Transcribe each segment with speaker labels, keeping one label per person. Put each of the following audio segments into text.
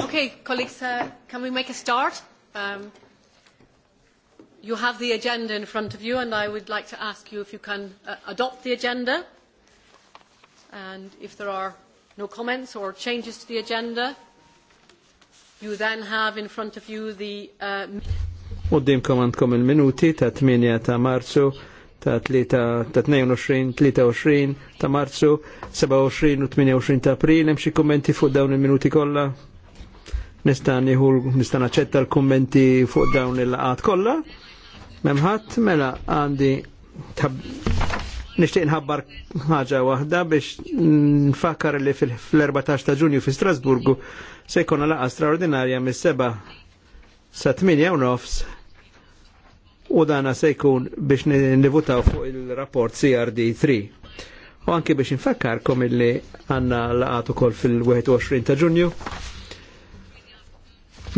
Speaker 1: Okay, colleagues, uh, can we make a start? Um, you have the agenda in front of you, and I would like to ask you if you can uh, adopt the agenda. And if there are no comments or changes to the agenda, you then have in front of you the... Uh,
Speaker 2: komand kom il-minuti ta' 8 ta' marzu ta' 22, 23 ta' marzu, 27 u 28 ta' april, hemm xi kummenti fuq dawn il-minuti kollha? Nista' nieħu nista' naċċetta l-kummenti fuq dawn il-laqat kollha. Memħat, mela għandi nixtieq nħabbar ħaġa waħda biex nfakkar li fil-14 ta' Ġunju fi Strasburgu se jkun laqa straordinarja mis-seba' sa' 8 u nofs u dana se jkun biex nivutaw fuq il-rapport CRD3. U anki biex nfakkarkom illi għanna laqat ukoll fil-21 ta' ġunju.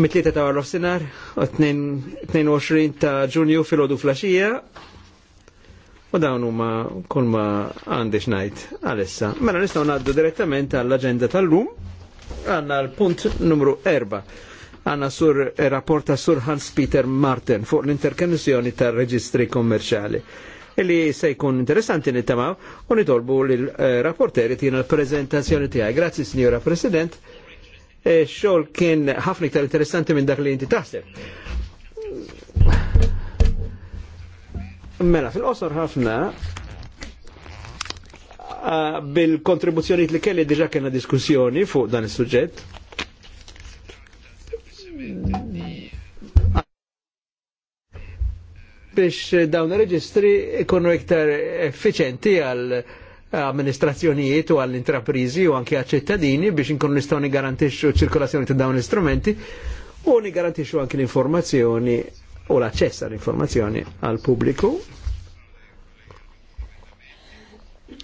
Speaker 2: Mitlieta ta' għarrof sinar, 22 ta' ġunju fil-ħodu flasġija, U dawn huma kolma ma għandix ngħid għalissa. Mela nistgħu naddu direttament għall-aġenda tal-lum għandna l-punt numru erba' għanna sur e rapporta sur Hans Peter Martin fuq l-interkonnessjoni tar reġistri kommerċali. Illi e se jkun interessanti nittamaw u nitolbu l-rapporteri e, tina l-prezentazzjoni tijaj. Grazie, Signora President. xol kien ħafna iktar interessanti minn dak li inti taħseb. Mela, fil-qosor ħafna bil-kontribuzzjoniet li kelli diġa kena diskussjoni fuq dan is-suġġett biex dawn il-reġistri ikonu iktar effiċenti għal amministrazzjonijiet u għall-intraprizi u anke għal ċittadini biex inkunu nistgħu nigarantixxu ċirkolazzjoni ta' dawn l-istrumenti u nigarantixxu anke l-informazzjoni u l-aċċess għall-informazzjoni għal pubbliku.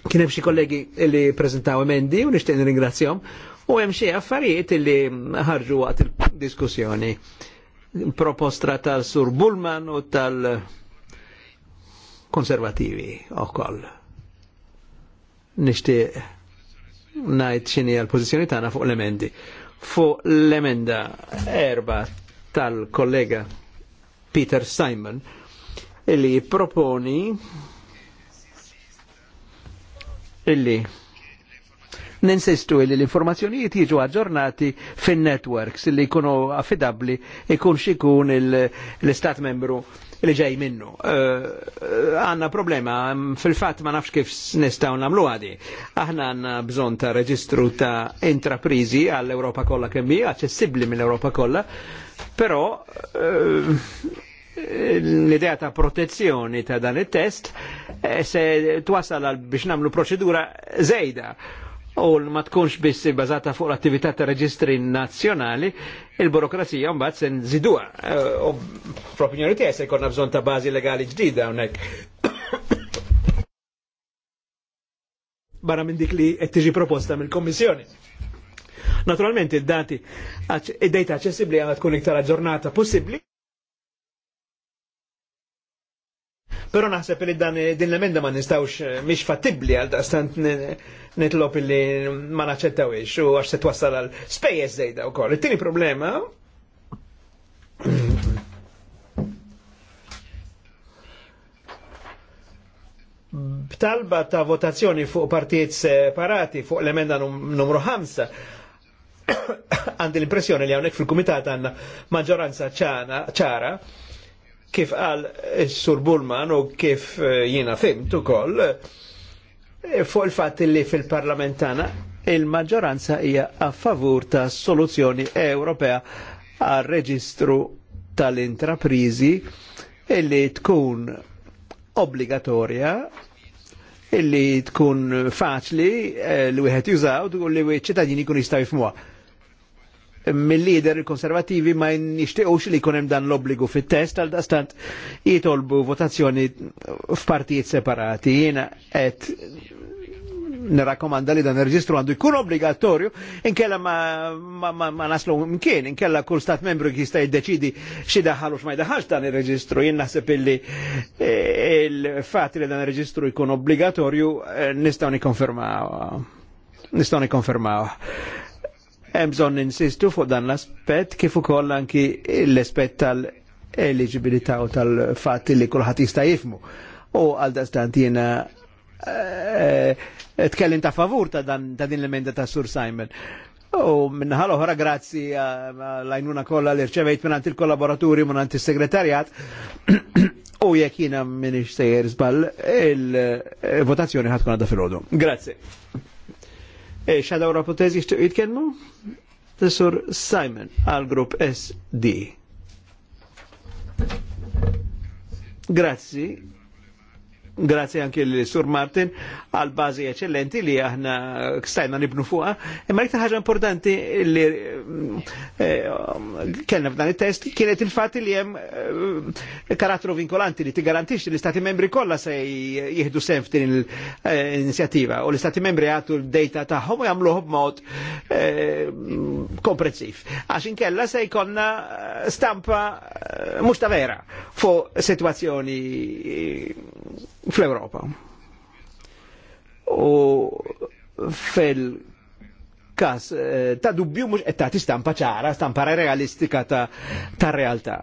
Speaker 2: Kien hemm xi kollegi li preżentaw emendi u nixtieq ringrazzjahom u hemm xi affarijiet li ħarġu waqt il-diskussjoni. Propostra tal-Sur Bullman u tal-Konservativi ukoll. Nixtieq najt xini għal-pozizjoni tagħna fuq l-emendi. Fuq l-emenda erba tal-kollega Peter Simon illi proponi illi ninsistu li l-informazzjonijiet jiġu aġġornati fin-networks li jkunu affidabbli ikun xikun l-istat membru li ġej minnu. Eh, eh, għanna problema, fil-fat ma nafx kif nistaw namlu għadi. Aħna għanna bżon ta' reġistru ta' intraprizi għall-Europa kolla kemmi, għaccessibli mill-Europa kolla, però eh, l-idea ta' protezzjoni ta' dan il-test se twasal biex namlu proċedura zejda u ma tkunx biss bazata fuq l-attività ta' reġistri nazjonali, il-burokrazija mbagħad se nżiduha. Eh, u f'opinjoni tiegħek se jkollna bżonn ta' bażi legali ġdida hawnhekk. Barra minn dik li qed tiġi proposta mill-Kommissjoni. Naturalment id-dati id-dejta aċċessibbli għandha tkun iktar aġġornata possibbli Però naħseb li dan din l-emenda ma nistawx eh, mhix fattibbli għal daqstant nitlob li ma naċċettawiex u għax se twassal għal spejjeż żejda wkoll. It-tieni problema b'talba ta' votazzjoni fuq partijiet separati fuq l-emenda numru 5 għandi l-impressjoni li hawnhekk fil-kumitat għandna maġġoranza ċara kif qal sur Bullman u kif eh, jina fimt ukoll eh, fuq il fat li fil-parlamentana il-maġġoranza hija a favur ta' soluzzjoni Ewropea għal reġistru tal-intraprizi illi tkun obbligatorja illi tkun faċli eh, li wieħed jużaw u li ċittadini kun jistaw jifmuha mill-lider konservativi ma nixtiqux li kunem dan l-obbligu fit-test għal dastant jitolbu votazzjoni f'partijiet separati jiena qed nirakomanda li dan ir reġistru għandu jkun obbligatorju inkella ma, ma, ma, ma naslu mkien, inkella kull stat membru jista' jiddeċidi xi daħal u x'ma jdaħalx dan ir reġistru Jien naħseb illi e, il-fatt li dan ir reġistru jkun obbligatorju e, nistgħu nikkonfermaw. Nistgħu nikkonfermaw. Hemm bżonn insistu fuq dan l-aspett kif ukoll anki l-aspett tal-eligibilità u tal-fatt li kulħadd jista' jifmu. U għal dastant jiena eh, tkellim ta' favur ta' dan ta' din l-emenda ta' Sur Simon. U minnaħal oħra grazzi għajnuna kollha li rċevejt minn il-kollaboraturi minnant il-segretarjat u jekk jiena minix sejjer żball il-votazzjoni ħatkun għadha fil-ħodu. Grazzi. E Xadaw rapportez xtiq jitkelmu? Tessur Simon għal-grupp SD. Grazzi, Grazie anke l-Sur Martin għal bażi eccellenti li aħna stajna nibnu fuqa. Imma iktar ħaġa importanti li eh, eh, kellna f'dan it-test kienet il-fatt li hemm eh, karattru vinkolanti li ti tigarantixxi li stati membri kollha se jieħdu sem f'din l-inizjattiva u l-istati membri għatu l-data tagħhom u jagħmluh b'mod komprensiv. Għax inkella se jkollna stampa mhux ta' vera fuq sitwazzjoni fl-Europa. U fil-kas eh, ta' dubju mux qed stampa ċara, stampa realistika ta', ta realtà.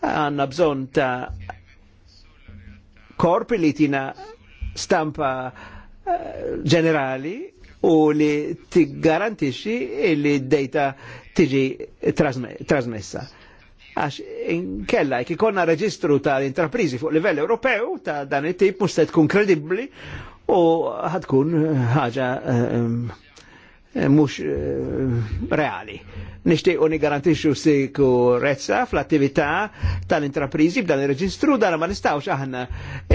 Speaker 2: Għanna bżon ta' korpi li tina stampa eh, ġenerali u li tiggarantixxi li d-dejta tiġi trasmessa. Għax kella jek ikonna reġistru ta' intraprizi fuq livell Ewropew ta' dan it-tip mhux se tkun kredibbli u ħadkun eh, ħaġa eh, eh, mux reali. Nishtiqo ni garantixu sikurezza fl-attività tal-intraprizi b'dan il-reġistru, dan ma nistawx aħna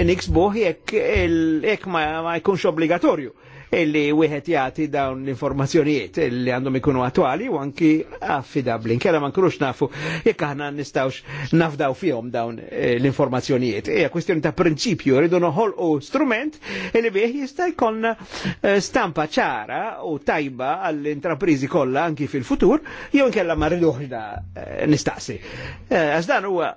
Speaker 2: niksbuħ jekk ma jkunx obbligatorju illi wieħed jagħti dawn l-informazzjonijiet li għandhom ikunu attwali u anki affidabli. Nkella ma nkunux nafu jekk aħna nistgħux nafdaw fihom dawn eh, l-informazzjonijiet. Hija kwestjoni ta' prinċipju rridu noħolqu strument illi bih jista' jkollna eh, stampa ċara u tajba għall-intrapriżi kollha anki fil-futur jew inkella ma rriduħx eh, nistaqsi. Għax dan huwa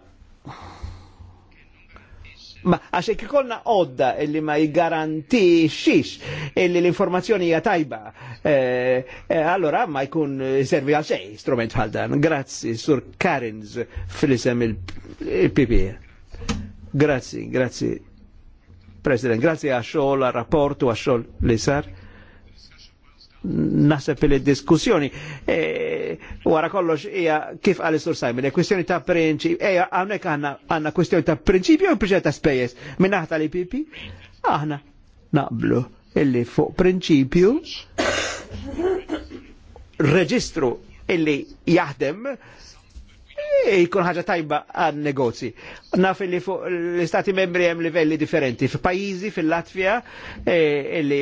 Speaker 2: Ma għax hekk odda illi ma jgarantixix illi l-informazzjoni hija tajba. Eh, eh, allora ma jkun servi għal xej strument bħal dan. Grazzi sur Karins fil isem il-PP. Grazzi, grazzi. President, grazzi għax xogħol, għal rapporto, a għax xogħol li sar naħseb il-diskussjoni. E, wara kollox hija kif għal sur Simon, kwestjoni ta' prinċipju, eja hawnhekk għandna kwestjoni ta' prinċipju u proġett ta' spejes, Minn naħta li pipi, aħna naqblu illi fuq prinċipju reġistru illi jaħdem Eh, jkun ħaġa tajba għan negozi. Naf li fuq l-istati membri hemm livelli differenti. F'pajjiżi fil-Latvija e, eh, li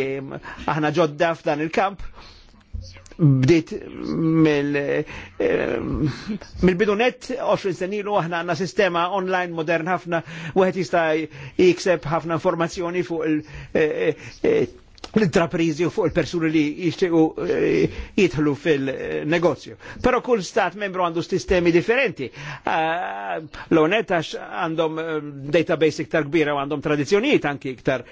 Speaker 2: aħna ġodda f'dan il-kamp bdiet eh, mill-bidunet mil 20 senilu aħna għanna sistema online modern ħafna u jista' jikseb ħafna informazzjoni fuq il- l-intraprizi u fuq il-persuni li jishtiqu eh, jitħlu fil-negozju. Pero kull stat membru għandu sistemi differenti. Eh, l onetax għandhom eh, database iktar kbira u għandhom tradizjonijiet anki iktar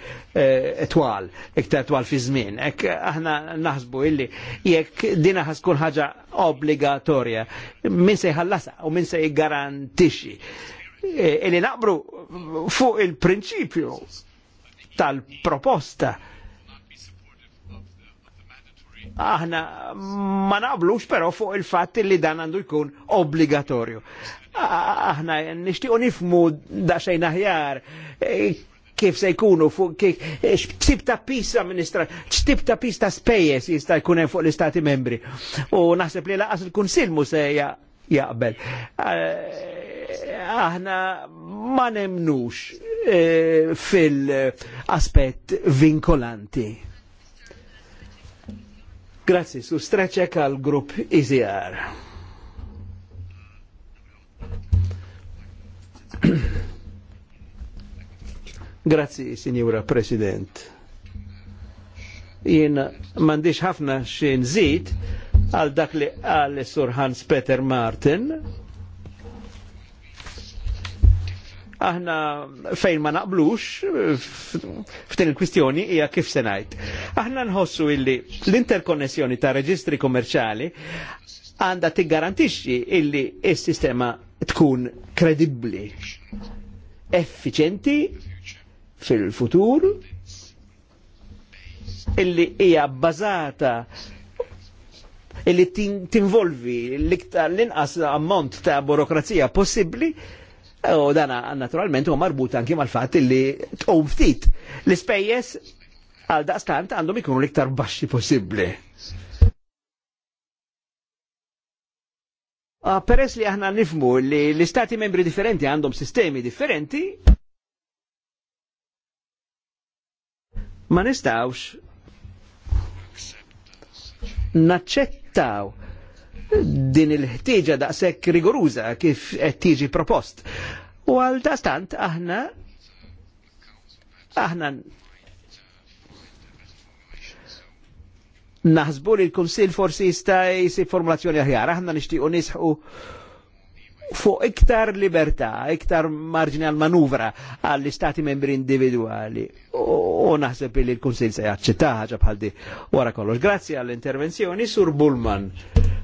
Speaker 2: twal, iktar twal fi żmien. Ek aħna naħsbu illi jekk dina ħaskun ħaġa obligatorja. min se jħallasa u min se jgarantixi. Illi naqbru fuq il-prinċipju tal-proposta aħna ma naqblux però fuq il-fatt li dan għandu jkun obbligatorju. Aħna nixtiequ nifmu da xejn aħjar e, kif se jkunu fuq kif e, xtib ta' pis amministra, xtib ta' pis ta' spejjeż jista' jkun hemm fuq l-istati membri. U naħseb li laqas il-kunsil mu se jaqbel. Aħna ma nemnux e, fil-aspett vinkolanti. Grazzi, su straċek għal grupp IZR. E Grazzi, Signora President. Jien mandiċ ħafna xin zid għal dak li għal Sur Hans Peter Martin aħna fejn ma naqblux f'din il-kwistjoni hija kif se ngħid. Aħna nħossu illi l-interkonnessjoni ta' reġistri kommerċali għandha tiggarantixxi illi s-sistema tkun kredibbli, effiċenti fil-futur, illi hija bbażata illi tinvolvi l-iktar l-inqas ammont ta' burokrazija possibbli U dana naturalment huwa marbut anki mal-fatt li tqum ftit. L-ispejjeż għal daqstant għandhom ikunu l-iktar baxxi possibbli. Ah, peress li aħna nifmu li l-istati membri differenti għandhom sistemi differenti, ma nistawx naċċettaw din il-ħtieġa daqshekk rigoruża kif qed tiġi propost. U għal dastant aħna aħna naħsbu li l-Kunsil forsi jista' jsib formulazzjoni aħjar, aħna nixtiequ nisħu fuq iktar libertà, iktar marġini għal manuvra għall istati membri individuali. U naħseb li l-Kunsil se jaċċetta ħaġa bħal di wara kollox. Grazzi għall-intervenzjoni, Sur Bullman.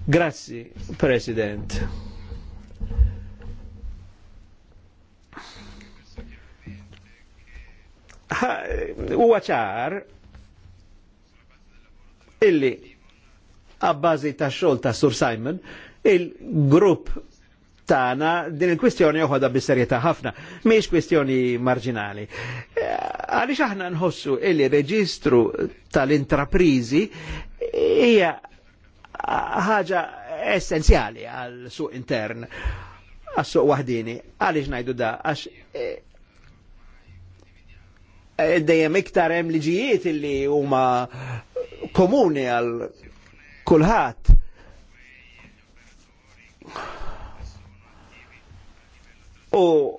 Speaker 2: Grazzi, President. U għacħar illi għabbażi ta' xol ta' Sur Simon, il-grupp tana din il-kwistjoni uħoda bis-serjetà ħafna, miex kwistjoni marġinali. E, għaliex aħna nħossu illi reġistru tal-intraprizi hija ħaġa essenzjali għal suq intern, għas suq wahdini. Għalix najdu da, għax e, e, dejjem iktar hemm liġijiet illi huma komuni għal kulħadd U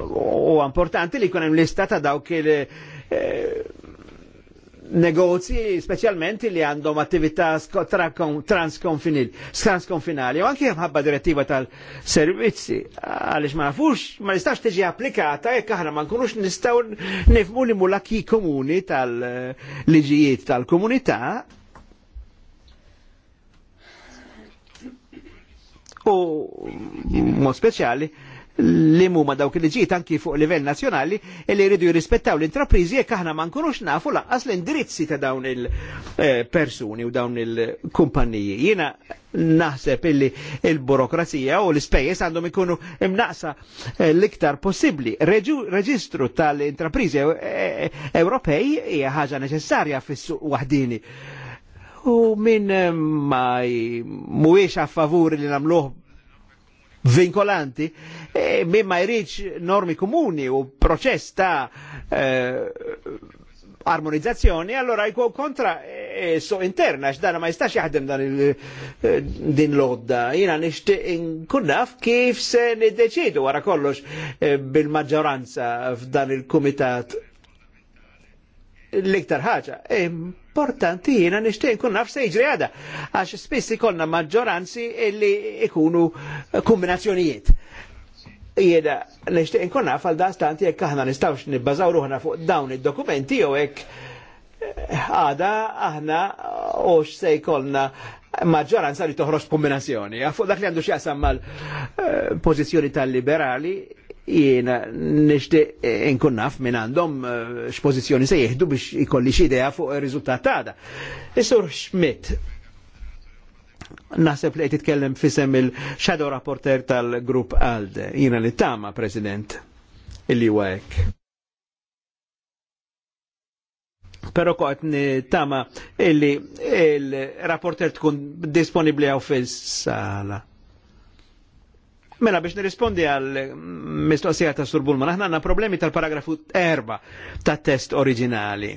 Speaker 2: u importanti li kunem lista ta' dawk il eh, negozi specialment li għandhom attività transkonfinali u anke ħabba direttiva tal-servizzi għaliex ma nafux ma nistax tiġi applikata jekk aħna ma nkunux nistaw nifmu li mulaki komuni tal-liġijiet eh, tal-komunità u mod speċjali li huma dawk li ġiet anki fuq livell nazzjonali li jridu jirrispettaw l-intrapriżi jekk aħna ma nkunux nafu laqqas l-indirizzi ta' dawn il-persuni eh, u dawn il-kumpanniji. Jiena naħseb illi il-burokrazija u l-ispejjeż għandhom ikunu imnaqsa eh, l-iktar possibbli. Reġistru tal-intrapriżi eh, Ewropej hija ħaġa neċessarja fis-suq waħdini u minn eh, ma muwiex a favur li namluħ vinkolanti, e, eh, minn ma jriċ normi komuni u proċess ta' eh, armonizzazzjoni, allora jkun kontra e, so interna, x'dana ma jistax jaħdem dan il, din l-odda. Jina nixtieq nkun naf kif se niddeċidu wara kollox e, bil-maġġoranza f'dan il-kumitat l-iktar ħaġa. Importanti jina nishtiq nkun naf se jiġri għada, għax spiss konna maġġoranzi illi ikunu kombinazzjonijiet. Jena nishtiq nkun naf għal stanti jekk aħna nistawx nibbażaw ruħna fuq dawn id-dokumenti jew hekk eh, għada aħna u se jkollna maġġoranza li toħroġ kombinazzjoni. Fuq dak li għandu xjaqsam mal-pożizzjoni eh, tal-liberali, jiena nixtieq eh, inkunnaf naf minn għandhom eh, x'pożizzjoni se jieħdu biex ikolli xi idea fuq ir-riżultat tagħda. Isur Schmidt, naħseb li qed titkellem fisem il-shadow rapporter tal-grupp ALDE, jiena li tama, President, illi huwa hekk. Pero kot tama illi il-rapporter tkun disponibli għaw fil-sala. Mela biex nirrispondi għal mistoqsija ta' Sur Bulman, aħna għandna problemi tal-paragrafu 4 ta' test oriġinali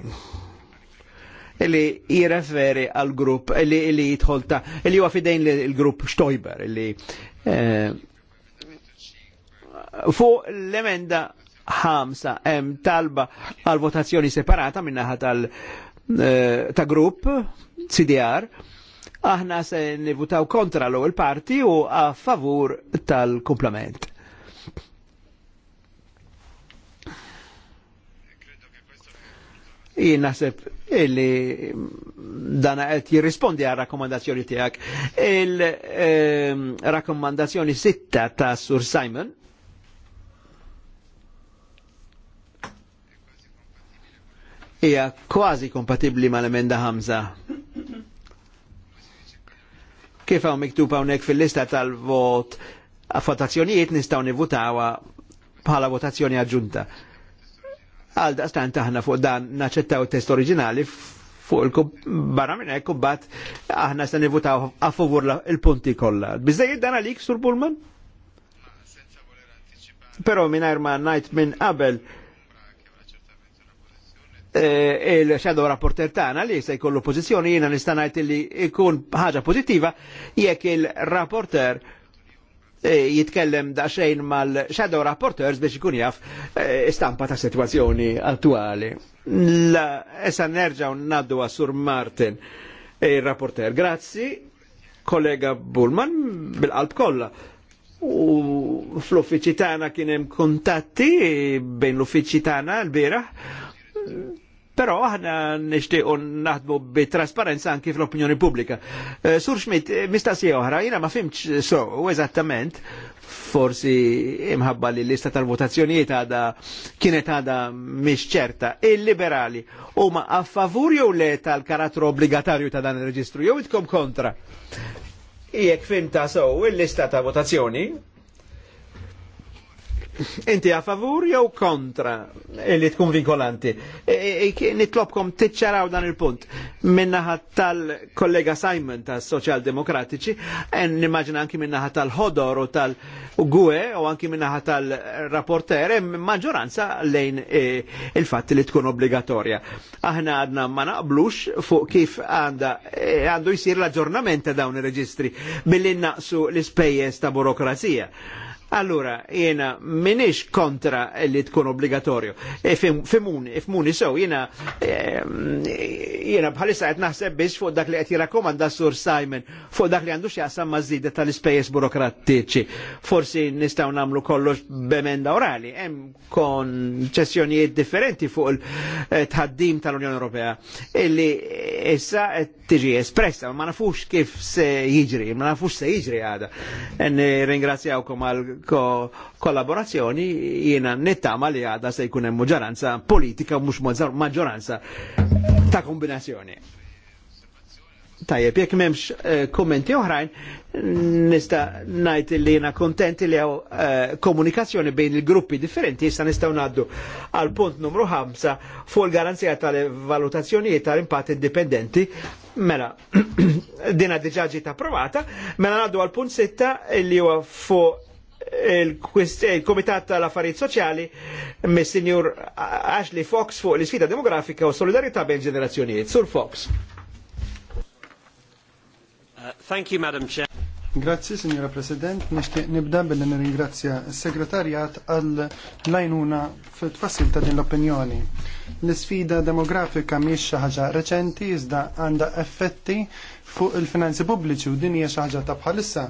Speaker 2: li jirreferi għal grupp illi li jidħol ta' li huwa fidejn il-grupp Stoiber illi eh, fuq l-emenda ħamsa hemm talba għal votazzjoni separata minnaħa tal eh, ta' grupp CDR Aħna se nivutaw kontra l-ewwel parti u a favur tal-kumplament. I naħseb illi dana qed jirrispondi għal rakkomandazzjoni tiegħek. Il-rakkomandazzjoni ehm, sitta ta' Sur Simon hija kważi kompatibbli mal-emenda ħamsa. Kif hawn miktub hawnhekk fil-lista tal-vot affotazzjonijiet nistgħu nivutawa bħala votazzjoni aġġunta. Għal daqstan taħna fuq dan naċċettaw test oriġinali fuq il barra minn hekk aħna se nivutaw a favur il-punti kollha. Biżejjed dan għalik sur Pullman? Però mingħajr ma ngħid minn qabel Eh, e il-shadow rapporter tana li se jkollu pozizjoni jina nistanajt li ikun ħaġa pozittiva jekk il-rapporter eh, jitkellem jitkellem xejn mal-shadow rapporters biex ikun jaf eh, stampa ta' situazzjoni attuali. La, essa nerġaw naddu għasur Martin e il-rapporter. Grazzi, kollega Bullman, bil-qalb kolla u fl-uffiċi kien kienem kontatti bejn l-uffiċi l-biraħ Però aħna nixtiequ naħdmu bit-trasparenza anki fl-opinjoni pubblika. Eh, Sur Schmidt, eh, mistaqsija oħra, jiena ma fimx so, eżattament, forsi imħabba li lista tal-votazzjonijiet għada kienet għada mhix ċerta. Il-liberali huma a favur jew le tal-karattru obbligatarju ta' dan ir-reġistru jew itkom kontra. Jekk fimta so, il-lista ta' votazzjoni Inti a favur jew kontra li tkun vinkolanti? E, e, e, nitlobkom tiċċaraw dan il-punt. Minnaħat tal-kollega Simon tal-Soċjaldemokratiċi, en nimmaġina anki minnaħat tal-ħodor u tal-gwe u anki minnaħat tal-rapporter, maġġoranza lejn il-fatt li tkun obbligatorja. Aħna għadna ma naqblux fuq kif għandu jisir l-aġġornament ta' dawn ir-reġistri billi naqsu l-ispejjeż ta' burokrazija Allura, jena minix kontra li tkun obbligatorju. E Fimuni, fimuni so, jena, eh, jena bħalissa għet naħseb biex fuq dak li għet jirakomanda sur Simon, fuq dak li għandu xjaqsam mażida tal-ispejjeż burokratiċi. Forsi nistaw namlu kollox bemenda orali, hemm ċessjonijiet differenti fuq il-tħaddim eh, tal-Unjoni Ewropea, illi issa tiġi espressa, ma nafux kif se jiġri, ma nafux se jiġri għada. E Ringrazzjawkom għal kollaborazzjoni jiena nittama li għada se jkun hemm maġġoranza politika mhux maġġoranza ta' kombinazzjoni. Tajjeb, jekk m'hemmx eh, kummenti oħrajn, nista' ngħid li jiena kontenti li hawn eh, komunikazzjoni bejn il-gruppi differenti issa nistgħu ngħaddu għal punt numru 5 fuq il-garanzija tal-valutazzjonijiet tal-impatt indipendenti Mela, dina diġaġi ta' provata, mela għaddu għal punt sitta li huwa fuq il-Komitat tal-Affarijiet Soċjali mis sinjur Ashley Fox fuq l-isfida demografika u solidarità bejn ġenerazzjonijiet. Sur Fox.
Speaker 1: Uh, thank you, Madam Chair. Grazie, Signora President. Nishtiq nibda billi nirringrazzja s-Segretarjat għal lajnuna fit-tfassil ta' din l-opinjoni. L-sfida demografika miex xaħġa ħaġa reċenti iżda għandha effetti fuq il-finanzi pubbliċi u din hija xi ħaġa ta' bħalissa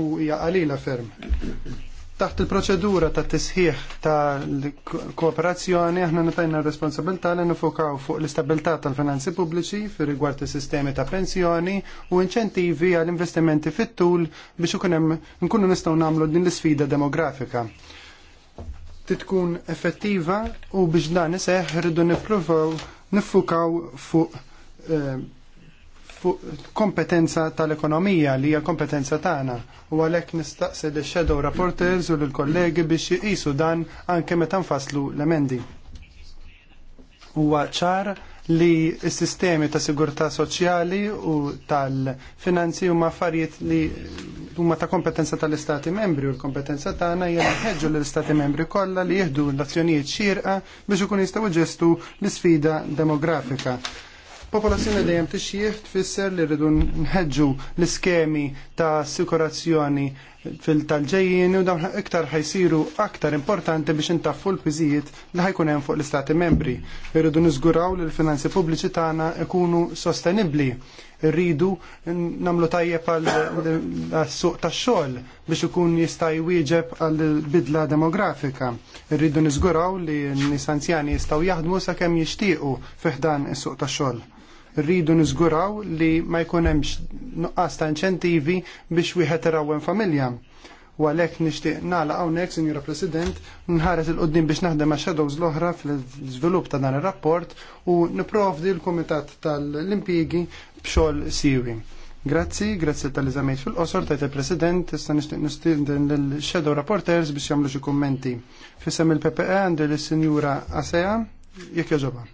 Speaker 1: u hija qalila ferm. Taħt il-proċedura ta' tisħiħ ta' kooperazzjoni aħna nitajna responsabilità li nifokaw fuq l-istabilità tal-finanzi pubbliċi fir rigward is-sistemi ta' pensjoni u inċentivi għall investimenti fit-tul biex ukun hemm nkunu nistgħu nagħmlu din l-isfida demografika titkun effettiva u biex dan iseħ rridu nippruvaw niffukaw fuq eh, fuq kompetenza tal-ekonomija li hija kompetenza tagħna u għalhekk nistaqsi l shadow rapporters u l-kollegi biex jqisu dan anke meta nfasslu l-emendi. Huwa ċar li s-sistemi ta' sigurtà soċjali u tal-finanzi huma affarijiet li huma ta' kompetenza tal-Istati membri u l-kompetenza tagħna hija nħeġġu l-Istati membri kollha li jieħdu l-azzjonijiet xierqa biex ikun jistgħu ġestu l-isfida demografika Popolazzjoni dejjem tixjih tfisser li rridu nħeġġu l-iskemi ta' assikurazzjoni fil-talġejjien u dawn iktar ħajsiru aktar importanti biex intaffu l-piżijiet li ħajkun hemm fuq l-Istati membri. Irridu niżguraw li l-finanzi pubbliċi tagħna ikunu sostenibbli. Irridu nagħmlu tajjeb għal suq tax-xogħol biex ikun jista' jwieġeb għall-bidla demografika. Irridu niżguraw li n-nies anzjani jistgħu jaħdmu sakemm jixtiequ fih dan is-suq tax-xogħol rridu niżguraw li ma jkun hemmx nuqqas ta' inċentivi biex wieħed irawwen familja. U għalhekk nixtieq nagħlaq hawnhekk, Sinjura President, nħares il-qudiem biex naħdem ma' shadows l-oħra fl-iżvilupp ta' dan ir-rapport u nipprovdi l-Kumitat tal-Impjigi b'xogħol siwi. Grazzi, grazzi tal-eżamejt fil-qosor tajt il-President, issa nixtieq nistieden lill-Shadow Rapporters biex jagħmlu xi kummenti. Fisem il-PPE għandi lis-Sinjura Asea, jekk jogħġobha.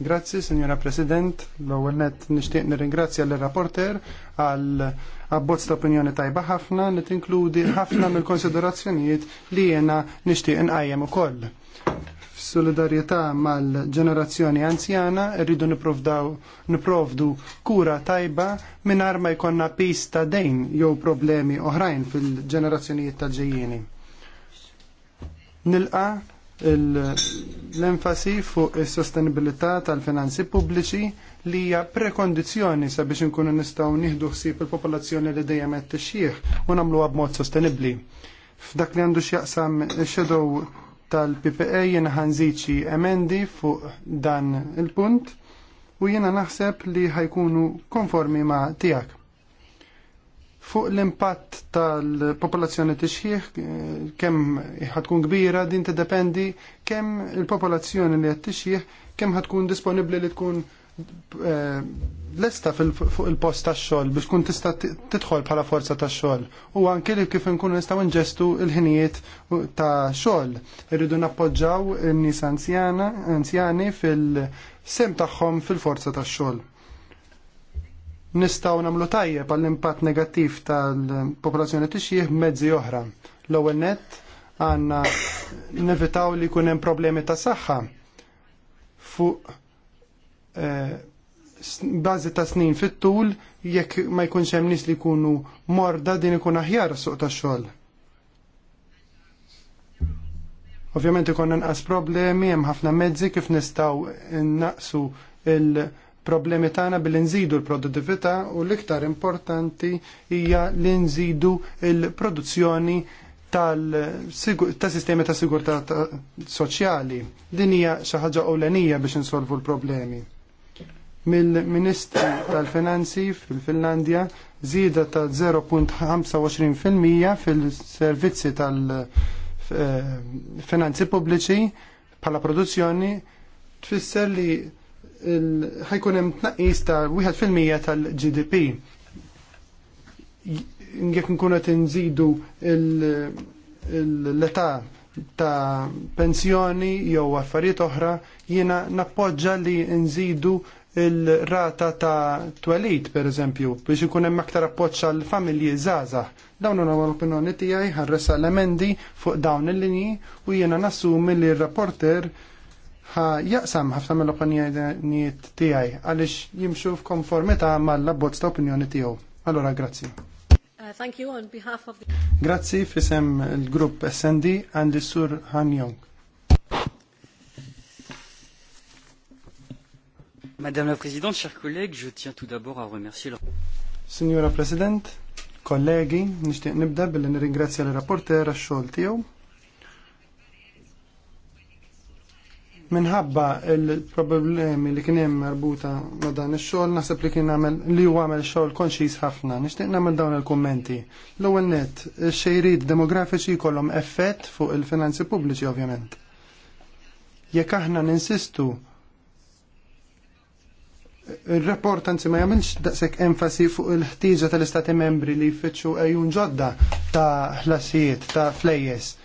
Speaker 1: Grazzi, Signora President. L-ewwel net nixtieq nirringrazzja l rapporter għal abbozz ta' opinjoni tajba ħafna li tinkludi ħafna mill-konsiderazzjonijiet li jiena nixtieq nqajjem ukoll. F'solidarjetà mal-ġenerazzjoni anzjana rridu niprovdu kura tajba mingħajr ma jkollna pis ta' dejn jew problemi oħrajn fil-ġenerazzjonijiet tal-ġejjieni. Nilqa' l-enfasi fuq is-sostenibilità tal-finanzi pubbliċi li hija prekondizzjoni sabiex inkunu nistgħu nieħdu ħsieb il-popolazzjoni li dejjem qed tixjih u nagħmluha b'mod sostenibbli. F'dak li għandu x'jaqsam shadow tal-PPA jiena ħanżiċi emendi fuq dan il-punt u jiena naħseb li ħajkunu konformi ma' tiegħek. Fuq l-impatt tal-popolazzjoni tixħieħ, kemm ħatkun kbira, din tiddependi kemm il-popolazzjoni li qed tixħieħ, kemm ħatkun disponibbli li tkun eh, lesta fuq il-post ta' xogħol biex tkun tista' tidħol bħala forza ta' xogħol. U anke li kif nkunu nistgħu nġestu l-ħinijiet ta' xogħol. Irridu nappoġġaw n nies anzjani fil-sem tagħhom fil-forza ta' xogħol nistaw namlu tajjeb għall impatt negattiv tal-popolazzjoni tixjih mezzi oħra. L-ewwel net għandna nevitaw li jkun hemm problemi ta' saħħa fuq eh, bażi ta' snin fit-tul jekk ma jkunx hemm nies li jkunu morda din ikun aħjar suq tax-xogħol. Ovvjament ikun inqas problemi hemm ħafna mezzi kif nistgħu innaqsu il- problemi tagħna billi nżidu l-produttività u l-iktar importanti hija li nżidu l-produzzjoni tal sistemi ta' sigurtà soċjali. Din hija xi ħaġa ewlenija biex insolvu l-problemi. Mill-Ministri tal-Finanzi fil-Finlandja żieda ta' 0.25% fil-servizzi tal-finanzi eh, pubbliċi bħala produzzjoni tfisser li ħajkun hemm tnaqqis ta' wieħed fil-mija tal-GDP. Jekk nkunu qed inżidu l-età ta' pensjoni jew affarijiet oħra, jiena nappoġġa li nżidu il-rata ta' twelid, per eżempju, biex ikun hemm aktar appoġġ għal familji żgħażagħ. Dawn huma l-opinjoni tiegħi ħarresa l-emendi fuq dawn il-linji u jiena nassumi li r-rapporter ħa jaqsam ħafna mill-opinjonijiet tiegħi għaliex jimxu f'konformità mal labbozz ta' opinjoni tiegħu. Allora grazzi. Uh, thank you on behalf of the... Grazzi fisem il-grupp SND and sur Han Jong. Madame la Présidente, chers collègues, je tiens tout d'abord à remercier leur... Signora President, kollegi, nishtiq nibda billi nirringrazzja l-rapporter għax-xogħol tiegħu minħabba il-problemi li kien hemm marbuta ma' dan ix-xogħol naħseb li kien għamel li u għamel xogħol konxis ħafna. Nixtieq nagħmel dawn il-kummenti. L-ewwel nett, xejrid demografiċi jkollhom effett fuq il-finanzi pubbliċi ovvjament. Jekk aħna ninsistu il report anzi ma jamilx daqshekk enfasi fuq il-ħtieġa tal-Istati membri li jfittxu ejjun ġodda ta' ħlasijiet ta' flejjes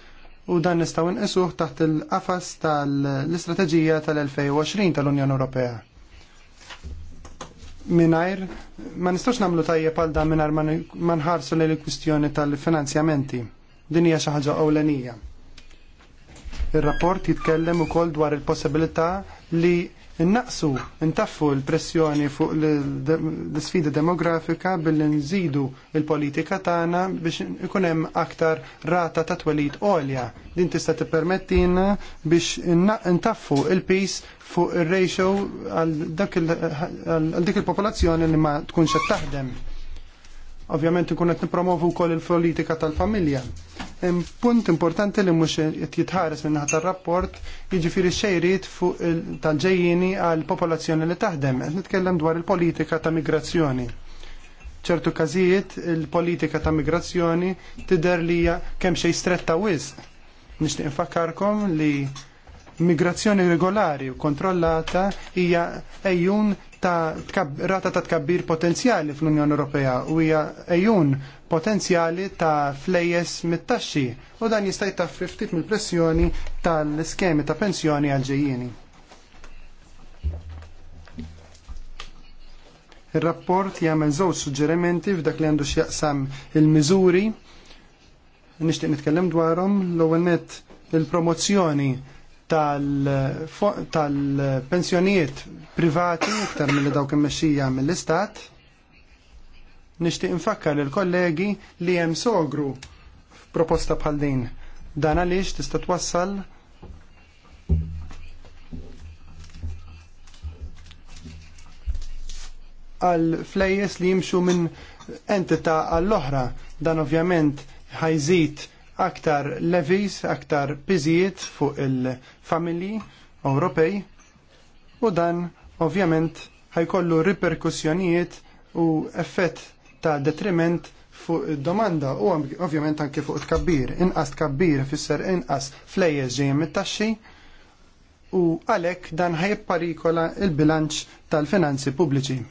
Speaker 1: u dan nistgħu nqisuh taħt il-qafas tal-istrateġija tal-2020 tal-Unjoni Ewropea. Minajr, ma nistax nagħmlu tajjeb palda minar mingħajr ma nħarsu li l kwistjoni tal-finanzjamenti. Din hija xi ħaġa ewlenija. Ir-rapport jitkellem ukoll dwar il-possibilità li Innaqsu, intaffu l-pressjoni fuq l-sfida demografika billi nżidu il-politika tagħna biex ikun hemm aktar rata ta' twelid għolja. Din tista' tippermettina biex intaffu il-pis fuq ir-ratio għal dik il-popolazzjoni li ma tkunx qed taħdem. Ovvjament ikun qed nippromovu wkoll il-politika tal-familja punt importanti li mhux qed jitħares minn naħa tar-rapport jiġifieri xejrid fuq tal ġejjini għal popolazzjoni li taħdem. Qed nitkellem dwar il-politika ta' migrazzjoni. ċertu każijiet il-politika ta' migrazzjoni tidher li hija kemm xejn stretta wisq. Nixtieq infakkarkom li migrazzjoni regolari u kontrollata hija ejjun ta' rata ta' tkabbir potenzjali fl-Unjoni Ewropea u hija ejjun potenzjali ta' flejjes mit-taxxi u dan jista' jtaffri ftit mill-pressjoni tal-iskemi ta' pensjoni għal-ġejjieni. Il-rapport jagħmel żewġ suġġerimenti f'dak li għandu x'jaqsam il-miżuri nixtieq nitkellem dwarhom l-ewwel nett il-promozzjoni tal-pensjonijiet privati iktar mill dawk immexxija mill-istat. Nixtieq infakkar il kollegi li hemm sogru proposta bħal din. Dan għaliex tista' twassal għal flejjes li jimxu minn entita' għall-oħra. Dan ovvjament ħajżid aktar levies, aktar piżijiet fuq il-familji Ewropej u dan ovvjament ħajkollu riperkussjonijiet u effett ta' detriment fuq domanda u ovvjament anke fuq it-kabbir, Inqas kabbir fisser inqas flejjeż ġejjem mit-taxxi u għalhekk dan ħajparikola il-bilanċ tal-finanzi pubbliċi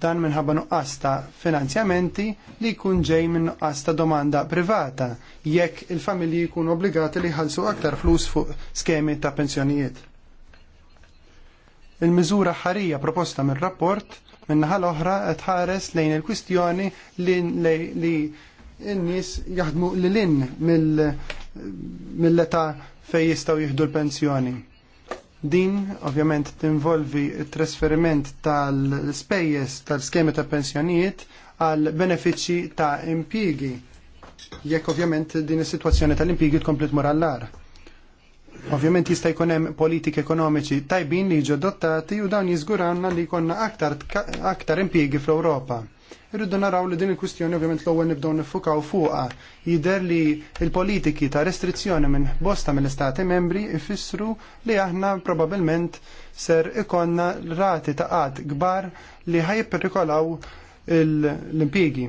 Speaker 1: dan minħabba nuqqas ta' finanzjamenti li jkun ġej minn nuqqas ta' domanda privata jekk il-familji jkunu obbligati li jħallsu aktar flus fuq skemi ta' pensjonijiet. Il-miżura ħarija proposta mir rapport minnaħa l-oħra qed ħares lejn il-kwistjoni li n-nies jaħdmu l-lin mill-età fej jistgħu jieħdu l-pensjoni Din ovvjament tinvolvi t trasferiment tal-spejjeż tal-skemi ta' pensjonijiet għal benefiċċji ta' impjiegi. Jekk ovvjament din is-sitwazzjoni tal-impjiegi tkompliet tmur għall għar Ovvjament jista' jkun hemm politiki ekonomiċi tajbin li jiġu adottati u dawn jiżguranna li jkollna aktar, aktar impjiegi fl-Ewropa. Irridu naraw li din il-kwistjoni ovvjament l-ewwel nibdew nifukaw fuqha. Jidher li l-politiki ta' restrizzjoni minn bosta mill-istati membri ifissru li aħna probabbilment ser ikonna rati ta' qatt kbar li ħajperikolaw l-impigi.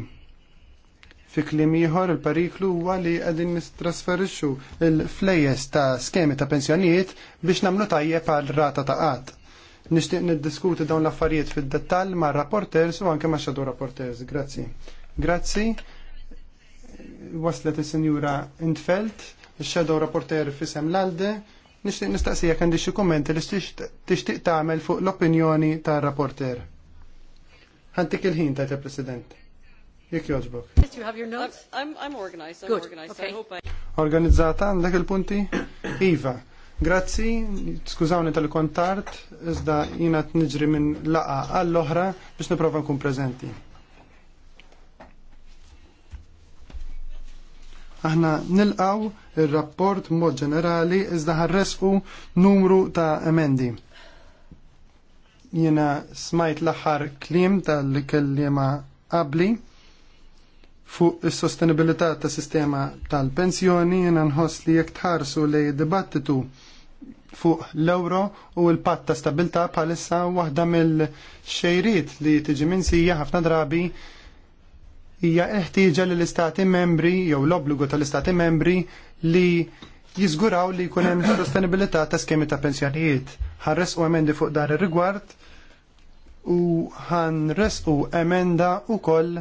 Speaker 1: Fi kliem ieħor il-periklu huwa li qegħdin nistrasferixxu l-flejjes ta' skemi ta' pensjonijiet biex nagħmlu tajjeb għal rata ta' qatt Nixtieq niddiskuti dawn l-affarijiet fid-dettall ma' rapporters u anke ma' xadu rapporters. Grazzi. Grazzi. Waslet is senjura Intfeld, il xadu rapporter fissem l-Alde. nistaqsi nistaqsija kandi xi kommenti li tixtieq tagħmel fuq l-opinjoni tar-rapporter. Ħantik il-ħin ta' il-President. Jek joġbok. Organizzata, għandek il-punti? Iva Grazzi, skużawni tal-kontart, iżda jina t-nġri minn laqa għall-oħra biex niprofa nkun prezenti. aħna nilqaw il-rapport mod ġenerali iżda ħarresqu numru ta' emendi. Jina smajt l-aħħar klim tal-kellima qabli fuq is-sostenibilità tas sistema tal-pensjoni jiena nħoss li jekk tħarsu li dibattitu fuq l-euro u l-patt ta' stabilta bħalissa waħda mill-xejriet li tiġi minsija ħafna drabi hija eħtieġa lill l-istati membri jew l-obbligu tal-istati membri li jiżguraw li jkun hemm sostenibilità ta' skemi ta' pensjonijiet. Ħarres u emendi fuq dar ir-rigward u ħanres u emenda wkoll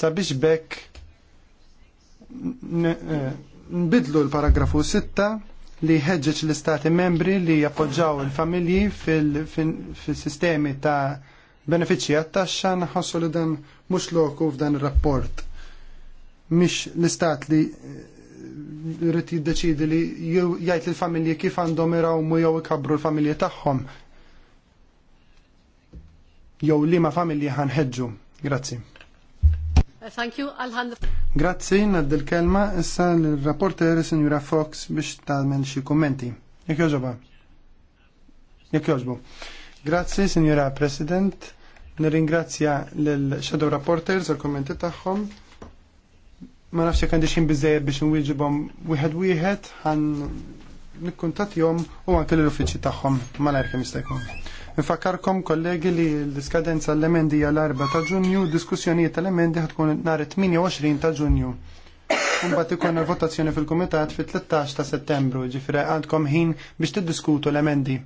Speaker 1: sabiex bekk nbidlu l-paragrafu 6 li ħedġeċ l-istati membri li jappoġġaw il-familji fil-sistemi ta' benefiċċji għattaxa taxxa naħossu li dan mhux loku f'dan il rapport Mhix l-istat li eh, rrit jiddeċidi li jgħid l familji kif għandhom irawmu jew ikabru l-familji tagħhom. Jew liema familji ħanħeġġu. Grazzi. Uh, thank you, Alejandro. Grazzi, naddil kelma issa l-rapporter Signora Fox biex tal-men xie kommenti. Jek joġba? Jek joġbu. Grazzi, Signora President. Nirringrazzja l-Shadow Rapporters għal kommenti taħħom. Ma nafx jek għandi xejn biżejjed biex nwieġibhom wieħed wieħed nikkuntat jom u għan kelli l uffiċi taħħom. Ma nafx jek mistajkom. Nfakarkom kollegi li l-iskadenza l-emendi għal-4 ta' ġunju, diskussjonijiet tal-emendi ħatkun nar 28 ta' ġunju. Mbagħad ikun votazzjoni fil-Kumitat fit-13 ta' Settembru, ġifieri għandkom ħin biex tiddiskutu l-emendi.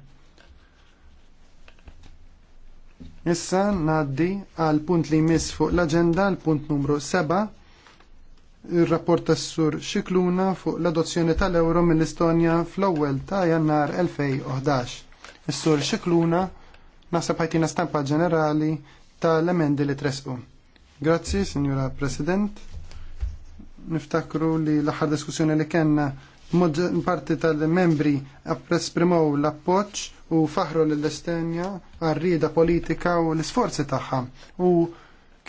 Speaker 1: Issa ngħaddi għal punt li jmiss fuq l-aġenda, l-punt numru 7, il-rapport tas-sur Xikluna fuq l-adozzjoni tal-euro mill istonja fl-ewwel ta' Jannar 2011. Is-sur Xikluna Naħseb ħajtina stampa ġenerali tal-emendi li tresqu. Grazzi, Signora President. Niftakru li l-aħħar diskussjoni li kellna parti tal-membri esprimaw l-appoġġ u faħru l-Estenja għarrida politika u l-isforzi tagħha u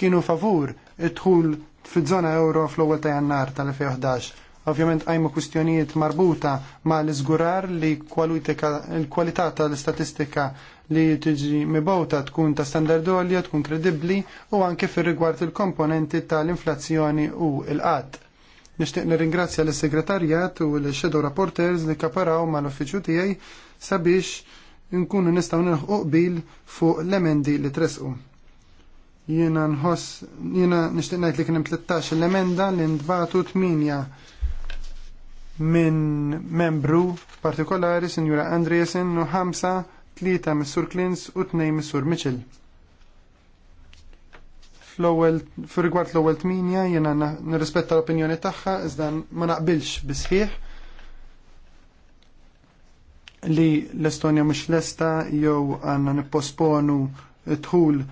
Speaker 1: kienu favur idħul fi żona euro fl-ewwel ta' jannar tal-2011 ovvjament għajmu kustjonijiet marbuta ma l-izgurar li l-kwalità tal-istatistika li tiġi mibawta tkun ta' standard għolja, tkun kredibbli u anke fir rigward il-komponenti tal-inflazzjoni u il-qat. Nixtieq nirringrazzja lis segretarjat u l-Shadow Rapporters li kaparaw mal-uffiċċju tiegħi sabiex nkunu nistgħu nilħu qbil fuq l-emendi li tresqu jiena nħoss, jiena nishtiq ngħid li kien hemm 13 l-emenda li ndbatu 8 minn membru partikolari, Sinjura Andriesen, u 5 tlieta Missur Klins u tnej Missur Mitchell. fl fir-rigward l-ewwel tminja jiena nirrispetta l-opinjoni tagħha iżda ma naqbilx bisħieħ li l-Estonja mhux lesta jew għandna nipposponu dħul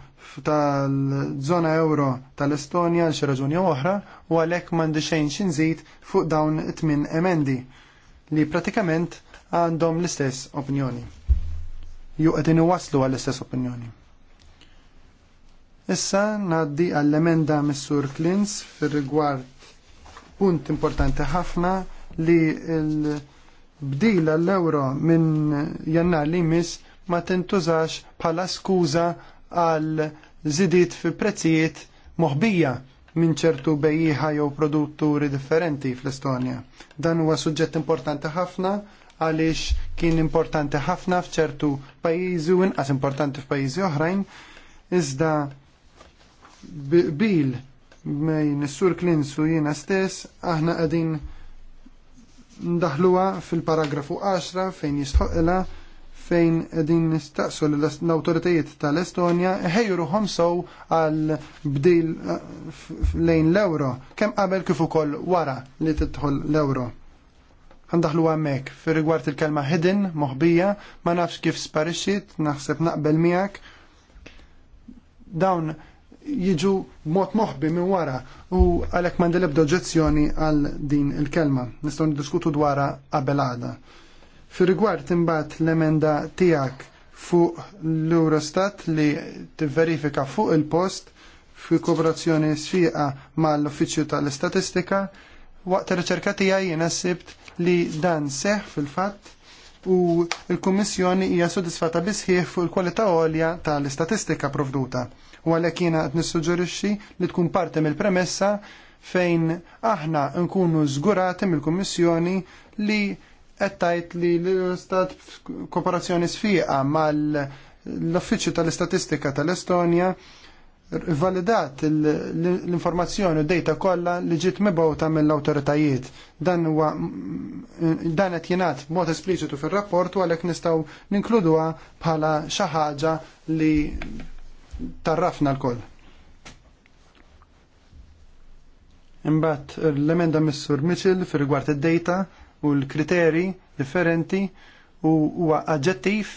Speaker 1: tal-żona euro tal-Estonja għal xi raġuni oħra u għalhekk m'għandi xejn xinżid fuq dawn it-tmien emendi li pratikament għandhom l-istess opinjoni ju qegħdin iwaslu għall-istess opinjoni. Issa ngħaddi għall-emenda missur Klins fir-rigward punt importanti ħafna li l-bdila l-euro minn jannar li jmiss ma tintużax bħala skuża għal zidit fi prezzijiet moħbija minn ċertu bejjiħa jew produtturi differenti fl-Estonja. Dan huwa suġġett importanti ħafna għaliex kien importanti ħafna f'ċertu pajjiżi u inqas importanti f'pajjiżi oħrajn, iżda bil mejn is-sur Klinsu jiena stess aħna qegħdin ndaħluha fil-paragrafu 10 fejn jistħoqilha fejn qegħdin nistaqsu l-awtoritajiet tal-Estonja ħejruhom sow għal bdil eh, lejn l-euro kemm qabel kif ukoll wara li tidħol l-euro għandaħlu għamek fir rigward il-kelma hidden, moħbija, ma nafx kif sparixit, naħseb naqbel miegħek. Dawn jiġu mod moħbi minn wara u għalhekk m'għandi l-ebda oġġezzjoni għal din il-kelma. Nistgħu niddiskutu dwarha qabel għada. Fir rigward imbagħad l-emenda tiegħek fuq l-Eurostat li tivverifika fuq il-post fi kooperazzjoni sfiqa mal-Uffiċċju tal-Istatistika Waqt ir-riċerka tiegħi jiena li dan seħ fil-fatt u l-Kummissjoni hija sodisfatta bisħieħ fuq il-kwalità għolja tal-istatistika provduta. U għalhekk jiena qed nissuġġerixxi li tkun parti mill-premessa fejn aħna nkunu żgurati mill-Kummissjoni li qed tgħid li l-istat kooperazzjoni sfiqa mal l-Uffiċċju tal-Istatistika tal-Estonja tal istatistika tal estonja validat l-informazzjoni u data kollha li ġiet mibgħuta mill-awtoritajiet. Dan huwa dan qed jingħad b'mod espliċitu fir-rapport u għalhekk nistgħu ninkluduha bħala xi ħaġa li tarrafna lkoll. Imbagħad l-emenda Missur Mitchell fir-rigward id-data u l-kriteri differenti u huwa aġġettiv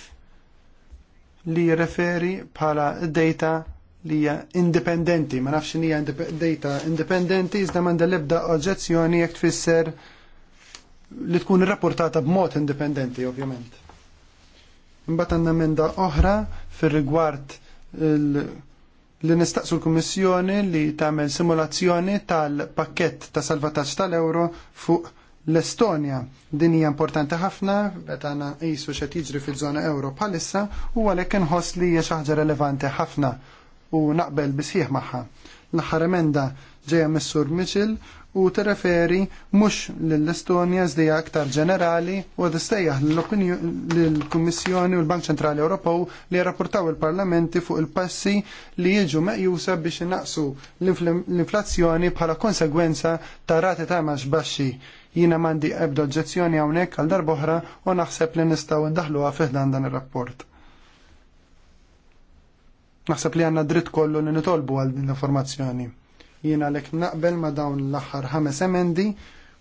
Speaker 1: li jirreferi bħala data li hija indipendenti, ma nafx hija data indipendenti iżda m'għandha l-ebda oġġezzjoni jekk tfisser li tkun irrapportata b'mod indipendenti ovvjament. Imbagħad għandna emenda oħra fir-rigward li nistaqsu l-Kummissjoni li tagħmel simulazzjoni tal-pakkett ta' salvataġġ tal-euro fuq l-Estonja. Din hija importanti ħafna meta qisu xed jiġri fil żona euro bħalissa u għalhekk inħoss li hija xi ħaġa relevanti ħafna u naqbel bisħieħ magħha. L-aħħar emenda ġejja Missur Mitchell u tirreferi mhux lill-Estonja zdija aktar ġenerali u tistejjaħ lill-Kummissjoni u l-Bank Ċentrali Ewropew li rapportaw il-Parlamenti fuq il-passi li jiġu meqjusa biex naqsu l-inflazzjoni bħala konsegwenza ta' rati ta' baxxi. Jiena mandi ebda oġġezzjoni hawnhekk għal darboħra u naħseb li nistgħu ndaħluha fiħdan dan ir-rapport. Naħseb li għanna dritt kollu li nitolbu għal din l-informazzjoni. Jiena lek naqbel ma dawn l-aħħar ħames emendi,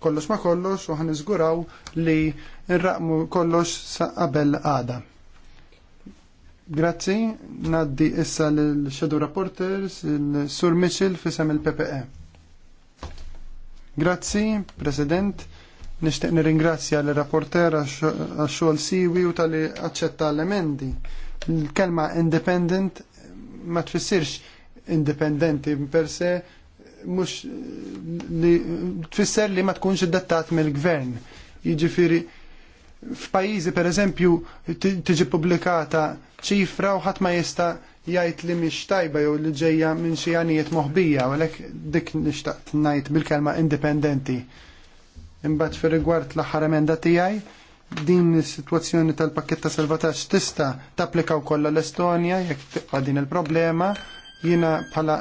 Speaker 1: kollox ma kollox, u ħanizguraw li nraqmu kollox sa' qabel għada. Grazzi, naddi issa l-Shadow Reporters, l-Sur Michel fisem il-PPE. Grazzi, President. Nishtiq nirringrazzja l-rapporter għax-xogħol siwi u tal-li aċċetta l-emendi. Il-kelma independent ma tfissirx indipendenti per se mux li tfisser li ma tkunx id-dattat mill-gvern. Jiġifieri f'pajjiżi pereżempju tiġi pubblikata ċifra u ħadd ma jista' jgħid li mhix tajba jew li ġejja minn xi għanijiet moħbija, għalhekk dik nixtaqt ngħid bil-kelma indipendenti. Imbagħad fir rigward l-aħħar emenda tiegħi din is-sitwazzjoni tal-pakketta salvataġġ tista' tapplika wkoll l-Estonja jekk tibqa' din il-problema. Jiena bħala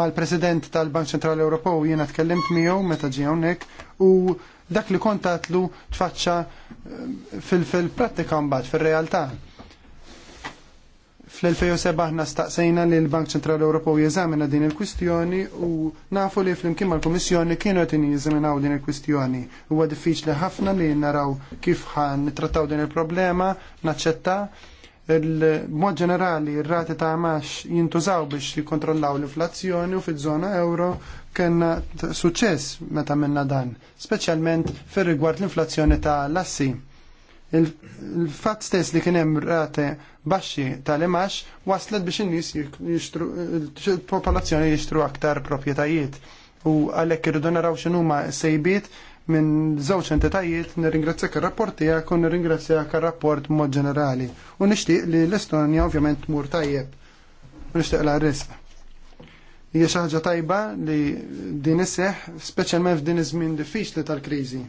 Speaker 1: mal-President tal-Bank Ċentrali Ewropew jiena tkellimt miegħu meta ġie hawnhekk u dak li kontatlu tfaċċa eh, fil-prattika mbagħad fir-realtà. Fl-2007 ħna staqsejna li l-Bank Ċentrali Ewropew jeżamina din il-kwistjoni u nafu li flimkien mal-Kummissjoni kienu qed jeżaminaw din il-kwistjoni. Huwa diffiċli ħafna li naraw kif ħan nittrattaw din il-problema, naċċetta mod ġenerali r-rati ta' għamax jintużaw biex jikontrollaw l-inflazzjoni u fil-żona euro kena suċess meta minna dan, specialment fir rigward l-inflazzjoni ta' lassi. Il-fat stess li kienem rate baxxi tal-imax waslet biex in-nies eh, il-popolazzjoni jishtru aktar proprjetajiet. U għalhekk irridu naraw x'inhuma sejbiet minn żewġ entitajiet nirringrazzjak ir-rapport tiegħek u nirringrazzjak kar rapport mod ġenerali. U nixtieq li l-Estonja ovvjament mur tajjeb. U nixtieq la risq. Jiex ħaġa tajba li din is-seħ, speċjalment f'din iż-żmien diffiċli tal-kriżi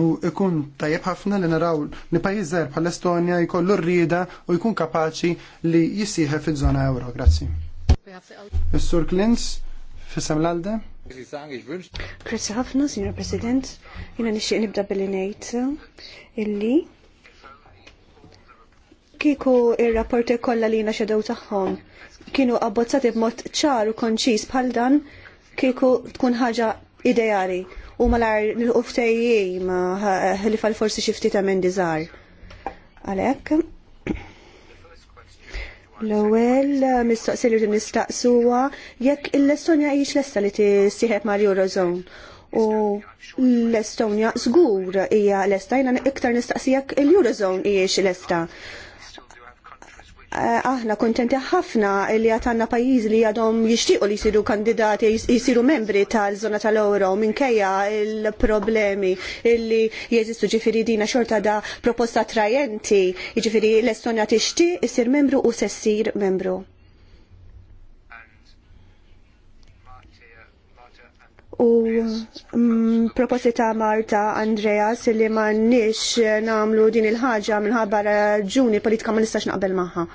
Speaker 1: U ikun tajjeb ħafna li naraw li pajjiżer bħal Estonja jkollu rrida u jkun kapaċi li jissieħe fiż-żona euro. Grazzi. Is-Sur Klins, fissam l-alde. Grazzi
Speaker 3: ħafna, Signor President. Jina nixtieq nibda billi ngħid illi kieku ir-rapporti kollha li jiena xedew tagħhom kienu abbozzati b'mod ċar u konċis bħal dan kieku tkun ħaġa ideali u malar nil ma eh, li fal-forsi xifti ta' men dizar. Għalek, l-ewel eh, mistoqsi li nistaqsuwa jekk l-Estonja hijiex lesta li ma' mal-Eurozone. U l-Estonja żgur hija l-esta, jina iktar nistaqsi jekk l-Eurozone hijiex lesta. esta Eh, aħna kontenti ħafna li għatanna pajiz li għadhom jishtiqu li jisiru kandidati, jisiru membri tal-zona tal-euro minkejja il-problemi illi jeżistu ġifiri dina xorta da proposta trajenti, ġifiri l-Estonja tixti jisir membru u sessir membru. U mm, proposita' Marta Andreas li ma nix namlu din il-ħagġa minħabba raġuni politika ma nistax naqbel maħħa.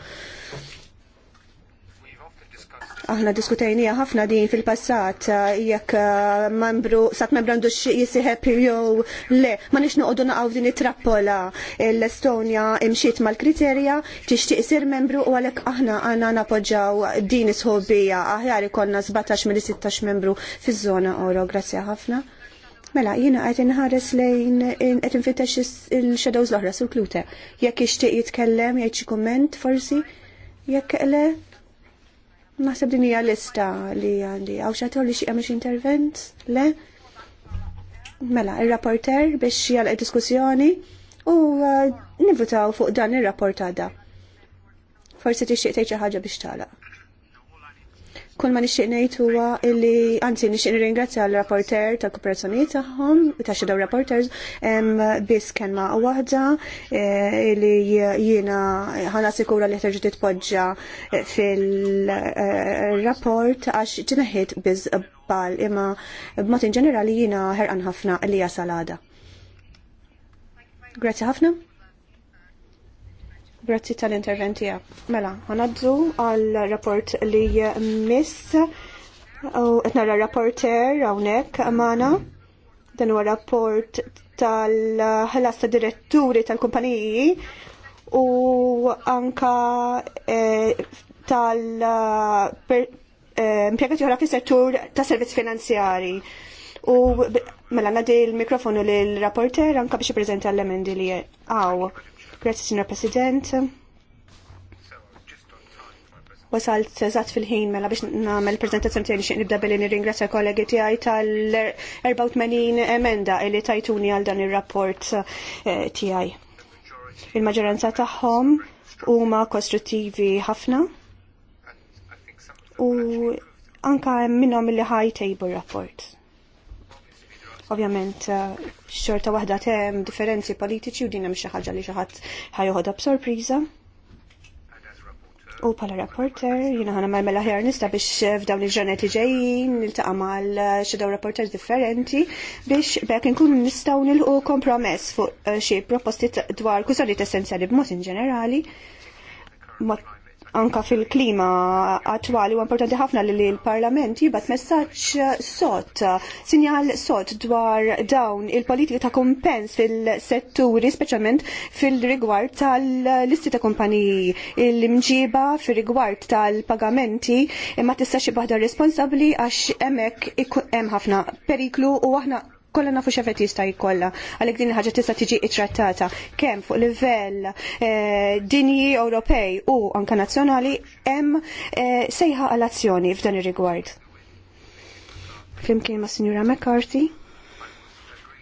Speaker 3: Aħna diskutajnija ħafna din fil-passat eh, jekk eh, membru sat membru għandu jisiħeb jew le. Ma nix noqogħdu naqgħu din it-trappola l-Estonja imxiet mal-kriterja tixtieq isir membru u għalhekk aħna għandna napoġġaw din isħobija aħjar ikollna 17 mill-16 membru fiż-żona oro. Grazzi ħafna. Mela, jina għed inħares lejn qed nfittex il-shadows l-oħra sul klute. Jekk ixtieq jitkellem, jgħid xi kumment forsi? Jekk le, Naħseb din hija lista li għandi. Għaw xator li xie għamix intervent? Le? Mela, il-rapporter biex jgħalaq diskussjoni u uh, nivutaw fuq dan il-rapport għada. Forsi tixtieq tgħid xi ħaġa biex tagħlaq. Kull ma nixtieq ngħid huwa li anzi nixtieq nirringrazzja l rapporter ta' kooperazzjoni tagħhom ta' xi daw rapporters biss kellna waħda eh, li jiena ħana sikura li ħtarġu titpoġġa eh, fil-rapport għax neħiet biss bal imma b'mod in ġenerali jiena ħerqan ħafna li hija salada. Grazzi ħafna. Grazzi tal-interventi Mela, għanadżu għal rapport li miss u etnara rapporter għawnek għamana. Dan huwa rapport tal ħalas ta' diretturi tal-kumpaniji u anka e, tal-impiegati e, eh, oħra fis-settur ta' servizz finanzjari. U mela nadi l-mikrofonu l rapporter anka biex prezenta l-emendi li għaw. Grazie, Signor President. Wasalt eżatt fil-ħin mela biex nagħmel preżentazzjoni tiegħi xi nibda billi nirringrazzja kollegi tiegħi tal-84 emenda li tajtuni għal dan ir-rapport eh, tiegħi. Il-maġġoranza tagħhom huma kostruttivi ħafna u anka minnhom li ħaj table rapport Ovvjament eh, xorta waħda tem differenzi politiċi u dinna mxie xi ħaġa li xi ħadd ħajoħodha b'sorpriża. U pala rapporter, jina ħana mal mela ħjar nista biex f'dawn il-ġranet li ġejjin niltaqa' mal xedaw rapporters differenti biex bekk nkun nistgħu u kompromess fuq eh, xi proposti dwar kwistjonijiet essenzjali b'mod in ġenerali anka fil-klima attwali u importanti ħafna li l-Parlament jibat messaġġ sot, sinjal sot dwar dawn il politika ta' kompens fil-setturi, speċjalment fil-rigward tal-listi ta' kumpaniji, il-mġiba fil-rigward tal-pagamenti ma tistax baħda responsabli għax emek hemm ħafna periklu u aħna kolla nafu xefet jista jkolla. Għalek din ħagġa tista tiġi ittrattata kemm fuq livell eh, dinji Ewropej u anka nazzjonali hemm eh, sejħa għal azzjoni f'dan ir-rigward. Flimkien ma' Sinjura McCarthy,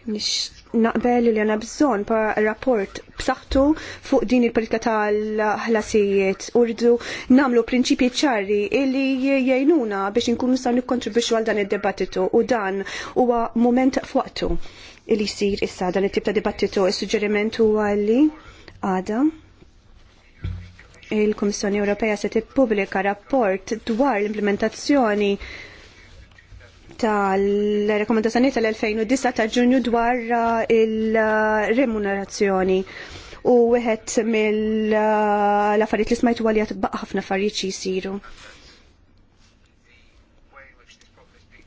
Speaker 3: nix naqbel li għana bżon pa rapport b'saħħtu fuq din il-politika tal-ħlasijiet. Urdu namlu prinċipji ċari illi jgħinuna biex nkunu sa' nikkontribwixxu għal dan id-debattitu u dan huwa moment fuqtu illi jsir issa dan it-tip ta' dibattitu. Is-suġġeriment huwa li għada il-Komissjoni Ewropea se tippubblika rapport dwar l-implementazzjoni tal-rekomendazzjoni tal-2009 ta' ġunju dwar uh, il-remunerazzjoni. U wieħed mill-affarijiet li smajtu għalija tibqa' ħafna affarijiet jisiru.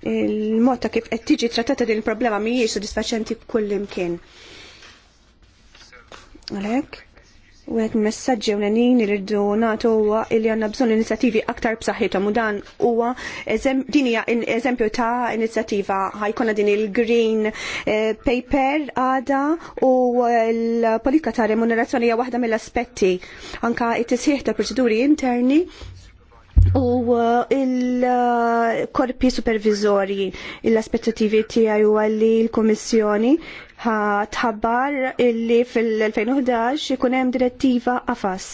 Speaker 3: Il-mod ta' kif qed tiġi trattata din il-problema mhijiex sodisfaċenti b'kull imkien. Għalhekk? U għed messagġi u l-għanin irridu natu huwa li għanna bżon inizjativi aktar b'saħħithom u dan huwa din hija eżempju ta' inizjattiva ħajkonna din il-Green eh, Paper għada u l-politika ta' remunerazzjoni hija waħda mill-aspetti anka it-tisħiħ ta' proċeduri interni U eh, il-korpi supervizori, l-aspettativi tijaj u għalli l-Komissjoni tħabbar illi fil-2011 ikun hemm direttiva qafas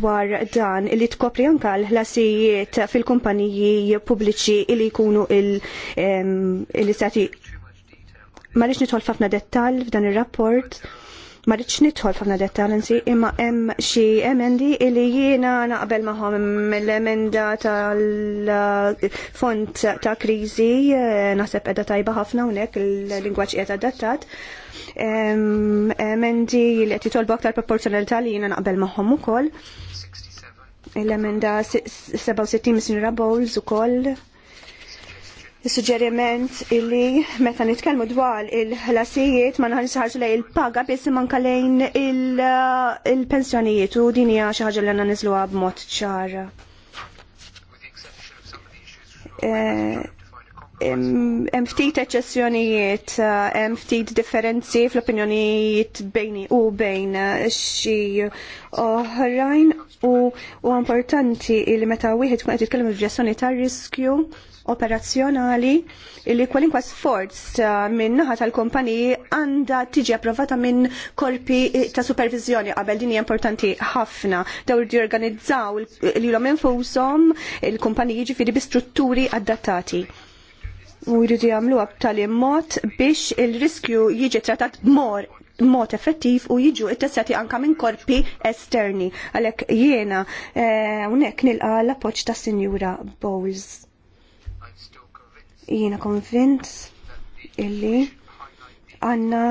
Speaker 3: dwar dan illi tkopri anka l-ħlasijiet fil-kumpaniji pubbliċi illi jkunu il-istati. ma Marriċ nitħol ħafna dettal f'dan ir rapport Ma rridx nidħol f'ħafna dettalji imma hemm xi emendi li jiena naqbel magħhom l-emenda tal-font ta' kriżi naħseb qiegħda tajba ħafna hawnhekk il-lingwaġġ qiegħed adattat. Emendi li qed jitolbu aktar proporzjonalità li jiena naqbel magħhom ukoll. L-emenda 67 Mr. Bowles ukoll suġġeriment illi meta nitkellmu dwar il-ħlasijiet ma naħan nħarsu lej il-paga biss manka nkalejn il-pensjonijiet u din hija xi ħaġa li għandna niżluha b'mod ċar. Hemm eh, ftit eċċessjonijiet, hemm eh, ftit differenzi fl-opinjonijiet bejni u bejn xi oħrajn u importanti li meta wieħed tkun qed jitkellem f'ġestjoni tar-riskju operazzjonali li kwalinkwa sforz eh, minn naħa tal-kumpaniji għandha tiġi approvata minn korpi eh, ta' supervizjoni qabel din hija importanti ħafna. Daw li jorganizzaw lilhom infushom il-kumpaniji ġifieri bi strutturi adattati. U jridu jagħmluha b'tali mod biex il-riskju jiġi trattat mor mod effettiv u jiġu it-tessati anka minn korpi esterni. Għalhekk jiena eh, hawnhekk nilqa l-appoġġ tas Sinjura Bowles. Jiena konvint illi għanna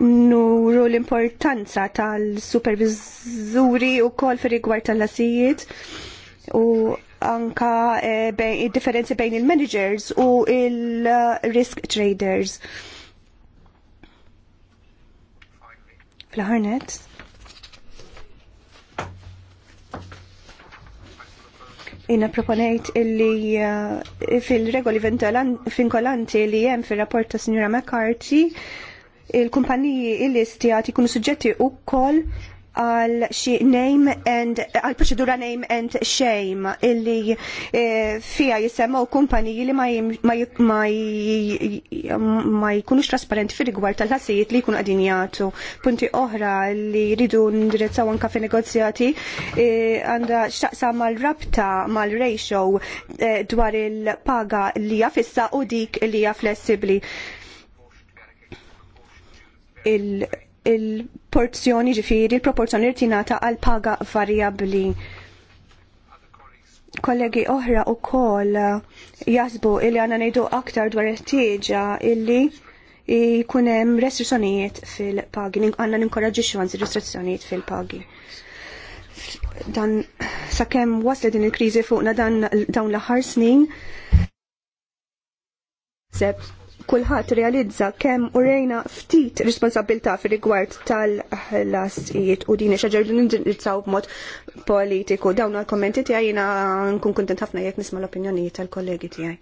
Speaker 3: nuru l-importanza tal-supervizzuri u kol fir rigward tal-lasijiet u anka il eh, differenzi bejn il-managers u il-risk traders. Fl-ħarnet, Jina proponejt illi eh, fil-regoli vinkolanti li jem fil-rapport ta' Signora McCarthy il-kumpaniji illi istijat ikunu suġġetti u koll għal xi name and għal proċedura name and shame illi eh, fija jisemmu kumpaniji li ma, jkunux trasparenti fi rigward tal-ħassijiet li jkunu qegħdin jagħtu. Punti oħra li jridu ndirizzaw anke fi negozjati eh, għandha x'taqsa mal-rabta mal-ratio eh, dwar il-paga li hija fissa u dik li hija flessibbli il-porzjoni ġifiri, il-proporzjoni rtinata għal paga variabli. Kollegi oħra u koll jasbu illi għanna nejdu aktar dwar il-tieġa illi jkunem restrizzjonijiet fil-pagi, għanna ninkoraġi xwanzi restrizzjonijiet fil-pagi. Dan sakemm waslet din il-krizi fuqna dan dawn l-aħħar snin. Sepp kulħadd realizza kemm urejna ftit responsabilità fi rigward tal-ħlasijiet u dini xaġar li nindirizzaw b'mod politiku. Dawn għal-kommenti tiegħi jiena nkun kuntent ħafna jekk nisma' l-opinjonijiet tal-kollegi tiegħi.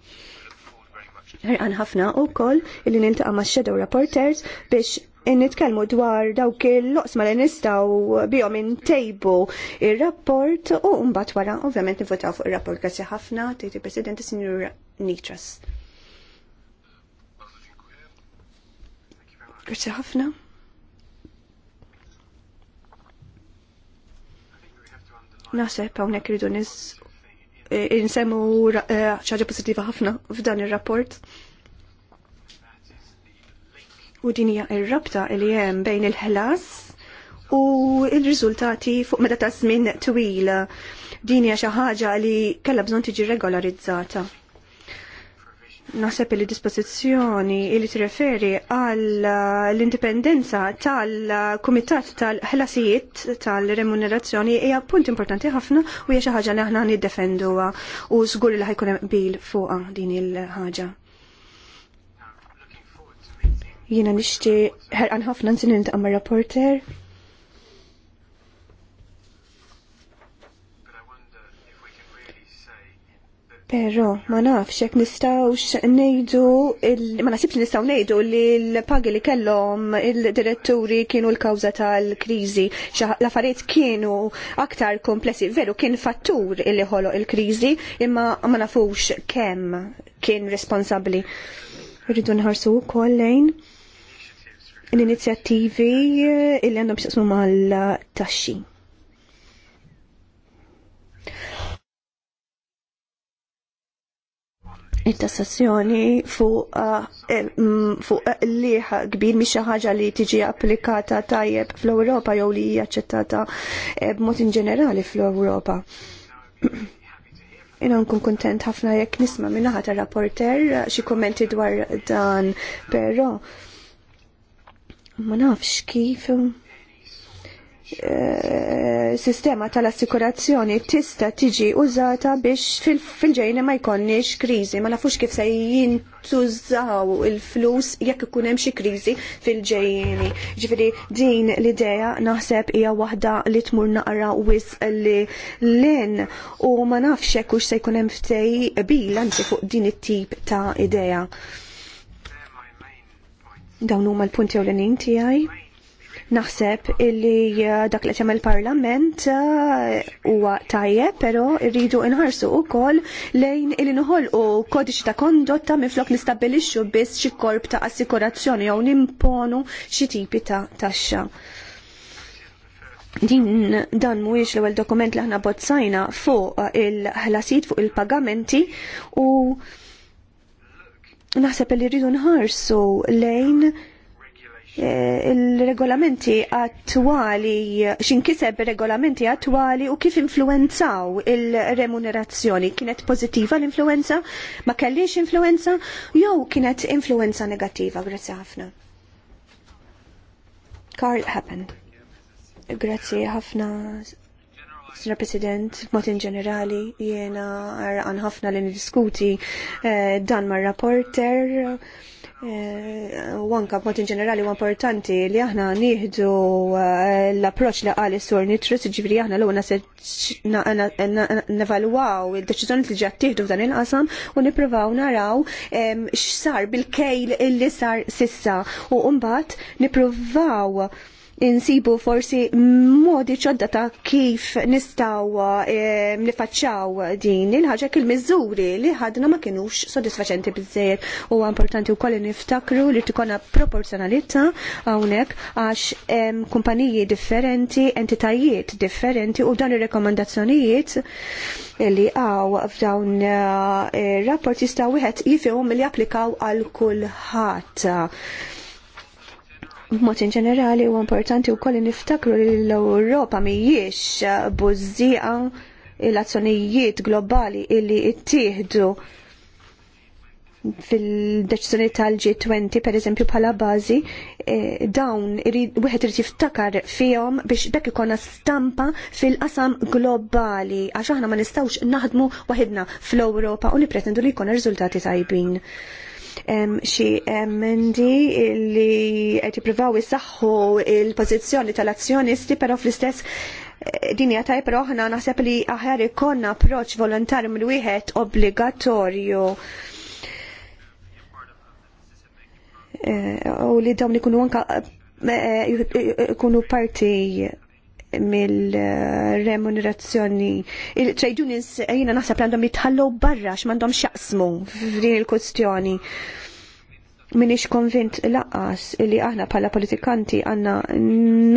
Speaker 3: Għan ħafna wkoll illi niltaqa' ma' shadow reporters biex nitkelmu dwar dawk il-loqsma li nistgħu bihom intejbu il rapport u mbagħad wara ovvjament nivvotaw fuq ir-rapport. għasja ħafna, tgħid il-President Sinjur Nitras. Grazie ħafna. Naseb hawnhekk iridu nis eh, insemmu eh, ċaġa pozittiva ħafna f'dan ir-rapport. U din hija r-rabta li hemm bejn il-ħlas u il-riżultati fuq meta ta' żmien twil. Din hija xi ħaġa li kellha bżonn tiġi regolarizzata. Naħseb li dispozizjoni li tirreferi għal l-indipendenza tal-Kumitat tal-ħlasijiet tal-remunerazzjoni hija punt importanti ħafna u hija xi ħaġa li aħna niddefenduha u żgur li ħajkun hemm qbil fuqha din il-ħaġa. Jiena nixtieq ħerqan ħafna nsin intaqa' rapporter Pero, ma nafx, jek nistawx nejdu, ma nasibx nistaw nejdu li l-pagi li kellom il-diretturi kienu l-kawza tal-krizi. L-affarijiet kienu aktar komplessi, veru kien fattur li ħolo il-krizi, imma ma nafux kem kien responsabli. Rridu nħarsu kollejn l-inizjattivi il-li għandhom xaqsmu mal-taxxi. it-tassazzjoni fuq eh, eh, mm, eh, liħa kbir mi xi ħaġa li tiġi applikata tajjeb fl-Ewropa jew li hija aċċettata b'mod inġenerali fl-Ewropa. Ina nkun kuntent ħafna jekk nisma' minnaħa ħata rapporter xi kummenti dwar dan, però ma nafx kif Eh, sistema tal-assikurazzjoni tista tiġi użata biex fil ġejna ma jkonniex kriżi, ma nafux kif se jintużaw il-flus jekk ikun hemm xi kriżi fil-ġejni. Ġifieri din l-idea naħseb hija waħda li tmur naqra wis li lin u ma nafx hekk se jkun hemm ftej bil anzi fuq din it-tip ta' idea. Dawn huma l-punti ewlenin tiegħi Naħseb illi uh, dak li ċemel parlament uh, huwa tajjeb, però rridu nħarsu wkoll lejn illi u kodiċi ta' kondotta miflok nistabilixxu biss xi korp ta' assikurazzjoni jew nimponu xi tipi ta' taxxa. Din dan mhuwiex l-ewwel dokument li aħna bozzajna fuq uh, il-ħlasijiet fuq il-pagamenti u naħseb li rridu nħarsu lejn Eh, il-regolamenti attwali, xinkiseb regolamenti attwali u kif influenzaw il-remunerazzjoni. Kienet pozittiva l-influenza, ma kellix influenza, jew kienet influenza negativa, grazzi ħafna. Carl Happen. Grazzi ħafna, Sra President, mod in ġenerali, jiena għan ħafna li indiskuti eh, dan mar-rapporter Wanka eh, anka b'mod ġenerali huwa importanti li aħna nieħdu eh, l-approċċ li qal is-sur nitrus, jiġifieri aħna l nevalwaw il-deċiżjoni li ġiet tieħdu f'dan il-qasam u nippruvaw naraw x'sar bil-kejl illi sar sissa u mbagħad nippruvaw insibu forsi modi ċodda ta' kif nistaw eh, nifacċaw din il-ħagġa il-mizzuri li ħadna ma kienux sodisfaċenti bizzejed u importanti u koll niftakru li tikona proporzjonalità hawnhekk għax kumpaniji differenti, entitajiet differenti u dan ir-rekomandazzjonijiet li għaw f'dawn eh, rapport jistaw wieħed jifhom li applikaw għal kulħadd mod in ġenerali huwa importanti wkoll niftakru li l-Ewropa mhijiex bużieqa l-azzjonijiet globali illi ttieħdu fil-deċizjoni tal-G20 per eżempju bħala bażi eh, dawn wieħed irid jiftakar fihom biex bekk ikonna stampa fil-qasam globali għax aħna ma nistgħux naħdmu waħedna fl-Ewropa u nippretendu li jkollna riżultati tajbin xi emendi li qed jippruvaw isaħħu il-pożizzjoni tal-azzjonisti però fl-istess eh, dinja taj, però aħna naħseb li aħjar ikonna approċċ volontarju mill-wieħed obbligatorju eh, u li dawn ikunu anka eh, ikunu parti mill-remunerazzjoni. Il-trade unions jina naħseb għandhom jitħallu barra x'mandhom xaqsmu f'din il-kwestjoni. il kustjoni il kwestjoni minix konvint laqas li aħna pala politikanti għanna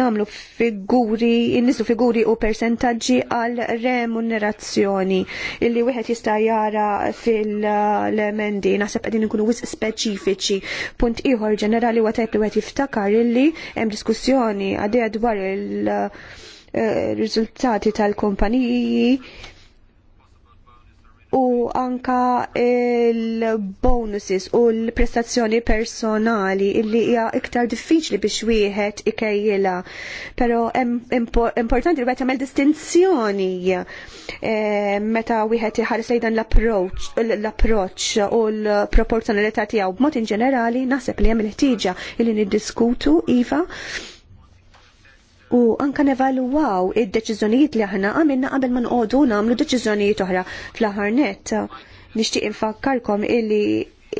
Speaker 3: namlu figuri, nislu figuri u percentagġi għal remunerazzjoni illi wieħed jista' jara fil-emendi naħseb qegħdin inkunu wis speċifiċi. Punt ieħor ġenerali huwa tajb li wieħed jiftakar illi hemm diskussjoni għadejja dwar il-riżultati eh, tal-kumpaniji u anka il-bonuses u l-prestazzjoni personali illi hija iktar diffiċli biex wieħed ikejjilha. Però importanti li wieħed il distinzjoni eh, meta wieħed iħares dan l-approċċ u l-proporzjonalità tiegħu b'mod in ġenerali naħseb li hemm il-ħtieġa illi niddiskutu iva u anka nevaluaw id-deċiżjonijiet li aħna għamilna qabel ma nqogħdu nagħmlu deċiżjonijiet oħra fl-aħħar nett. Nixtieq infakkarkom illi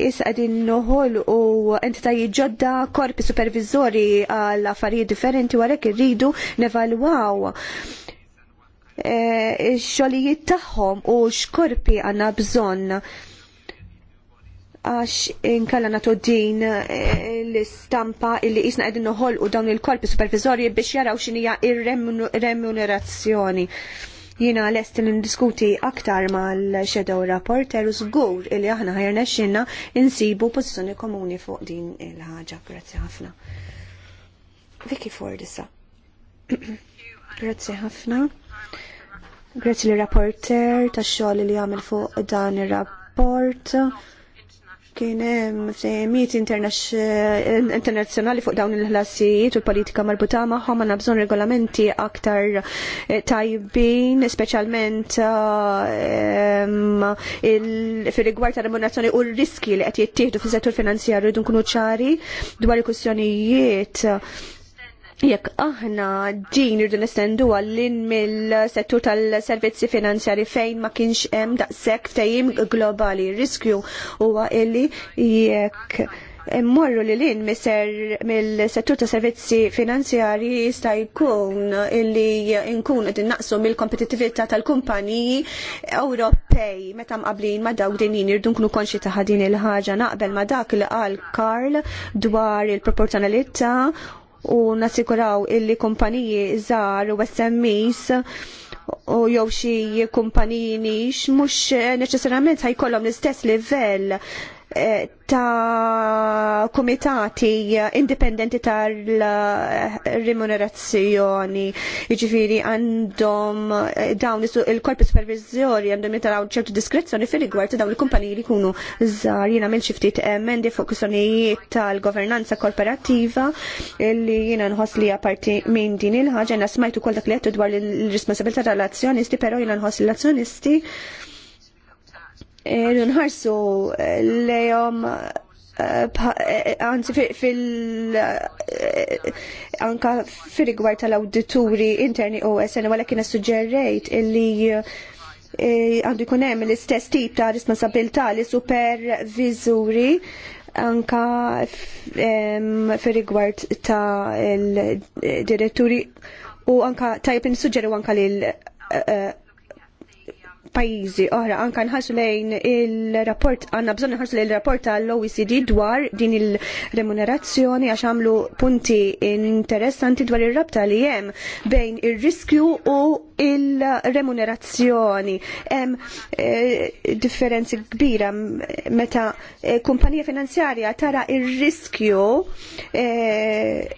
Speaker 3: issa qegħdin noħol u entitajiet ġodda korpi supervizori għal affarijiet differenti warek irridu nevalwaw e, eh, xogħlijiet tagħhom u x'korpi għandna bżonn għax inkalla natu din eh, l-istampa illi jisna għedin uħol u dawn il-kolpi supervizorji biex jaraw xinija il-remunerazzjoni. Jina lest n-diskuti aktar mal-shadow rapporter u zgur illi aħna ħajrna xinna insibu pozizjoni komuni fuq din il-ħagġa. Grazie ħafna. Vicky Ford issa. Grazie ħafna. Grazie l-rapporter ta' xogħol li għamil fuq dan il-rapport kien hemm internazzjonali fuq dawn il-ħlasijiet u l-politika marbuta magħhom għandna bżonn regolamenti aktar eh, tajbin, speċjalment eh, fir-rigward tar-remunerazzjoni u r-riski li qed jittieħdu fis-settur finanzjarju jdu nkunu ċari dwar il-kwistjonijiet Jekk aħna din irdu nistendu għallin mill-settur tal-servizzi finanzjari fejn ma kienx hemm daqshekk fejn globali. Riskju huwa illi jekk Morru li l-in mill-settur ta' servizzi finanzjari jista' jkun illi nkun qed innaqsu mill-kompetittività tal-kumpaniji Ewropej meta mqablin ma' dawk dinin irdu nkunu konxi ta' din il-ħaġa naqbel ma' dak li qal Karl dwar il-proporzjonalità u nasikuraw illi kumpaniji żgħar u SMEs u jew xi kumpaniji nix mhux neċessarjament ħajkollhom l-istess livell ta' komitati indipendenti tal-remunerazzjoni, iġifiri għandhom dawn il-korpi supervizjoni għandhom jitaraw ċertu diskrezzjoni fil rigward dawn il-kumpaniji li kunu żgħar jiena minn xi ftit emendi fuq kwistjonijiet tal-governanza korporattiva li jiena nħoss li parti minn din il-ħaġa jina smajtu kol dak li għattu dwar il-responsabilità tal-azzjonisti, però jiena nħoss l-azzjonisti Eh, nħarsu eh, l-jom għanzi eh, fil anka fil-rigward tal-awdituri interni u SN, għalek kien suġġerrejt illi għandu jkun hemm l-istess tip ta' responsabilità li supervizuri anka fil-rigward ta' l-diretturi u anka tajb nsuġġeru anka lil pajjiżi oħra anka nħarsu lejn il-rapport għandna bżonn nħarsu lejn il-rapport tal-OECD dwar din il-remunerazzjoni għax għamlu punti interessanti dwar ir-rabta li hemm bejn il riskju u il-remunerazzjoni. Hemm eh, differenzi kbira meta eh, kumpanija finanzjarja tara il riskju eh,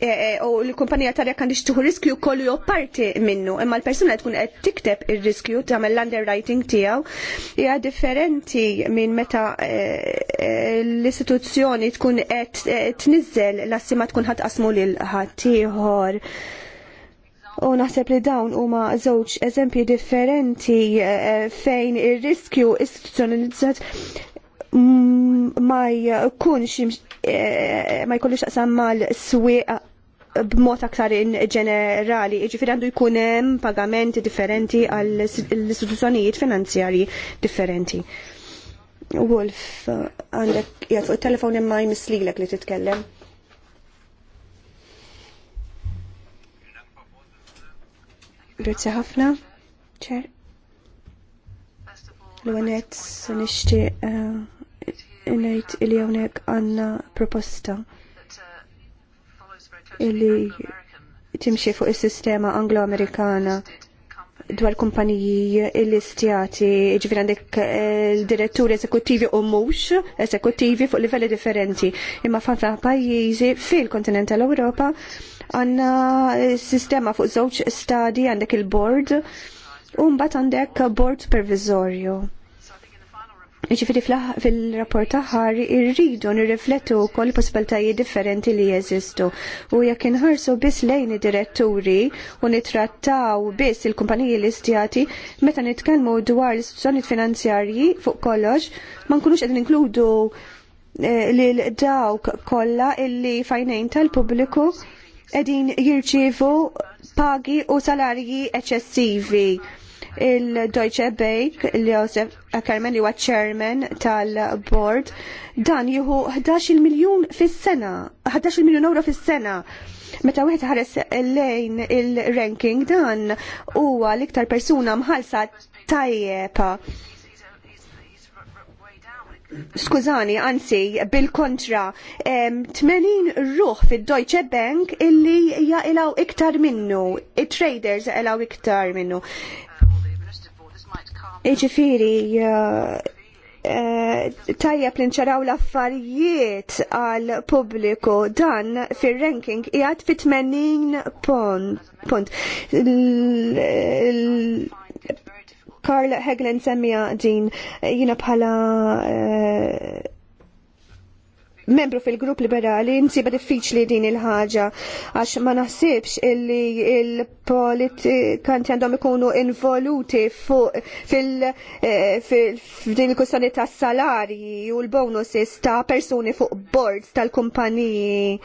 Speaker 3: E, e, u l-kumpanija tarja kandix tuħu riskju kollu jo parti minnu, imma l-persuna tkun qed tikteb ir-riskju tagħmel l-underwriting tiegħu hija differenti minn meta e, l-istituzzjoni tkun qed nizzel l-assima tkun ħat qasmu lil ħadd U naħseb li dawn huma żewġ eżempji differenti fejn ir-riskju istituzzjonalizzat ma jkunx eh, ma jkollux taqsam mal-swieq b'mod aktar ġenerali, ġifir għandu jkun hemm pagamenti differenti għall-istituzzjonijiet finanzjarji differenti. Wolf, għandek jgħat fuq il-telefon imma jmislilek li titkellem. Grazie ħafna. Ċer. L-għanet, nishti. Uh... Eh, ngħid li hawnhekk għandna proposta illi timxi fuq is-sistema Anglo-Amerikana dwar kumpaniji l stjati ġifir għandek il-direttur eh, eżekuttivi u mux eżekuttivi fuq livelli differenti. Imma f'ħafna pajjiżi fil-kontinent tal-Ewropa għanna eh, sistema fuq żewġ stadi għandek il-board u mbagħad għandek board supervisorju. Ġifiri fil-rapport taħħar irridu nirriflettu wkoll possibiltajiet differenti li jeżistu. U jekk inħarsu biss lejn id-diretturi u nitrattaw biss il-kumpaniji l-istjati, meta nitkellmu dwar l-istituzzjonijiet finanzjarji fuq kollox, ma nkunux qed inkludu eh, lil dawk kollha illi fajnejn tal-pubbliku qegħdin jirċievu pagi u salarji eċċessivi il-Deutsche Bank, il-Josef Akarman, li huwa chairman tal-board, dan jieħu 11 miljun fis-sena, 11 miljun euro fis-sena. Meta wieħed ħares lejn il-ranking dan huwa l-iktar persuna mħalsa tajjeb. Skużani, anzi, bil-kontra, 80 ruħ fid-Deutsche Bank illi jaqilaw iktar minnu, it-traders jaqilaw iktar minnu. Iġifiri, eh, tajjeb li nċaraw l-affarijiet għal pubbliku dan fir-ranking qiegħed fi 80 punt. Karl Heglen semmija din jina bħala eh, membru fil-grupp liberali nsiba diffiċli din il-ħaġa għax ma naħsibx illi il-politikanti għandhom ikunu involuti fil-din eh, il-kustjoni ta' salari u l-bonuses ta' persuni fuq boards tal-kumpaniji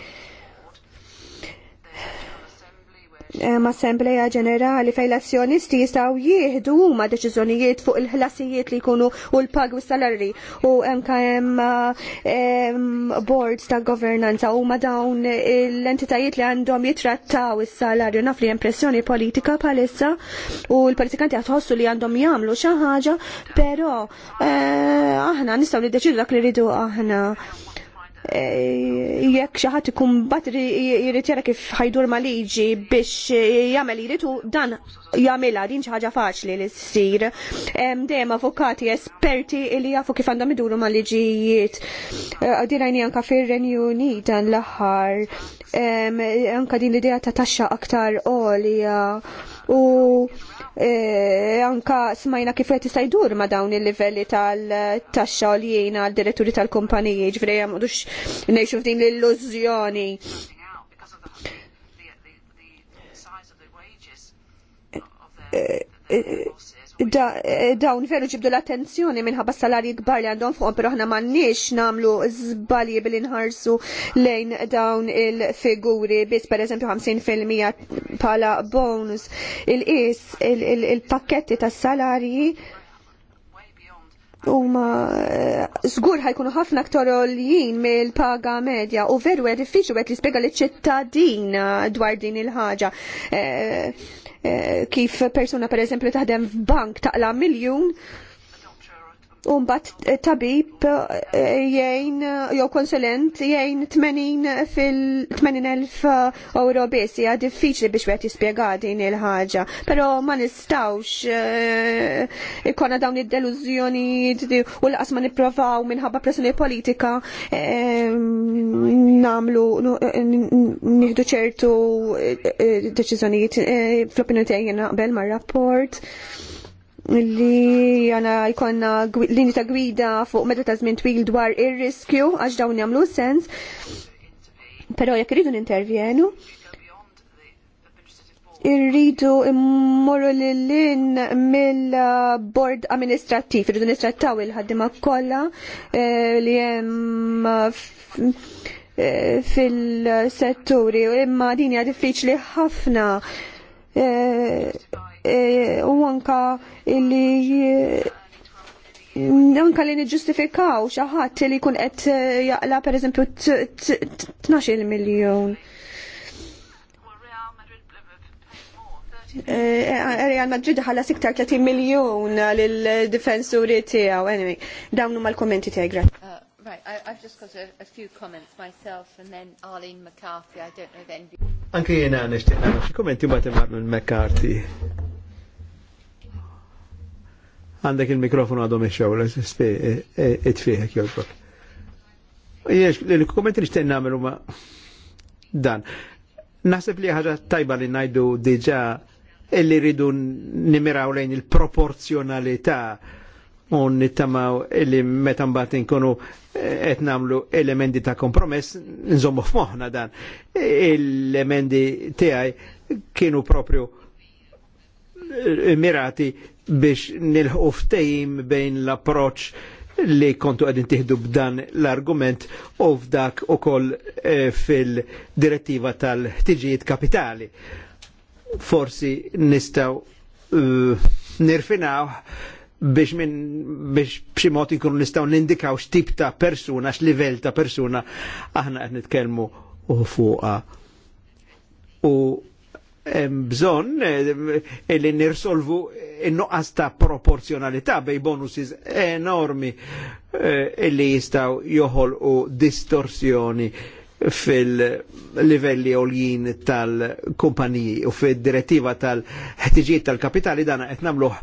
Speaker 3: assembleja ġenerali fejn l-azzjonisti jistgħu jieħdu huma deċiżjonijiet fuq il-ħlasijiet li jkunu u l-pag u s-salarri u MKM boards ta' governanza huma dawn l-entitajiet li għandhom jitrattaw is-salarju naf li impressjoni politika palissa u l-politikanti għatħossu li għandhom jagħmlu xi ħaġa, però eh, aħna nistgħu niddeċidu dak li rridu aħna. Eh, jekk xi ħadd ikun batri jrid jara kif ħajdur ma liġi biex eh, jagħmel jritu dan jagħmilha din xi ħaġa faċli li ssir. Dejjem avukati esperti li jafu kif għandhom iduru ma liġijiet. Din eh, għajni anka fir-Renju Unit dan l-aħħar. Anka din l-idea ta' taxxa aktar għolja u E, anka smajna kif qed jista' jdur ma' dawn il-livelli tal-taxxa li jgħina għal diretturi tal-kumpaniji, ġifieri hemm mhux ngħixu f'din l-illużjoni. E, e, Eh, dawn veru ġibdu l-attenzjoni minħabba salarji kbar li għandhom fuq, pero aħna m'għandniex nagħmlu żbalji bil nħarsu lejn dawn il-figuri biss pereżempju 50% bħala bonus il-qis il-pakketti tas-salarji huma eh, żgur ħajkunu ħafna aktar oljin mill-paga medja u veru għed diffiċu għed li spiega li ċittadin dwar din il-ħaġa. Eh, Eh, kif persuna per eżempju taħdem f'bank taqla miljun bat eh, tabib eh, jgħin eh, jew konsulent jgħin 80 fil-80.000 euro biss hija diffiċli biex wieħed jispjega din il-ħaġa. pero ma nistawx ikonna dawn id-delużjonijiet u l-qas ma nipprovaw minħabba pressjoni politika namlu nieħdu ċertu deċiżjonijiet fl-opinjoni tiegħi naqbel mar-rapport li jana jkonna lini ta' gwida fuq meta ta' żmien twil dwar ir-riskju għax dawn jagħmlu sens. Però jekk iridu nintervjenu, irridu immorru l lin mill-bord amministrattiv, irridu nistrattaw il ħaddim kollha eh, li hemm eh, fil-setturi, imma din hija diffiċli ħafna. Eh, E, u anka illi anka li niġġustifikaw xaħat li kun qed e, jaqla per eżempju 12 miljon. E, Real Madrid ħalla siktar 30 miljon lill defensuri tiegħu. Anyway, dawn huma l-kommenti tiegħi grazzi. Uh, right, I've just got a, a few comments myself and then Arlene McCarthy,
Speaker 1: I don't know if anybody...
Speaker 2: Anki jena nishtiqna, xie kommenti bat minn McCarthy. Għandek il-mikrofonu għadhom iċċaw, l-SSP, e- e- e- it-fiħek jolbok. Jiex, l-kommenti li xtenna għamilu ma dan. Nasib li ħagħa tajba li najdu diġa illi ridu nimiraw lejn il-proporzjonalità u nittamaw illi metan batin inkunu etnamlu elementi ta' kompromess nżommu f'moħħna dan. elementi tiegħi kienu propju mirati biex nilħu ftejim bejn l-approċ li kontu għedin tiħdu b'dan l-argument u f'dak u koll eh, fil-direttiva tal-ħtiġijiet kapitali. Forsi nistaw eh, nirfinaw biex minn biex b'xi mod inkunu nistgħu nindikaw x'tip ta' persuna, x'livell ta' persuna aħna qed nitkellmu fuqha. U bżon eh, li nirsolvu n nuqqas ta' proporzjonalità bej bonuses enormi eh, illi jistaw joħolqu distorsjoni fil-livelli oljin tal-kumpaniji u fil-direttiva tal-ħtiġiet tal-kapitali dana qed nagħmluh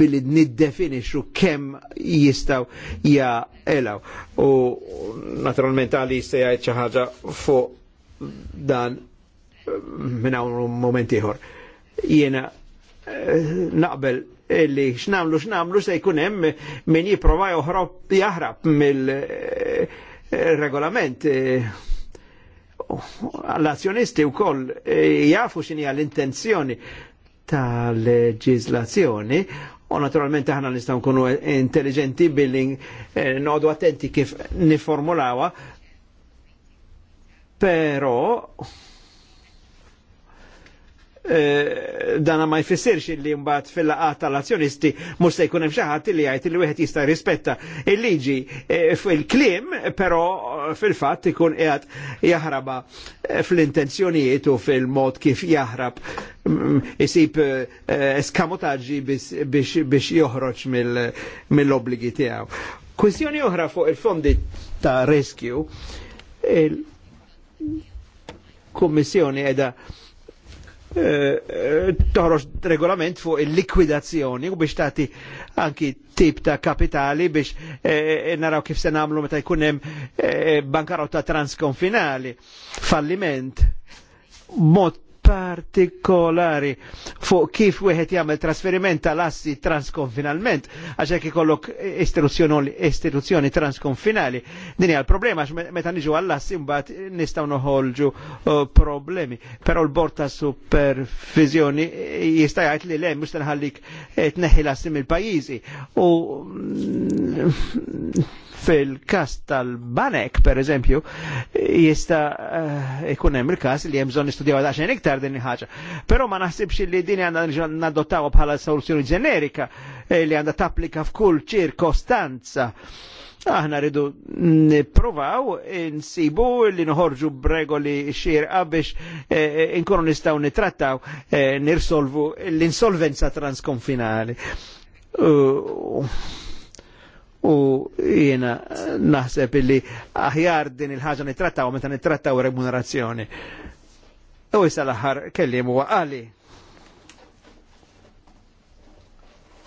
Speaker 2: billi niddefinixu kemm jistaw jaqelaw. U naturalment għali se jgħid xi ħaġa fuq dan minna un moment ieħor. Jena eh, naqbel illi x'namlu x'namlu se jkunem minn jiprova joħrob jahrab mill-regolament. Eh, eh, l-azzjonisti koll jafu x'inhi l-intenzjoni tal-leġiżlazzjoni U naturalment aħna nistgħu nkunu intelligenti billi nodu attenti kif niformulawa. Pero, Eh, dana ma jfissirx illi mbagħad fil-laqat tal-azzjonisti mhux se jkun hemm xi ħadd li jgħid li wieħed jista' rispetta il-liġi eh, fil-kliem, però eh, fil-fatt ikun qiegħed jaħraba fl-intenzjonijiet u fil-mod kif jaħrab mm, isib eskamotaġġi biex joħroġ mill-obbligi tiegħu. Kwistjoni oħra fuq il-fondi ta' rescue, il-Kummissjoni edha Eh, eh, toħroġ regolament fuq il-likwidazzjoni u biex tagħti anki tip ta' kapitali biex eh, naraw kif se nagħmlu meta jkun hemm transkonfinali, falliment, mod partikolari fuq kif wieħed jagħmel trasferiment tal-assi transkonfinalment għax hekk ikollok istituzzjoni transkonfinali. Din hija l-problema għax meta niġu għall-assi mbagħad nistgħu noħolġu uh, problemi. Però l-bord ta' supervizjoni jista' jgħid li lejn mhux tinħallik eh, tneħħi l-assi mill-pajjiżi. U mm, Fil-kas tal-banek, per eżempju, jista eh, ikun hemm il-kas li hemm bżonn nistudjaw għaxejn iktar din ħaġa. Però ma naħsibx li din għandna nadottaw bħala soluzzjoni ġenerika eh, li għandha tapplika f'kull ċirkostanza aħna ridu niprovaw insibu li noħorġu bregoli xirqa biex eh, inkunu nistaw nitrattaw nirsolvu l-insolvenza transkonfinali. Uh, u jiena naħseb illi aħjar din il-ħaġa nittrattaw meta nittrattaw remunerazzjoni. U issa l-aħħar kellim huwa qali.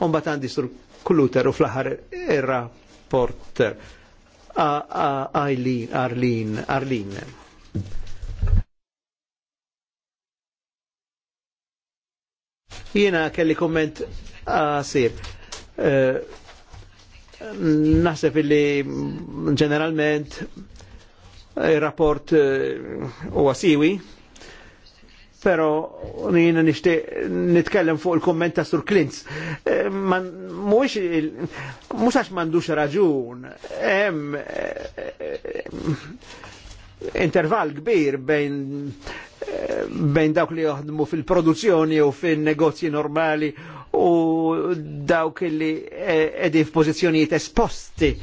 Speaker 2: Umbat għandi sur kluter u fl-aħħar ir-rapporter. Arlin, Arlin, Arlin. Jiena kelli komment għasir. Uh, eh, naħseb illi ġeneralment eh, il-rapport eh, u għasiwi, pero jina nishtiq nitkellem fuq il-komment ta' Sur Klintz. Eh, Mux għax mandux raġun, hemm intervall kbir bejn bejn dawk li joħdmu fil-produzzjoni u fin-negozji normali u dawk li eh, edi f'pożizzjonijiet esposti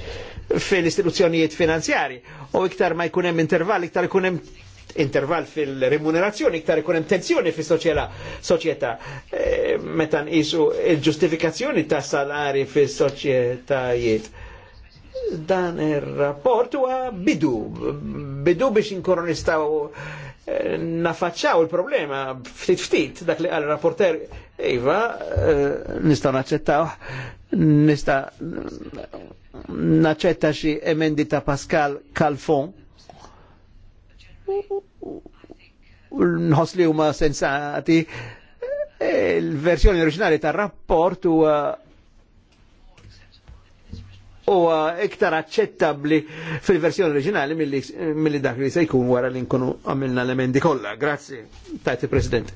Speaker 2: fil-istituzzjonijiet finanzjari u iktar ma jkun hemm intervall, iktar jkunem hemm intervall fil-remunerazzjoni, iktar jkunem hemm tensjoni fis-soċjetà. E, eh, Meta isu il-ġustifikazzjoni ta' salari fis-soċjetajiet. Dan il rapport u bidu, bidu biex inkoronistaw eh, nafacċaw il-problema ftit ftit dak li għal rapporter Iva, eh, nista' naċċettaw, nista' naċċetta xi emendi ta' Pascal Calfon nħos li huma sensati eh, il-verżjoni oriġinali tar-rapport huwa huwa iktar aċċettabbli fil-verżjoni oriġinali mill-li dak li se jkun wara li nkunu għamilna l-emendi kollha. Grazzi, tajti President.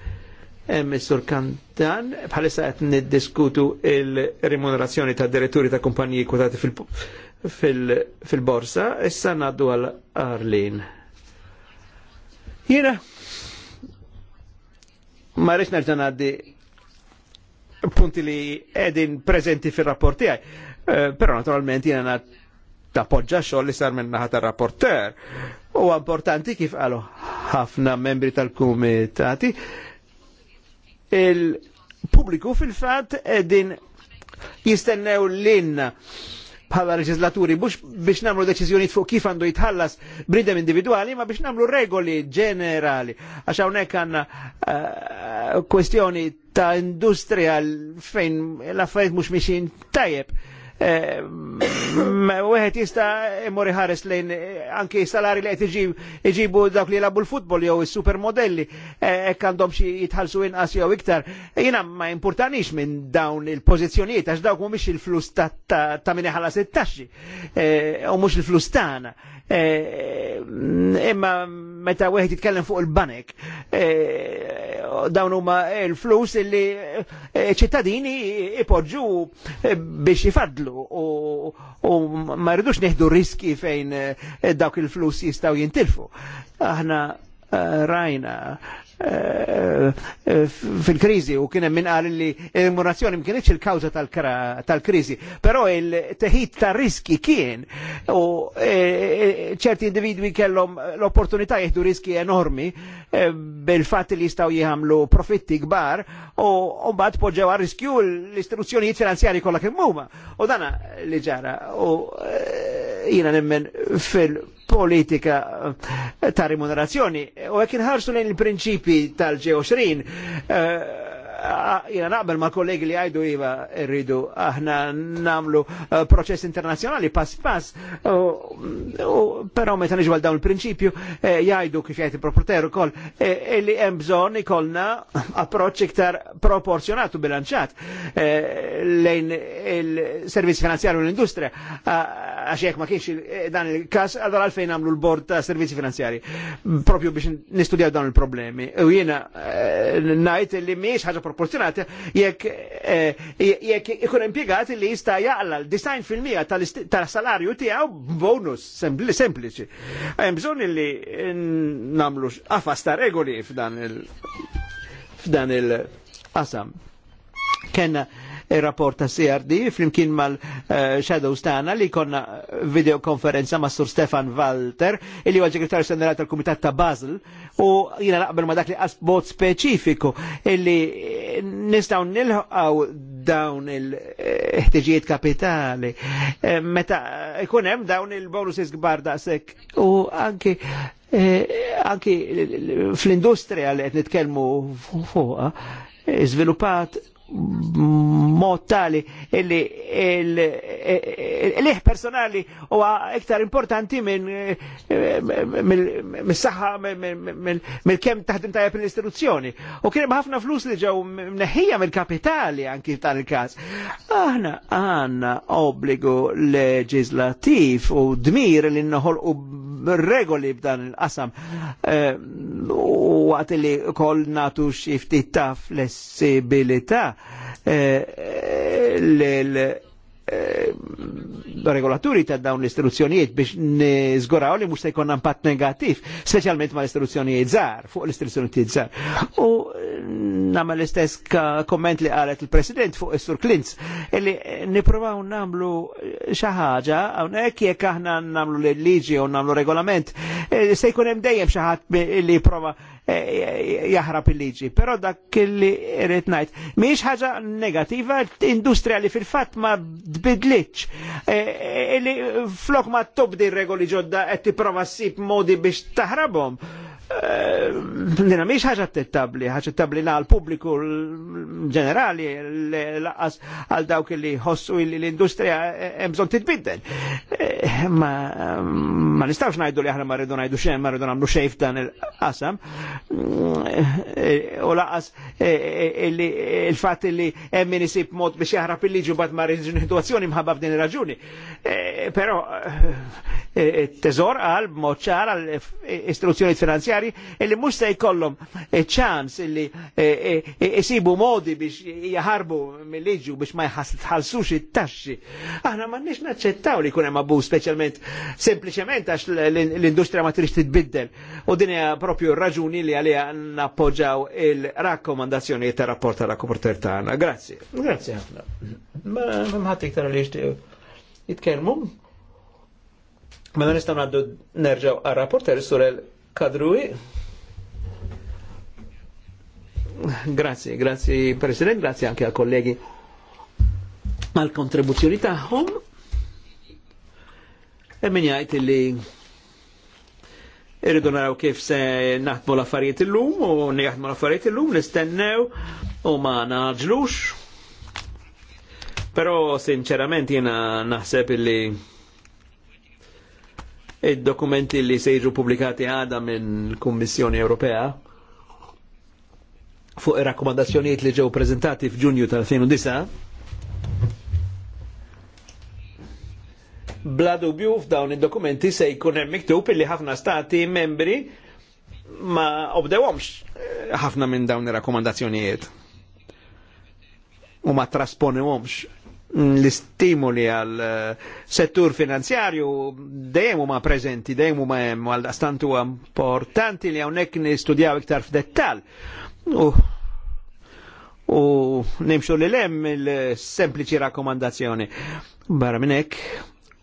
Speaker 2: Eh, Mr. Kantan, bħalissa qed niddiskutu il-remunerazzjoni ta' diretturi ta' kumpaniji kwotati fil-borsa, issa ngħaddu għal Arlin. Jiena ma rridx nerġa' ngħaddi punti li qegħdin preżenti fir-rapport tiegħi, eh, però naturalment jiena tappoġġa xogħol li sar minn naħa tar-rapporter. Huwa importanti kif qalu ħafna membri tal-kumitati il-pubbliku fil-fat din jistennew l-in bħala leġislaturi biex namlu deċiżjoni fuq kif għandu jitħallas bridem individuali, ma biex namlu regoli ġenerali. Għax hawnhekk għandna eh, kwestjoni ta' industrija fejn l-affarijiet mhux mixin tajjeb. Wieħed jista' Mori ħares lejn eh, anki salari li qed iġibu dawk li jilabu l-futbol jew il supermodelli eh, hekk għandhom xi jitħallsu inqas jew iktar. Jiena ma importanix minn dawn il-pożizzjonijiet għax dawk mhumiex il-flus ta' min iħallas it eh, u mhux il-flus tagħna. Eh, imma meta wieħed jitkellem fuq il-banek eh, dawn huma l-flus illi eh, ċittadini ipoġġu biex jifadlu u ma rridux neħdu riski fejn dawk il-flus jistgħu jintilfu. Aħna rajna fil-krizi u kienem minn għal li il murazzjoni mkienieċ il-kawza tal-krizi, però il-teħid ta' riski kien u e, e, ċerti individwi kellhom l-opportunità jihdu riski enormi e, bil fat li jistaw jihamlu profitti kbar u mbagħad poġġew għal riskju l-istituzzjonijiet finanzjari kollha kemm huma. U dana li ġara u jiena nemmen fil- politika eh, ta' remunerazzjoni u għek inħarsu lejn il-prinċipi tal-G20 eh, Ah, jina naqbel ma' kollegi li għajdu jiva rridu aħna namlu eh, proċess internazjonali pass pass, pero meta nġbal dawn il-prinċipju eh, jgħidu kif jgħajti proprietaru kol illi eh, hemm bżonn ikolna approċċ iktar proporzjonatu bilanċat lejn il-servizzi finanzjarju u l-industrija ah, għax jekk ma kienx dan il-kas għadar għalfejn għamlu l-bord ta' servizzi finanzjari propju biex nistudjaw dawn il-problemi u jina najt li miex ħaġa sproporzjonati jekk eh, jekk ikun impjegat li jista' jaqla l-90% tal-salarju tiegħu bonus sempliċi. Hemm bżonn li nagħmlu qafas ta' regoli f'dan il f'dan il-qasam. Kenna il-rapport ta' CRD flimkien mal-Shadows eh, tagħna li konna videokonferenza ma' Sur Stefan Walter illi huwa ġegretarju ġenerali tal-Kumitat ta' Basel u jiena naqbel ma' dak li qas bot speċifiku illi nistgħu nilħaw dawn il-ħtiġijiet kapitali eh, meta ikun hemm dawn il-bonuses kbar daqshekk u anki eh, anki fl-industrija li qed nitkellmu fuqha iżviluppat mod tali illi l-liħ personali u iktar importanti minn eh, mis-saħħa mill-kemm taħdem tajjeb l-istituzzjoni. U kien ħafna flus li ġew mneħħija mill-kapitali anki tal il-każ. Aħna għanna obbligu leġislattiv u dmir li u regoli b'dan il-qasam eh, u għat li kol natu xifti ta' flessibilità e, Eh, regolaturi ta' dawn l-istruzzjonijiet biex nizgoraw li mux se jkun impatt negativ, specialment ma' l-istruzzjonijiet zar, fuq l-istruzzjonijiet zar. U namma l-istess komment li għalet il-President fuq il sur Klintz, illi niprovaw namlu xaħġa, għonek jek aħna namlu l-liġi u namlu regolament, eh, se jkun hemm dejjem xaħat li prova Eh, eh, jaħrab il-liġi. Però dak li rrit ngħid. Miex ħaġa negativa, industrija li fil-fatt ma dbidliċ. Illi eh, flok ma tobdi regoli ġodda qed tipprova ssib modi biex taħrabom. Eh, dina miex ħaġa t-tabli, ħaġa t-tabli na għal-publiku ġenerali, l laqas għal dawk li ħossu l-industrija jemżon eh, titbiddel. Eh, ma nistawx najdu li aħna marridu najdu xem, marridu namlu xejf dan l qasam U laqas il-fat li emmin isib mod biex jahrab il-liġu bat marridu rridu situazzjoni mħabba f'din raġuni. Pero, t-tezor għal moċar għal istruzzjoni finanzjari finanzjari illi mhux se jkollhom ċans eh, illi eh, eh, isibu modi biex jaħarbu mill-liġi biex ma jħallsux it-taxxi. Aħna m'għandniex naċċettaw li jkun hemm abbuż speċjalment sempliċement għax l-industrija ma trix titbiddel. U din hija propju raġuni li għalija nappoġġaw il rakkomandazzjoni ta' rapport ta' rakkoporter tagħna. Grazzi. Grazzi ħafna. Ma mħat iktar li jitkellmu. Mela nistgħu ngħaddu nerġgħu għar-rapporter Surel Kadrui. Grazie, grazie Presidente, grazie anche al kollegi għal kontribuzzjoni tagħhom. E min jgħid li irridu naraw kif se naħdmu l-affarijiet illum u naħdmu l-affarijiet illum nistennew u ma naġlux. Però sinċerament jiena naħseb illi id-dokumenti li jiġu pubblikati għada minn Kummissjoni Ewropea fuq ir-rakkomandazzjonijiet li ġew preżentati f'Ġunju tal-2009 bla dubju f'dawn id-dokumenti se jkun hemm miktub illi ħafna stati membri ma obdewhomx eh, ħafna minn dawn ir-rakkomandazzjonijiet. U ma trasponewhomx l-istimoli għal eh, settur finanzjarju dejjem huma preżenti, dejjem huma hemm għal stantu importanti li hawnhekk nistudjaw iktar f'dettall. U, nimxu li lem il-sempliċi rakkomandazzjoni. Barra minn hekk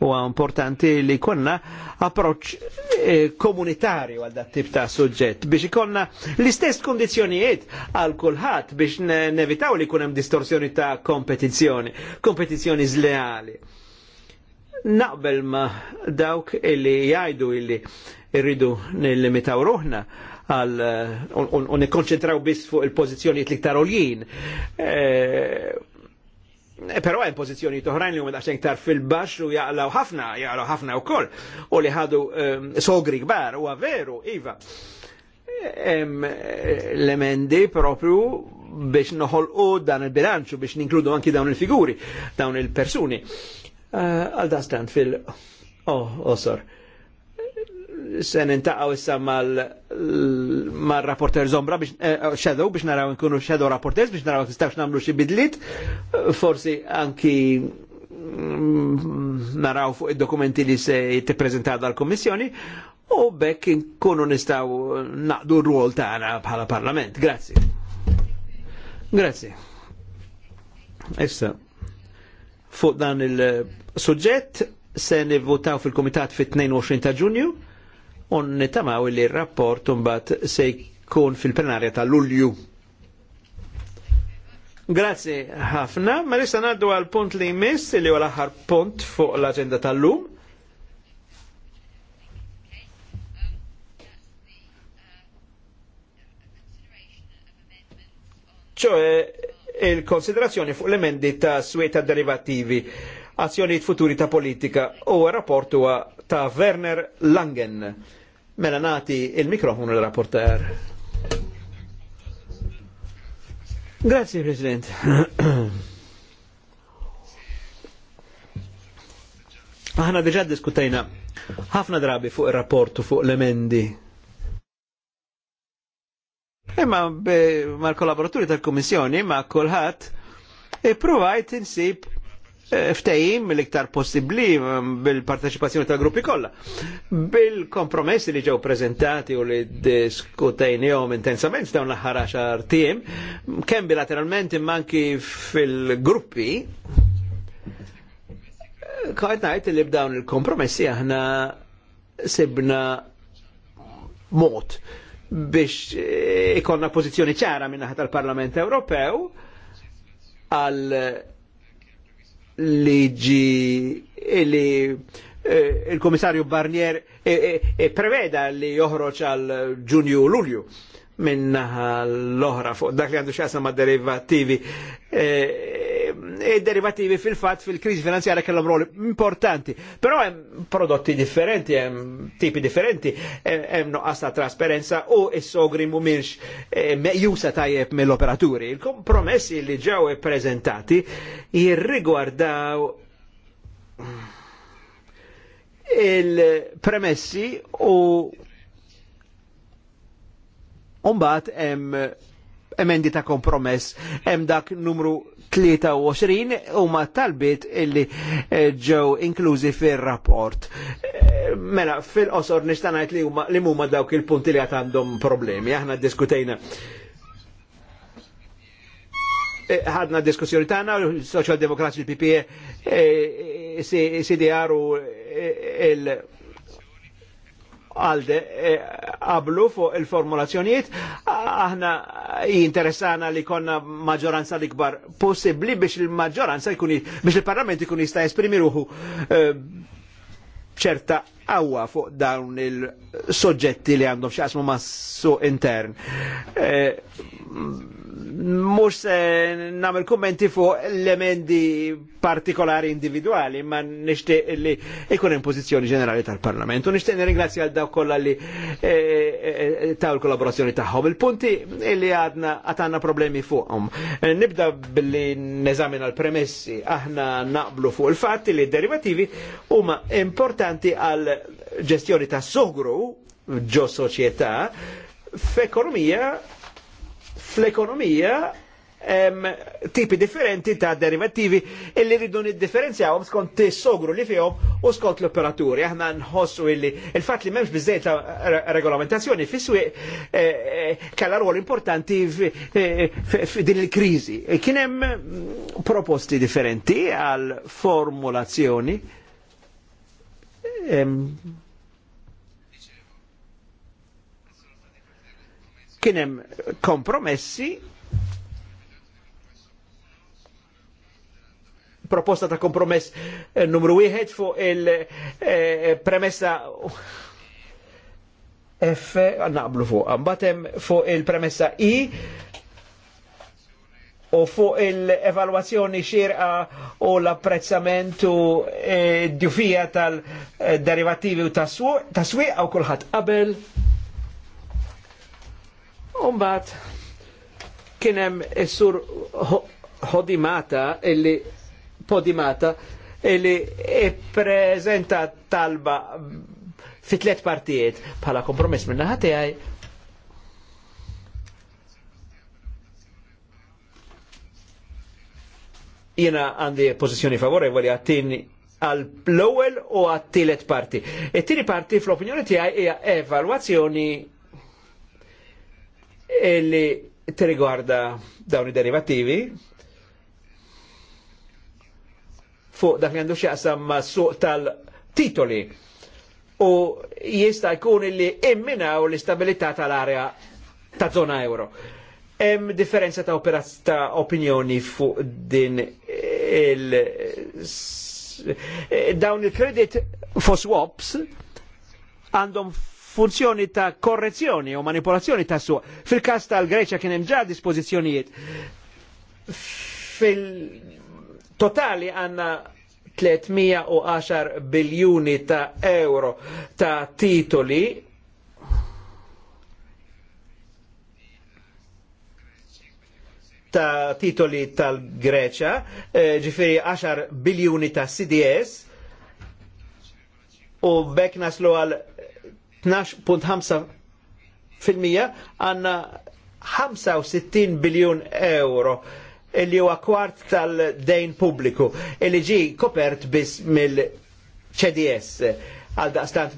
Speaker 2: u importanti li konna approċ eh, komunitarju għal dat tip ta' suġġett biex ikonna l-istess kondizjonijiet għal kulħadd biex nevitaw li kunem distorsjoni ta' kompetizzjoni, kompetizzjoni zleali. Naqbel ma dawk illi jgħidu illi irridu nil-limitaw ruħna għal eh, un nikkonċentraw biss fuq il-pożizzjonijiet liktar oljin. Eh, Eh, però hemm pożizzjoni toħrajn li huma daqsxejn iktar fil-baxx u jaqlaw ħafna, jaqlaw ħafna wkoll u li ħadu ehm, sogri kbar huwa veru, iva. Eh, l-emendi propju biex noħolqu dan il-bilanċu biex ninkludu anki dawn il-figuri, dawn il-persuni. Eh, għal dastant fil- Oh, osor. Oh, se nintaqaw issa mal-rapporter Zombra biex eh, eh, shadow biex naraw nkunu shadow rapporters biex naraw tistax namlu xi bidlit, forsi anki mm, naraw fuq id-dokumenti li se jitteprezentaw dal-Kommissjoni u bekk nkunu nistaw naqdu r-rol tagħna bħala Parlament. Grazzi. Grazzi. Issa, fuq dan il-suġġett se nivvutaw fil-Komitat fit-22 ta' Ġunju un nitamaw li r-rapport unbat se jkun fil-plenarja tal-Lulju. Grazie ħafna, ma nista naddu għal punt li jmiss li għal aħħar punt fuq l-agenda tal-lum. ċoħe il-konsiderazzjoni fuq l-emendi ta' sweta derivativi, azzjoni futuri ta' politika u rapport ta' Werner Langen. Mela nati il-mikrofonu l-rapporter. Grazie President. Aħna diġa diskutajna ħafna drabi fuq il-rapport fuq l-emendi. Imma mal-kollaboraturi tal komissjoni ma' kolħat e provajt insib ftejim l-iktar possibli mm, bil-parteċipazzjoni tal-gruppi kollha. Bil-kompromessi li ġew prezentati u li diskutejnihom intensament dawn l-aħħar għaxar tim, kemm bilateralment imma anki fil-gruppi, kħajt ngħid li b'dawn il-kompromessi aħna sibna mod biex e, ikonna pożizzjoni ċara minnaħat tal-Parlament Ewropew għal liġi li eh, il-komissarju Barnier eh, eh, preveda li joħroġ għal ġunju u lulju minnaħa l-oħra fuq dak li għandu xasna ma' derivativi E derivativi fil-fat fil-krizi finanzjarja kellhom roli importanti. Però hemm prodotti differenti, hemm tipi differenti, hemm noqqas ta' trasparenza u s-sogri mhumiex e, meqjusa tajjeb mill-operaturi. Il-kompromessi li ġew ippreżentati jirrigwardaw il-premessi u Umbat hemm emendi ta' kompromess hemm dak numru 23 huma talbiet illi eh, ġew inklużi fir-rapport. Eh, mela fil-qosor nista' li huma li huma dawk il-punti li għandhom problemi. Aħna ddiskutejna eh, ħadna diskussjoni tagħna Social Demokratiċi PPE CDR u il- għalde e, qablu fuq il-formulazzjonijiet, aħna jinteressana li konna maġġoranza l-ikbar possibli biex il-maġġoranza jkun biex il-parlament jkun jista' esprimi ruħu e, ċerta Awwa fuq dawn il-soġġetti li għandhom x'qasmu ma' suq intern. Eh, mhux se nagħmel kummenti fuq l-emendi partikolari individuali, ma nixtieq li ikun hemm pożizzjoni ġenerali tal-Parlament. U nixtieq nirringrazzja għal dawk kollha li eh, eh, taw il-kollaborazzjoni tagħhom. Il-punti li għadna għandna problemi fuqhom. Nibda billi neżamina l-premessi aħna naqblu fuq il-fatti li d-derivativi huma importanti għal ġestjoni ta' sogru ġo soċieta f'ekonomija fl-ekonomija tipi differenti ta' derivativi illi rridu niddifferenzjawhom skont is-sogru li fihom u skont l-operaturi. Aħna nħossu illi il-fatt li m'hemmx biżejjed ta' regolamentazzjoni fis-swieq eh, eh, kellha rwol importanti eh, din il-kriżi. Kien
Speaker 1: hemm
Speaker 2: proposti differenti għal formulazzjoni kienem kompromessi proposta ta' kompromess eh, numru wieħed fuq il-premessa eh, F naqblu fuq, batem fuq il-premessa I u fuq il evaluazzjoni xirqa u l apprezzamentu u e, djufija tal-derivativi u taswiq u kullħat qabel. Umbat kienem is-sur Hodimata illi Podimata illi prezenta talba fit tliet partijiet pala kompromiss minna ħatijaj Jena għandi pozizjoni favorevoli għattini għal l ewel u għattilet parti. it tini parti fl-opinjoni tiegħi hija evalwazzjoni li tirigwarda dawn id derivativi fuq dak li għandu xaqsam ma' suq tal-titoli u jista' jkun li imminaw l-istabilità tal-area ta' zona euro. Hemm differenza ta opinjoni fuq din il dawn il-credit for swaps għandhom funzjoni ta' korrezzjoni u manipolazzjoni ta' suq. Fil-kas tal-Greċja kien hemm ġa dispożizzjonijiet. Fil-totali għandna 310 biljuni ta' euro ta' titoli ta' titoli tal-Greċa, eh, ġifiri 10 biljuni ta' CDS, u bekk naslu għal 12.5% għanna 65 biljun euro il-li huwa kwart tal-dejn il-li ġi kopert biss mill-CDS għal daqstant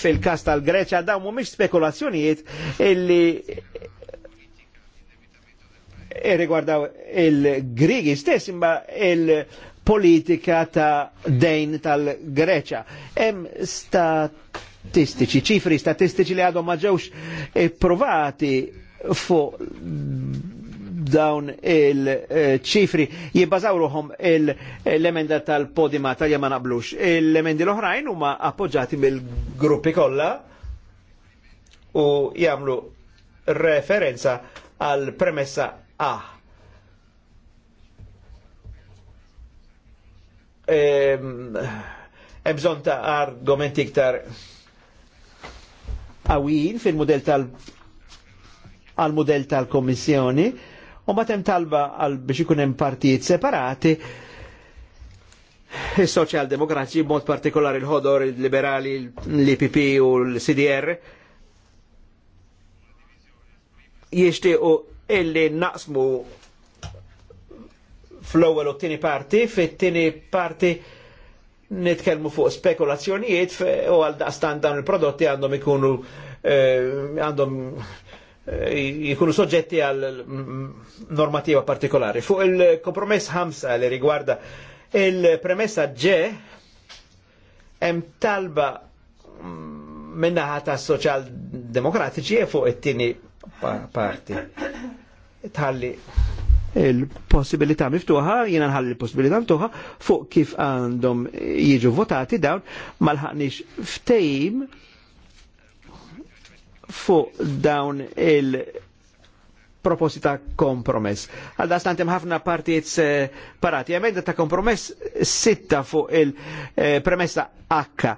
Speaker 2: fil-kas tal-Greċa dawn mhumiex spekulazzjonijiet li e riguardaw il-Grigi stess imma il-politika ta' dejn tal-Greċa. Hemm statistiċi, ċifri statistiċi li għadhom ma ġewx eh, provati fu dawn il-ċifri jibbażawruhom l-emenda tal-podima tal ma naqblux. L-emendi l-oħrajn huma appoġġati mill-gruppi kollha u jagħmlu referenza għal premessa ah. Hemm ta' argumenti iktar għawin fil-modell tal- għal modell tal-Komissjoni u matem talba għal biex ikun partijiet separati il-Soċjaldemokratiċi mod partikolari il-ħodor, il-liberali, l-IPP u l-CDR jishtiqu illi naqsmu fl-ewwel u t-tieni parti, fit-tieni parti nitkellmu fuq spekulazzjonijiet u għal daqstan dawn il-prodotti għandhom ikunu eh, għandhom eh, jikunu soġġetti għal normativa partikolari. Fuq il-kompromess ħamsa li rigwarda il-premessa ġe hemm talba minnaħa ta' soċjal demokratiċi fuq it-tieni parti tħalli il-possibilità miftuħa, jiena nħalli il-possibilità miftuħa fuq kif għandhom jiġu votati dawn malħaqniex ftejm fuq dawn il- proposita kompromess. Għalda stantem ħafna partijiet eh, parati. Emenda ta' kompromess sitta fuq il-premessa eh, H.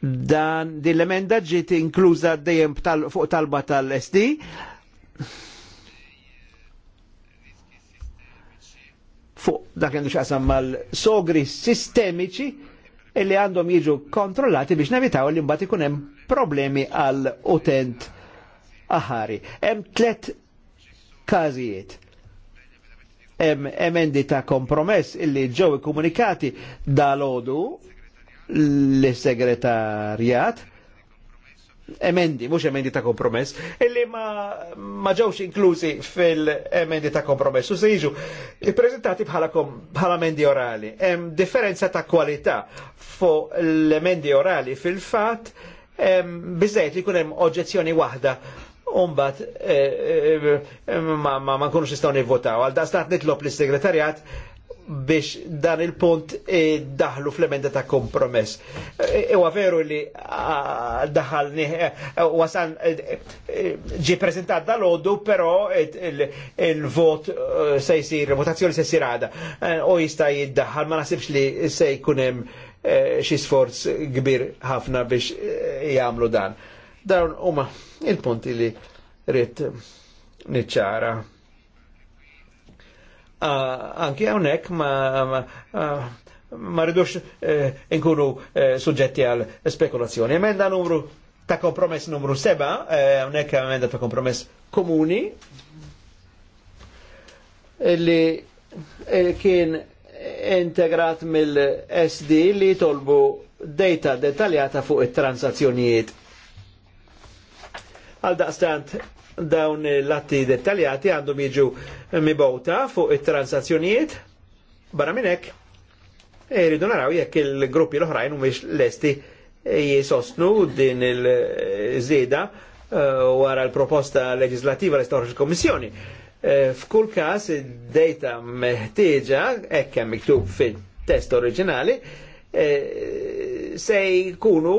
Speaker 2: Dan din l-emenda ġiet inkluża dejjem fuq talba tal-SD fuq dak li xaqsam mal-sogri sistemiċi illi għandhom jiġu kontrollati biex nevitaw li mbagħad ikun hemm problemi għal utent aħari. Hemm tlet każijiet. Hemm emendi ta' kompromess illi ġew ikkomunikati dal odu l-segretarjat emendi, mux emendi ta' kompromess, illi ma, ma ġawx inklusi fil-emendi ta' kompromess, u se jiġu prezentati bħala, bħala emendi orali. Em differenza ta' kwalità fuq l-emendi orali fil-fat, bizzajt li kunem oġezzjoni wahda Umbat, eh, eh, eh, ma, ma, ma nkunux nistaw nivvotaw. Għal da stat nitlob l-segretarjat biex dan il-punt e daħlu fl-emenda ta' kompromess. Ewa e, veru li daħalni, e, wasan ġi prezentat dal-ħodu, pero il-vot se jisir, votazzjoni se jisir għada, u jista jiddaħal, ma nasibx li se jkunem xi sforz kbir ħafna biex jagħmlu dan. Dan huma il-punti li rrit niċċara anki għonek ma ma rridux e, inkunu e, suġġetti għal spekulazzjoni. Emenda numru ta' kompromess numru 7, e, għonek emenda ta' kompromess komuni li kien integrat mill-SD li tolbu data detaljata fuq it-transazzjonijiet. Għal daqstant dawn l-atti dettaljati għandhom jiġu mibota fuq it-transazzjonijiet barra minn hekk irridu naraw jekk il-gruppi l-oħrajn mhumiex lesti jisostnu din il-żieda uh, wara l-proposta leġislativa li storġ il-Kommissjoni. Uh, f'kull każ id-data meħtieġa hekk hemm miktub fit-test oriġinali uh, se jkunu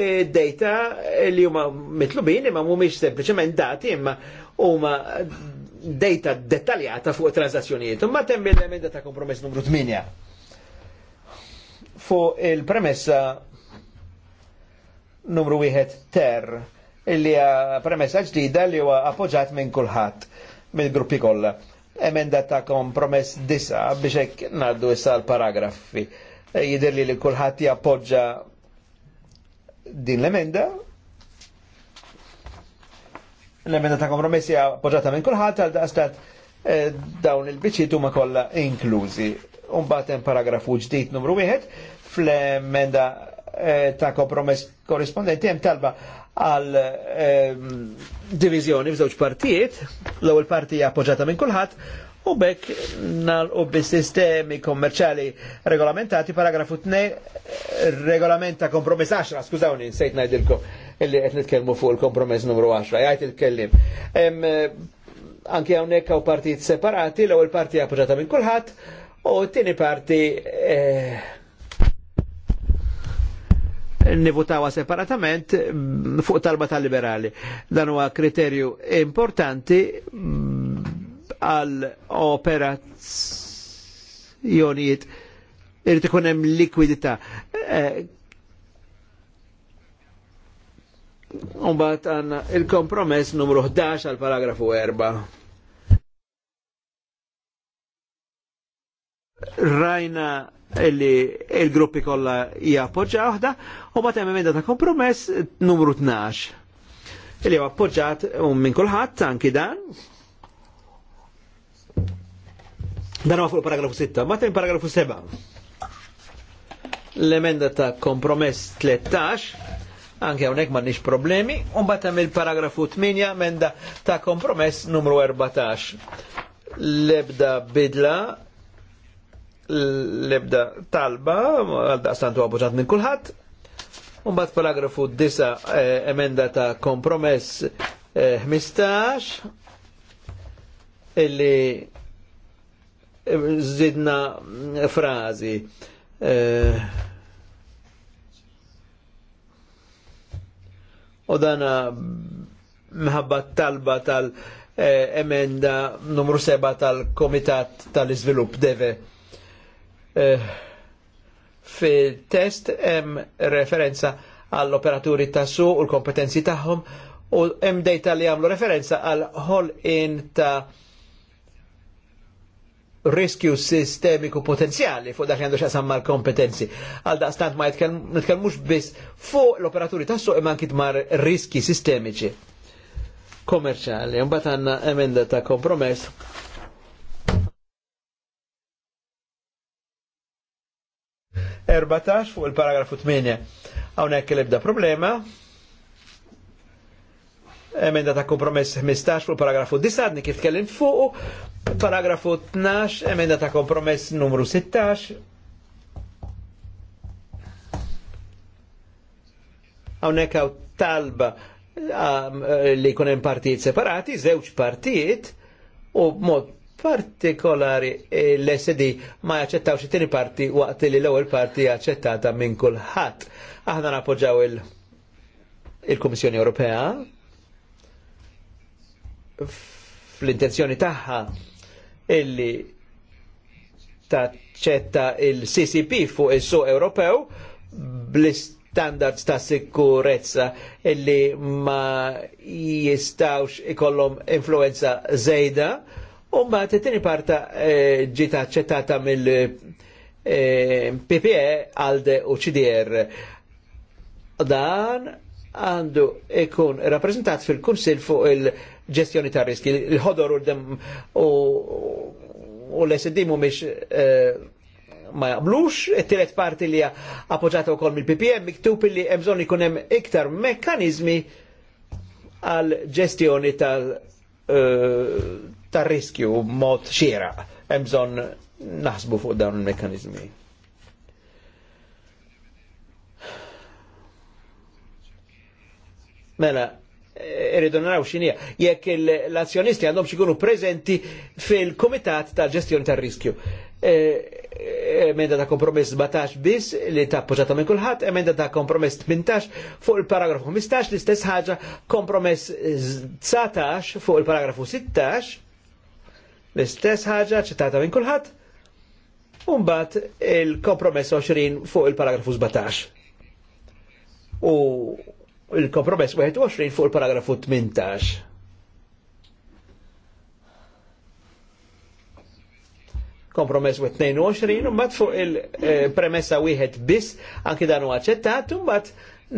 Speaker 2: Eh, data li huma mitlubin imma mhumiex sempliċement dati imma huma data dettaljata fuq transazzjonijiet. Imma temmi l-emenda ta' kompromess numru 8. Fuq il-premessa numru 1 ter illi premessa ġdida li huwa appoġġat minn kulħadd mill-gruppi kollha. Emenda ta' kompromess disa biex hekk ngħaddu issa l-paragrafi. Jidir li kulħadd jappoġġa din l-emenda l-emenda ta' kompromessi appoġġata minn kulħadd għal daqstat eh, dawn il-biċiet huma kollha inklużi. Umbagħad hemm paragrafu ġdid numru wieħed fl-emenda eh, ta' kompromess korrispondenti hemm talba għal eh, divizjoni f'żewġ partijiet, l-ewwel parti appoġġata minn kulħadd, u bekk nal bis-sistemi kommerċali regolamentati paragrafu 2 regolamenta kompromess 10, skużawni, sejt najdilko illi qed nitkellmu fuq il-kompromess numru 10, jgħid il-kellim. Anke hawnhekk hawn partit separati, l il parti appoġġata minn kulħadd u t-tieni parti eh, nivutawa separatament mm, fuq talba tal-liberali. Dan huwa kriterju importanti għal operazzjonijiet irrid ikun hemm likwidità. Eh, umbat għanna il-kompromess numru 11 għal paragrafu 4. Rajna illi il-gruppi kolla jappoġġa oħda, u bat emenda ta' kompromess numru 12. Illi appoġġat minn kulħadd anki dan, Dan fuq paragrafu 6, ma tem paragrafu 7. L-emenda ta' kompromess 13, anke hawnhekk m'għandniex problemi, u mbagħad il-paragrafu 8 emenda ta' kompromess numru 14. L-ebda bidla l-ebda talba, għal-daqstantu għabuġat minn kulħadd, un bat paragrafu 9 eh, emenda ta' kompromess 15 eh, illi zidna frazi. E, u dana mħabba talba tal-emenda e, numru seba tal-Komitat tal izvilup deve. E, fil-test hemm referenza għall-operaturi tassu u l-kompetenzi tagħhom u hemm dejta li għamlu referenza għal ħol in ta' riskju sistemiku potenzjali fuq dak li għandu xasam mal kompetenzi. Għal stant ma nitkellmux biss fuq l-operaturi tassu imman kitmar riski sistemiċi kommerċali. Mbagħad għandna emenda ta' kompromess Erbatax fuq il-paragrafu 8. Hawnhekk l-ebda problema emenda ta' kompromess 15 fuq paragrafu 9 kif tkellim fuq, paragrafu 12, emenda ta' kompromess numru 16. Hawnhekk hawn talba eh, li jkun hemm partijiet separati, żewġ partijiet u mod partikolari eh, l-SD ma jaċċettaw xi tieni parti waqt li l-ewwel parti jaċċettata minn kulħadd. Aħna napoġġaw il-Kummissjoni Ewropea fl-intenzjoni tagħha illi taċċetta il-CCP fuq is-suq Ewropew bl-standards ta' sikurezza illi ma jistawx ikollhom influenza żejda u ma t-tini parta eh, ġita eh, e, ċettata mill e, PPE għalde u CDR. Dan għandu ikun rappresentat fil-Kunsil fuq il- ġestjoni ta' riski. Il-ħodor u l-SD mu eh, ma jaqblux, il-tiret parti li appoġġata wkoll mil ppm miktub li hemm bżonn iktar mekkaniżmi għal ġestjoni tal eh, tar riskju mod xira, jemżon naħsbu fuq dawn il-mekkaniżmi. Mela, irridu naraw xinija, jekk l-azzjonisti għandhom xikunu prezenti fil-komitat ta' ġestjoni tar riskju. E, e, emenda ta' kompromess 17 bis li ta' minn kulħadd, emenda ta' kompromess 18 fuq il-paragrafu 15, l-istess ħaġa kompromess 19 fuq il-paragrafu 16, l-istess ħaġa ċitata minn kulħadd, Umbat il-kompromess 20 fuq il-paragrafu 17. U il-kompromess 21 fuq il-paragrafu 18. kompromess u 22, mbagħad fuq il-premessa wieħed biss anki dan huwa aċċettat, mbagħad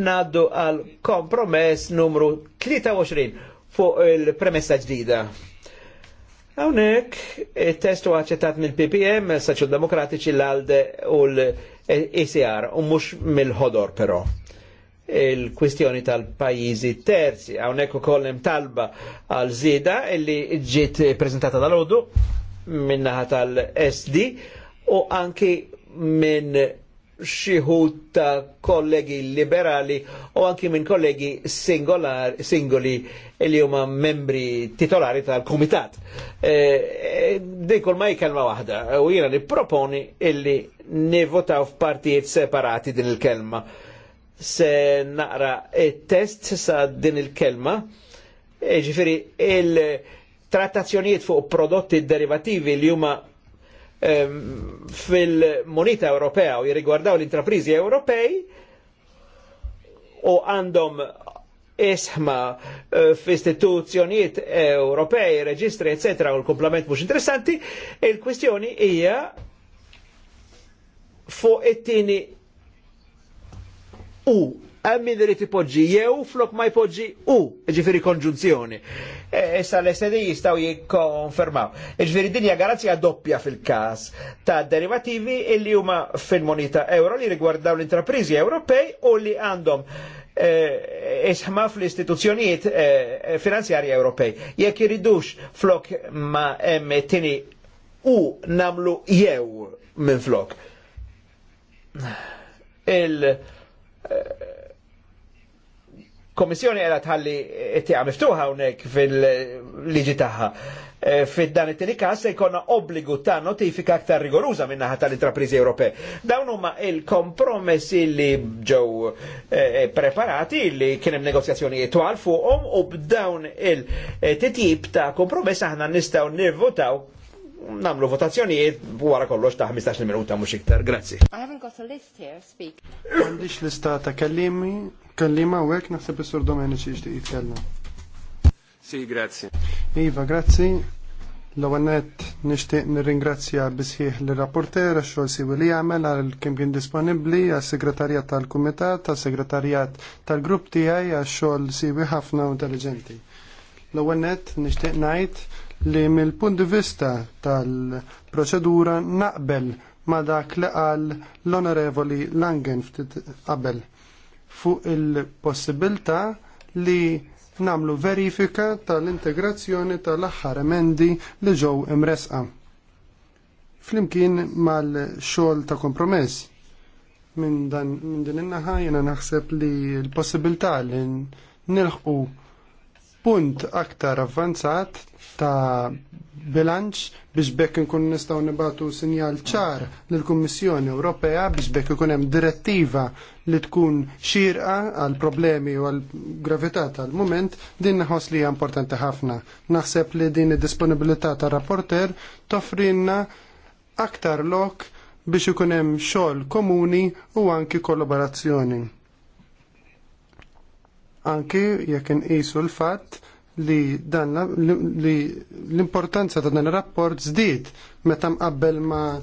Speaker 2: naddu għal kompromess numru 23 fuq il-premessa ġdida. Hawnhekk it-test huwa mill-PPM, il Demokratiċi l-ALDE u l-ECR, u mhux mill-ħodor però il-kwistjoni tal-pajizi terzi. Għawnek u kollem talba għal-zida illi ġiet prezentata dal-ħodu minnaħat tal-SD u anki minn xieħut ta' kollegi liberali u anki minn kollegi singolar, singoli li huma membri titolari tal-komitat. E, eh, e, eh, Dikol ma kelma wahda u jina li proponi illi nivotaw f'partijiet separati din il-kelma se naqra il-test sa din il-kelma, e ġifiri il trattazzjoniet fuq prodotti derivativi li huma ehm, fil-moneta Ewropea u jirrigwardaw l-intraprizi Ewropej u għandhom isħma eh, f-istituzzjoniet Ewropej, reġistri, eccetera, u l-komplement mux interessanti, il-kwistjoni hija fuq it tini u hemm min irid ipoġġi jew flok ma jpoġġi u, ġifiri konġunzjoni. E, issa e, l sd jistaw jikkonfermaw. Ġifiri dinja garanzija doppja fil kas ta' derivativi illi huma fil-monita euro li rigwardaw l intraprizi europej u li għandhom e, isħma fl-istituzzjonijiet e, finanzjarji Ewropej. Jekk iridux flok ma emme tini u namlu jew minn flok. Il- Komissjoni għera tħalli it-tiqa miftuħa unek fil-liġi taħħa. E, fid-dan it-tini kas se jkonna obbligu ta' notifika aktar rigoruza minna ħata l-intraprizi Ewropej. Dawn huma il-kompromessi li ġew e, e, preparati li kien hemm negozjazzjoni twal fuqhom u b'dawn il-titjib ta' kompromess aħna nistgħu nirvotaw namlu votazzjonijiet wara kollox ta' 15 minuta mhux iktar. Grazzi. I haven't got a list here, speak.
Speaker 1: Għandix lista ta' kellimi, kellima u hekk naħseb is-sur Domenici jixtieq jitkellem. Si, grazzi. Iva, grazzi. L-għanet nishtiq nir-ringrazzja bisħiħ l-rapporter għaxol siwi li għamel għal kim kien disponibli għal segretarjat tal-komitat, għal segretarjat tal-grupp tijaj għaxol siwi ħafna intelligenti. L-għanet nishtiq najt li mill-punt di vista tal-proċedura naqbel ma dak li qal l-onorevoli Langen ftit qabel fuq il-possibilità li namlu verifika tal-integrazzjoni tal-aħħar emendi li ġew imresqa. Flimkien mal-xogħol ta' kompromess minn din in-naħa jiena naħseb li l-possibilità li nilħqu punt aktar avvanzat ta' bilanċ biex bekk nkun nistgħu nibatu sinjal ċar lill-Kummissjoni Ewropea biex bekk ikun hemm direttiva li tkun xirqa għal problemi u għal gravità tal-mument din naħos li hija importanti ħafna. Naħseb li din id-disponibilità tar rapporter toffrinna aktar lok biex ikun hemm xogħol komuni u anki kollaborazzjoni anki jekk inqisu l-fatt li dan li l-importanza ta' dan ir-rapport żdied meta mqabbel ma'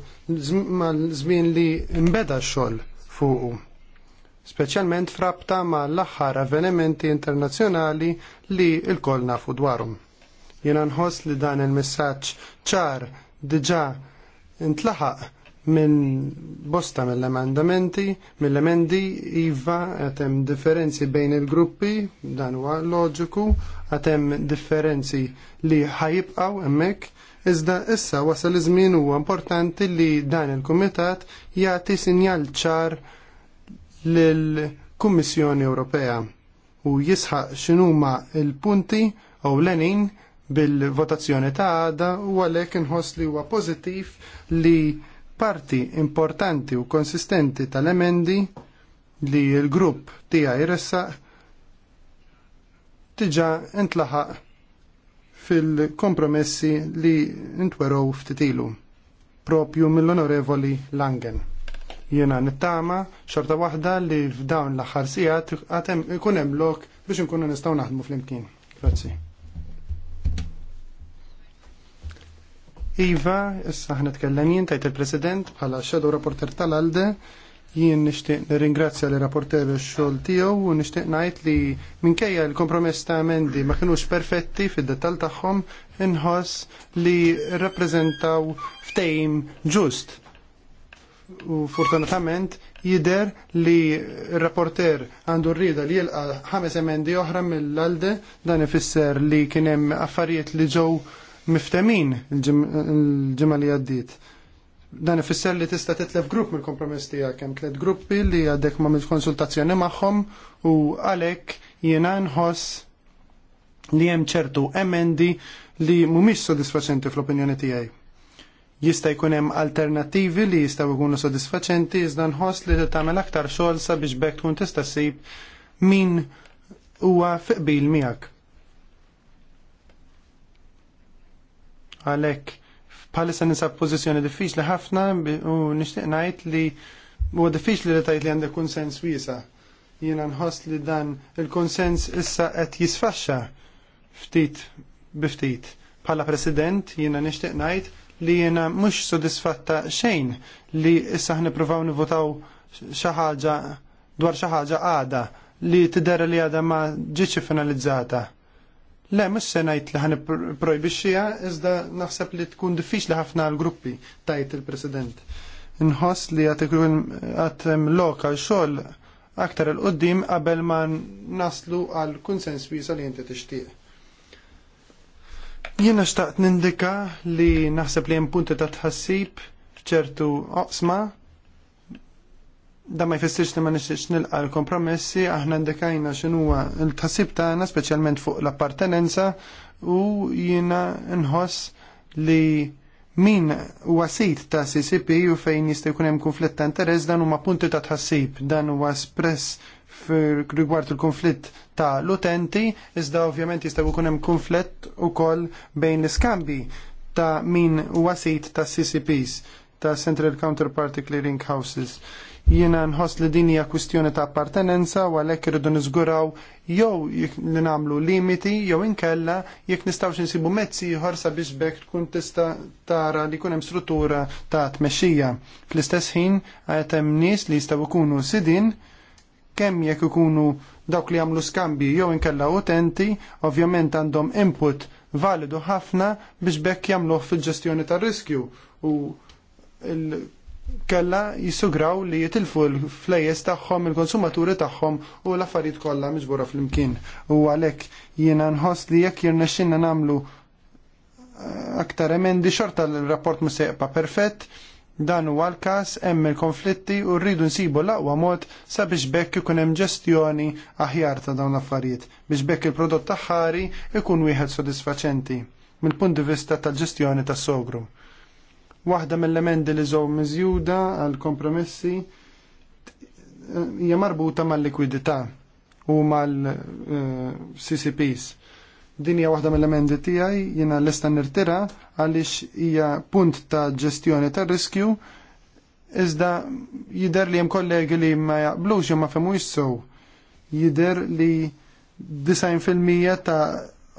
Speaker 1: żmien li mbeda x-xogħol fuqu. Speċjalment frabta ma' l-aħħar avvenimenti internazzjonali li l-koll nafu dwarhom. Jiena nħoss li dan il-messaġġ ċar diġà intlaħaq minn bosta mill-emendamenti, mill-emendi iva għatem differenzi bejn il-gruppi, dan huwa loġiku, għatem differenzi li ħajibqaw emmek, iżda issa wasal iż-żmien huwa importanti li dan il-Kumitat jagħti sinjal ċar lill-Kummissjoni Ewropea u jisħaq x'inhuma l punti u l-enin bil-votazzjoni ta' għada u għalhekk inħoss li huwa pożittiv li Parti importanti u konsistenti tal-emendi li l-grupp tija jressaq tiġa intlaħa fil-kompromessi li intwerow ftitilu propju mill-onorevoli Langen. Jena nittama xorta waħda li f'dawn l-axar sijat ikun hemm lok biex nkunu nistgħu naħdmu fl-imkien. Grazzi. Iva, issa ħna tkellem jien tajt il-President bħala Shadow Rapporter tal-Alde. Jien nixtieq nirringrazzja li rapporter ix-xogħol tiegħu u nixtieq ngħid li minkejja l-kompromess ta' emendi ma kinux perfetti fid-dettall tagħhom inħoss li rrappreżentaw ftejim ġust. U fortunatament jider li rapporter għandu rrida li jilqa ħames emendi oħra mill-alde dan ifisser li kien hemm affarijiet li ġew miftemin il-ġimma li għaddiet. Dan ifisser li tista' titlef grupp mill-kompromess tiegħek hemm tliet gruppi li għadek ma' konsultazzjoni magħhom u għalhekk jiena nħoss li hemm ċertu emendi li mhumiex sodisfaċenti fl-opinjoni tiegħi jista' jkun hemm alternattivi li jistgħu jkunu sodisfaċenti iżda nħoss li tagħmel aktar xogħol sabiex bekk tkun tista' ssib min huwa fiqbil miegħek. Għalhekk bħalissa nisab pożizzjoni diffiċli ħafna u nixtieq ngħid li huwa diffiċli li tgħid li għandek konsens wiesa. Jiena nħoss li dan il-konsens issa qed jisfaxxa ftit biftit. pala President jiena nixtieq ngħid li jiena mhux sodisfatta xejn li issa ħnippruvaw nivotaw xi ħaġa dwar xi ħaġa għada li tidher li għadha ma ġietx finalizzata. Le, mux se najt li ħan projbixxija, iżda naħseb li tkun diffiċli ħafna għal-gruppi, tajt il-President. Nħoss li għat loka xol aktar l qoddim qabel ma naslu għal konsens wisa li jinti tixtieq. Jiena xtaqt nindika li naħseb li hemm punti ta' tħassib f'ċertu oqsma da ma jfessirx li ma nixtiex nilqa l-kompromessi, aħna ndekajna x'inhuwa l-tħassib tagħna speċjalment fuq l-appartenenza u jiena nħoss li min wasit ta' CCP u fejn jista' jkun hemm konflitt ta' interess dan huma punti ta' tħassib, dan huwa espress rigward il-konflitt ta' l-utenti, iżda ovvjament jista' jkun hemm konflitt ukoll bejn l-iskambi ta' min wasit ta' CCPs ta' Central Counterparty Clearing Houses. Jiena nħoss li din hija kwistjoni ta' appartenenza u għalhekk irridu niżguraw jew li nagħmlu limiti jew inkella jekk nistgħux insibu mezzi ieħor sabiex bekk tkun tista' tara li jkun hemm struttura ta' tmexxija. Fl-istess ħin qed hemm nies li jistgħu jkunu sidin kemm jekk ikunu dawk li jagħmlu skambji jew inkella utenti, ovvjament għandhom input validu ħafna biex bekk jagħmluh fil-ġestjoni tar-riskju u kella jisugraw li jitilfu l-flejes tagħhom il-konsumaturi tagħhom u l-affarijiet kollha miġbura fl-imkien. U għalhekk jiena nħoss li jekk jirnexxinna nagħmlu eh, aktar emendi xorta l-rapport musejqa perfett, dan huwa l-każ hemm il-konflitti u rridu nsibu l-aqwa mod sabiex bekk ikun hemm ġestjoni aħjar ta' dawn l-affarijiet biex bekk il-prodott taħħari ikun wieħed sodisfaċenti mill-punt di vista tal-ġestjoni tas-sogru. Waħda mill-emendi li żew miżjuda għal kompromessi hija marbuta mal-likwidità u mal-CCPs. Din hija waħda mill-emendi tiegħi jiena lesta nirtira għaliex hija punt ta' ġestjoni tar-riskju iżda jidher li hemm kollegi li ma jaqblux jew ma femu sew. Jidher li 90% ta'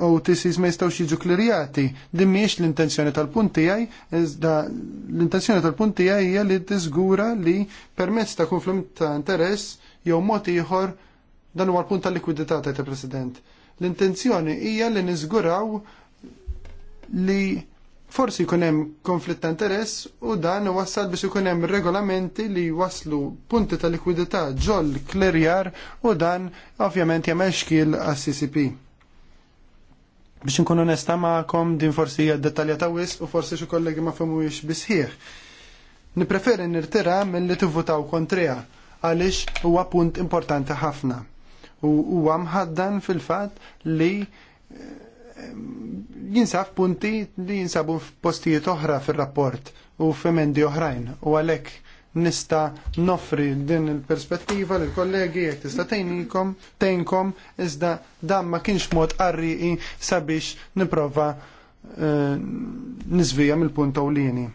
Speaker 1: OTCs ma jistawx jiġu klirjati. Din miex l-intenzjoni tal punti għaj, iżda l-intenzjoni tal punti għaj hija li tiżgura li permezz ta' konflitt ta' interess jew mod ieħor dan huwa l-punt tal-likwidità ta' President. L-intenzjoni hija li niżguraw li forsi jkun hemm konflitt ta' interess u dan wassal biex ikun hemm regolamenti li waslu punti ta' likwidità ġol klerjar u dan ovvjament jagħmel xkil għas-CCP. Biex nkun onesta ma'kom din forsi hija dettalja ta' wisq u forsi xi kollegi ma fehmux bisħieħ. Nipreferi nirtira milli tivvutaw kontrija għaliex huwa punt importanti ħafna. U huwa mħaddan fil-fatt li eh, jinsab punti li jinsabu f'postijiet oħra fir-rapport u f'emendi oħrajn u għalhekk nista nofri din il-perspettiva l kollegi jekk tista' tejnikom, tejnkom, iżda dan ma kienx mod qarriqi sabiex nipprova eh, nizvija mill-punt ewlieni.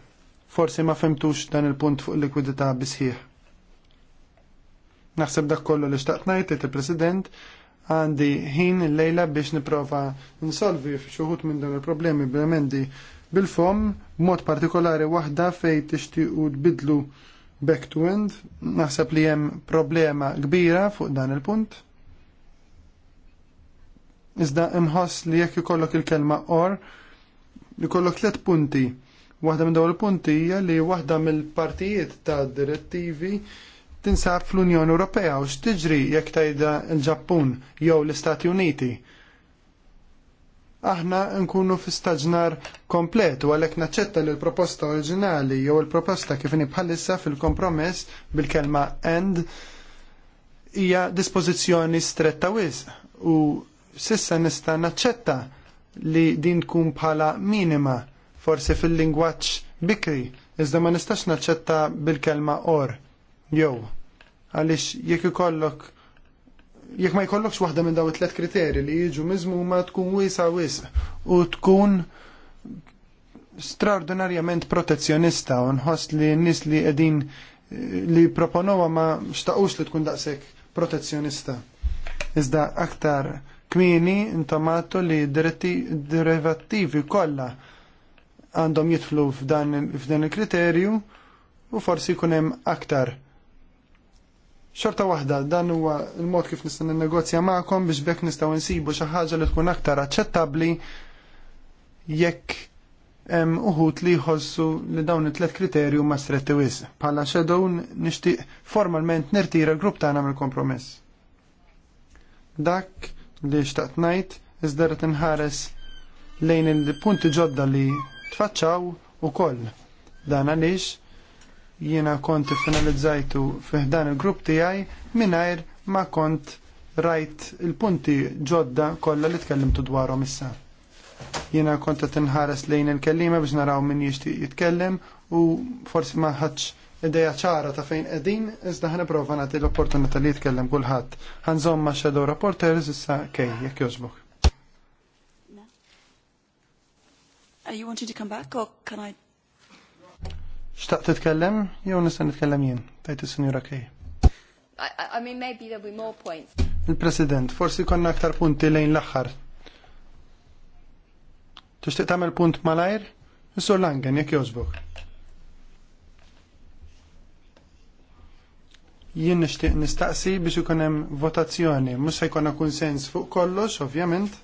Speaker 1: Forsi ma femtux dan il-punt fuq likwidità bisħieħ. Naħseb dak kollu li xtaqt ngħid il-President għandi ħin l-lejla biex niprofa nsolvi xuħut minn dawn il-problemi bil-emendi bil-fom, mod partikolari waħda fej tixtiqu tbidlu back to end, naħseb li hemm problema kbira fuq dan il-punt. Iżda imħoss li jekk ikollok il-kelma or, ikollok tliet punti. Waħda minn dawn il-punti hija li waħda mill-partijiet ta' direttivi tinsab fl-Unjoni Ewropea u x'tiġri jekk tajda l-Ġappun jew l-Istati Uniti aħna nkunu fi staġnar komplet u għalhekk naċċetta li l-proposta oriġinali jew il-proposta kif inhi bħalissa fil-kompromess bil-kelma end hija dispożizzjoni stretta wisq u sissa nista naċċetta li din tkun bħala minima forsi fil-lingwaġġ bikri iżda ma nistax naċċetta bil-kelma or jew għaliex jekk ikollok jekk ma jkollokx waħda minn daw it-tlet kriterji li jiġu ma tkun wiesa wisq u tkun straordinarjament protezzjonista u nħoss li n-nies li qegħdin eh, li proponowa ma xtaqux li tkun daqshekk protezzjonista. Iżda aktar kmini intomatu li derivattivi kollha għandhom jidħlu f'dan il-kriterju u forsi jkun hemm aktar Xorta waħda, dan huwa il-mod kif nista' ninnegozja magħkom biex bekk nistgħu insibu xi ħaġa li tkun aktar aċċettabbli jekk hemm uħut li jħossu li dawn it-tlet kriterju ma stretti wis. Bħala xedow nixtieq formalment nirtira l-grupp tagħna mill-kompromess. Dak li xtaqt ngħid iżda rid inħares lejn il-punti ġodda li tfaċċaw ukoll. Dan għaliex jiena kont finalizzajtu fiħdan il-grupp tiegħi mingħajr ma kont rajt il-punti ġodda kollha li tkellimtu dwarhom issa. Jiena kont qed inħares lejn il-kellima biex naraw min jixtieq jitkellem u forsi ma ħadx ideja ċara ta' fejn qegħdin iżda ħana prova nagħti l-opportunità li jitkellem kulħadd. Ħanżomm ma' shadow reporters issa kej jekk jogħġbok.
Speaker 3: You wanted to come back or can I
Speaker 1: Xtaq titkellem, jew nista' nitkellem jien, tajt is-Sinjura Kej.
Speaker 3: I mean, maybe there'll be more points.
Speaker 1: Il-President, forsi konna aktar punti lejn l aħħar Tixtieq tagħmel punt malajr? Issu langen, jekk jogħġbok. jien nixtieq nistaqsi biex ikun hemm votazzjoni, mhux se jkollna kunsens fuq kollox, ovvjament.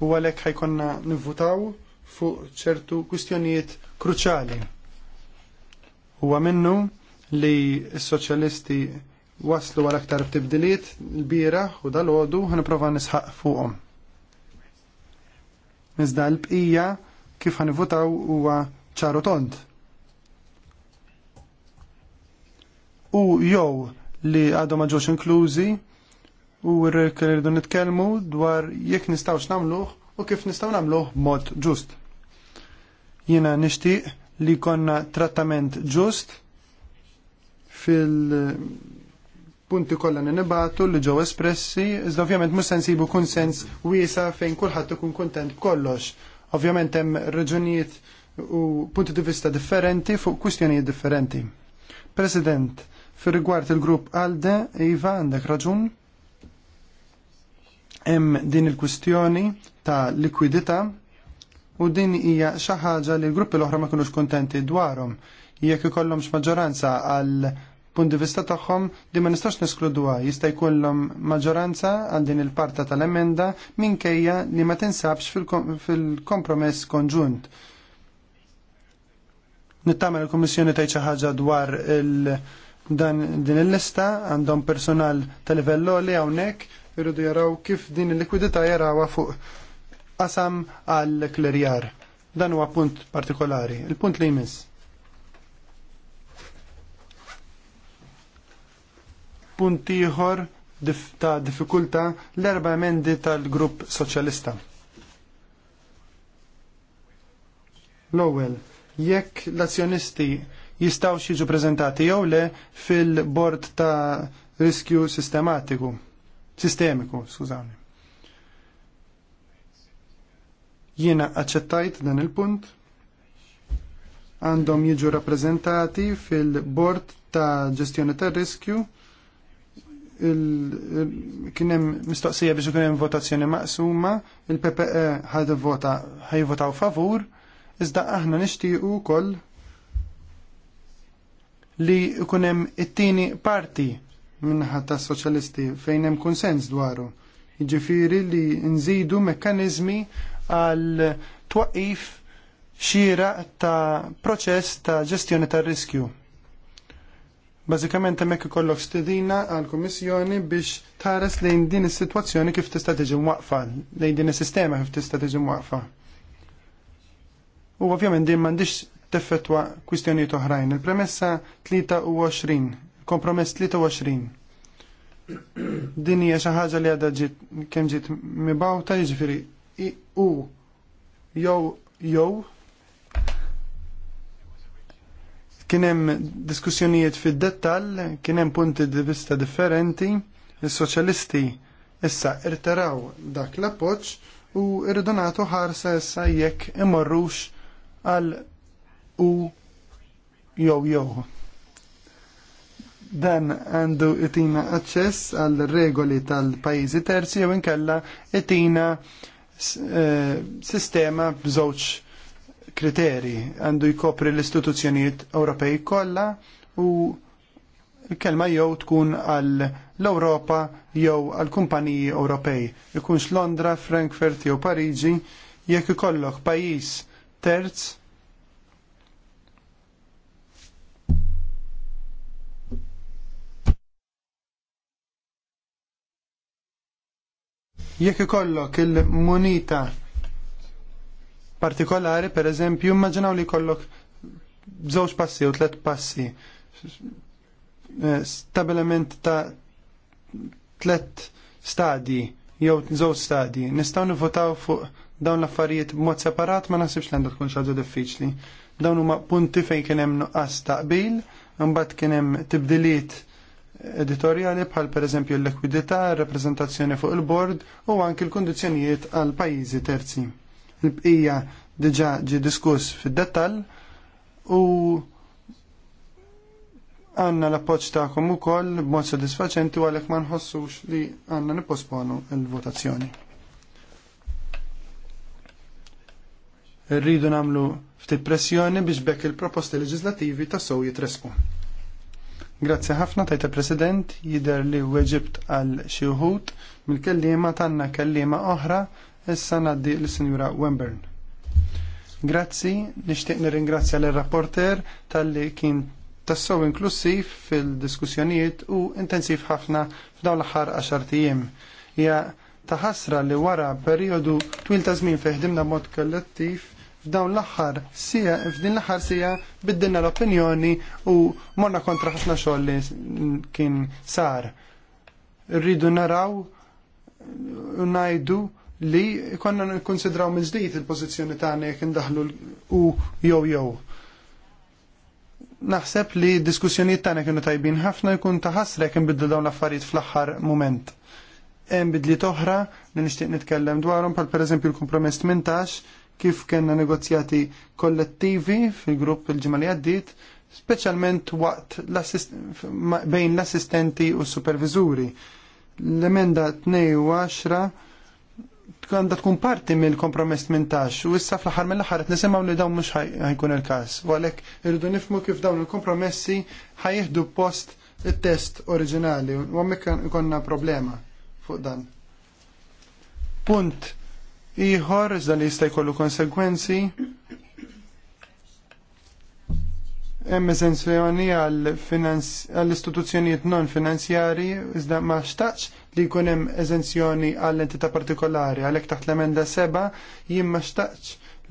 Speaker 1: U għalhekk ħajkonna nivvutaw fuq ċertu kwistjonijiet kruċali. Huwa minnu li s-soċjalisti waslu għal aktar tibdiliet l-bira u dal-ħodu prova nisħaq fuqhom. Iżda l-bqija kif votaw huwa ċaru tont. U jew li għadhom ma ġewx inklużi u rridu nitkellmu dwar jekk nistgħux nagħmluh u kif nistgħu namluħ mod ġust. Jiena nixtieq li konna trattament ġust fil-punti eh, kollha li nibatu li ġew espressi, iżda ovvjament mhux se nsibu kunsens wiesa fejn kulħadd ikun kuntent kollox. Ovvjament hemm raġunijiet u punti di vista differenti fuq kwistjonijiet differenti. President, fir rigward il-grupp Alde, Iva, għandek raġun? Hemm din il-kwistjoni ta' likwidità u din hija xi ħaġa li l-gruppi l-oħra ma kinux kuntenti dwarhom. Jekk ikollhomx maġġoranza għal punt di vista tagħhom din ma nistax neskluduha jista' jkollhom maġġoranza għal din il-parta tal-emenda minkejja li ma tinsabx fil-kompromess konġunt. Nittamel il-Kummissjoni tgħid xi ħaġa dwar il- dan din il-lista għandhom personal tal-livell li hawnhekk irridu jaraw kif din il-likwidità jarawha fuq qasam għal klerjar. Dan huwa punt partikolari, il-punt li jmiss. Punt ieħor ta' diffikulta l-erba' emendi tal-grupp soċjalista. L-ewwel, jekk l-azzjonisti jistaw jiġu prezentati jew le fil-bord ta' riskju sistematiku, sistemiku, skużawni. Jiena aċċettajt dan il-punt għandhom jiġu rappreżentati fil-bord ta' ġestjoni ta' riskju kienem mistoqsija biex ikun hemm votazzjoni maqsuma, il-PPE ħad vota ħajvotaw favur, iżda aħna nixtiequ wkoll li ikun hemm it-tieni parti minnaħa tas soċjalisti fejn hemm konsens dwaru. Jiġifieri li nżidu mekkaniżmi għal twaqif xira ta' proċess ta' ġestjoni ta' riskju. Bażikament hemmhekk ikollok stedina għal komissjoni biex tħares lejn din is-sitwazzjoni kif tista' tiġi mwaqfa, lejn din is-sistema kif tista' tiġi mwaqfa. U ovvjament din m'għandix teffettwa kwistjonijiet oħrajn. Il-premessa 23, kompromess 23 din hija xi ħaġa li għadha ġiet kemm ġiet mibgħuta jiġifieri u jew jew kien hemm diskussjonijiet fid-dettall, kien hemm punti di vista differenti, is-soċjalisti issa irteraw dak l-appoġġ u irridu ħarsa issa jekk imorrux għal u jew jew. Dan għandu itina aċċess għal regoli tal-pajjiżi terzi jew inkella itina Eh, sistema b'żewġ kriteri għandu jkopri l-istituzzjonijiet Ewropej kollha u l kelma jew tkun għal l-Ewropa jew għal kumpaniji Ewropej. Ikunx Londra, Frankfurt jew Pariġi, jekk ikollok pajjiż terz Jekk ikollok il-munita partikolari, per eżempju, immaginaw li kollok żewġ passi u tlet passi. Eh, stabilament ta' tlet stadji jew żewġ stadji. Nistgħu nifutaw fuq dawn l-affarijiet b'mod separat ma nasibx l tkun xaġa diffiċli. Dawn huma punti fejn kien hemm nuqqas ta' qbil, imbagħad kien hemm tibdiliet editorjali bħal pereżempju l-likwidità, r-rappreżentazzjoni fuq il-bord u anki l kondizjonijiet għal pajjiżi terzi. Il-bqija diġa' ġi diskuss fid-dettall u għanna l-appoċ ta'kom u koll b'mod soddisfaċenti u għalek ma nħossux li għanna niposponu il-votazzjoni. Rridu namlu ftit pressjoni biex bekk il-proposti leġislativi ta' sow jitrespu. Grazzi ħafna tajta President, jider li weġibt għal xieħut mill-kellima tanna kellima oħra issa naddi l-Sinjura Wembern. Grazzi, nishtiq nirringrazzja l-rapporter tal-li kien tassow inklusiv fil-diskussjonijiet u intensiv ħafna f'dawn l-aħħar 10 tiem. Ja taħasra li wara periodu twil ta' żmien feħdimna mod kollettiv f'dawn l-aħħar sija f'din l-aħħar sija biddilna l-opinjoni u morna kontra ħafna xogħol li kien sar. Rridu naraw ngħidu li konna nkonsidraw minn ġdid il-pożizzjoni tagħna jekk indaħlu u jew jew naħseb li diskussjonijiet tagħna kienu tajbin ħafna jkun ta' ħasra jekk inbidlu dawn l-affarijiet fl-aħħar mument. Hemm bidliet oħra li nixtieq nitkellem dwarhom bħal pereżempju l-kompromess 18 kif kena negozjati kollettivi fil-grupp il ġimali li għaddit, specialment waqt bejn l-assistenti u s-supervizuri. L-emenda 22 għanda tkun parti mill kompromess 18 u issa fl-ħar mill-ħar nisimaw li dawn mux ħajkun il-kas. U għalek irridu nifmu kif dawn il-kompromessi ħajihdu post il-test oriġinali u għamek konna problema fuq dan. Punt Iħor, iżda li jista' jkollu konsegwenzi hemm eżenzjoni għall-istituzzjonijiet non finanzjari iżda ma xtaqx li jkun hemm eżenzjoni għall entità partikolari għalhekk taħt l-emenda seba' jien ma xtaqx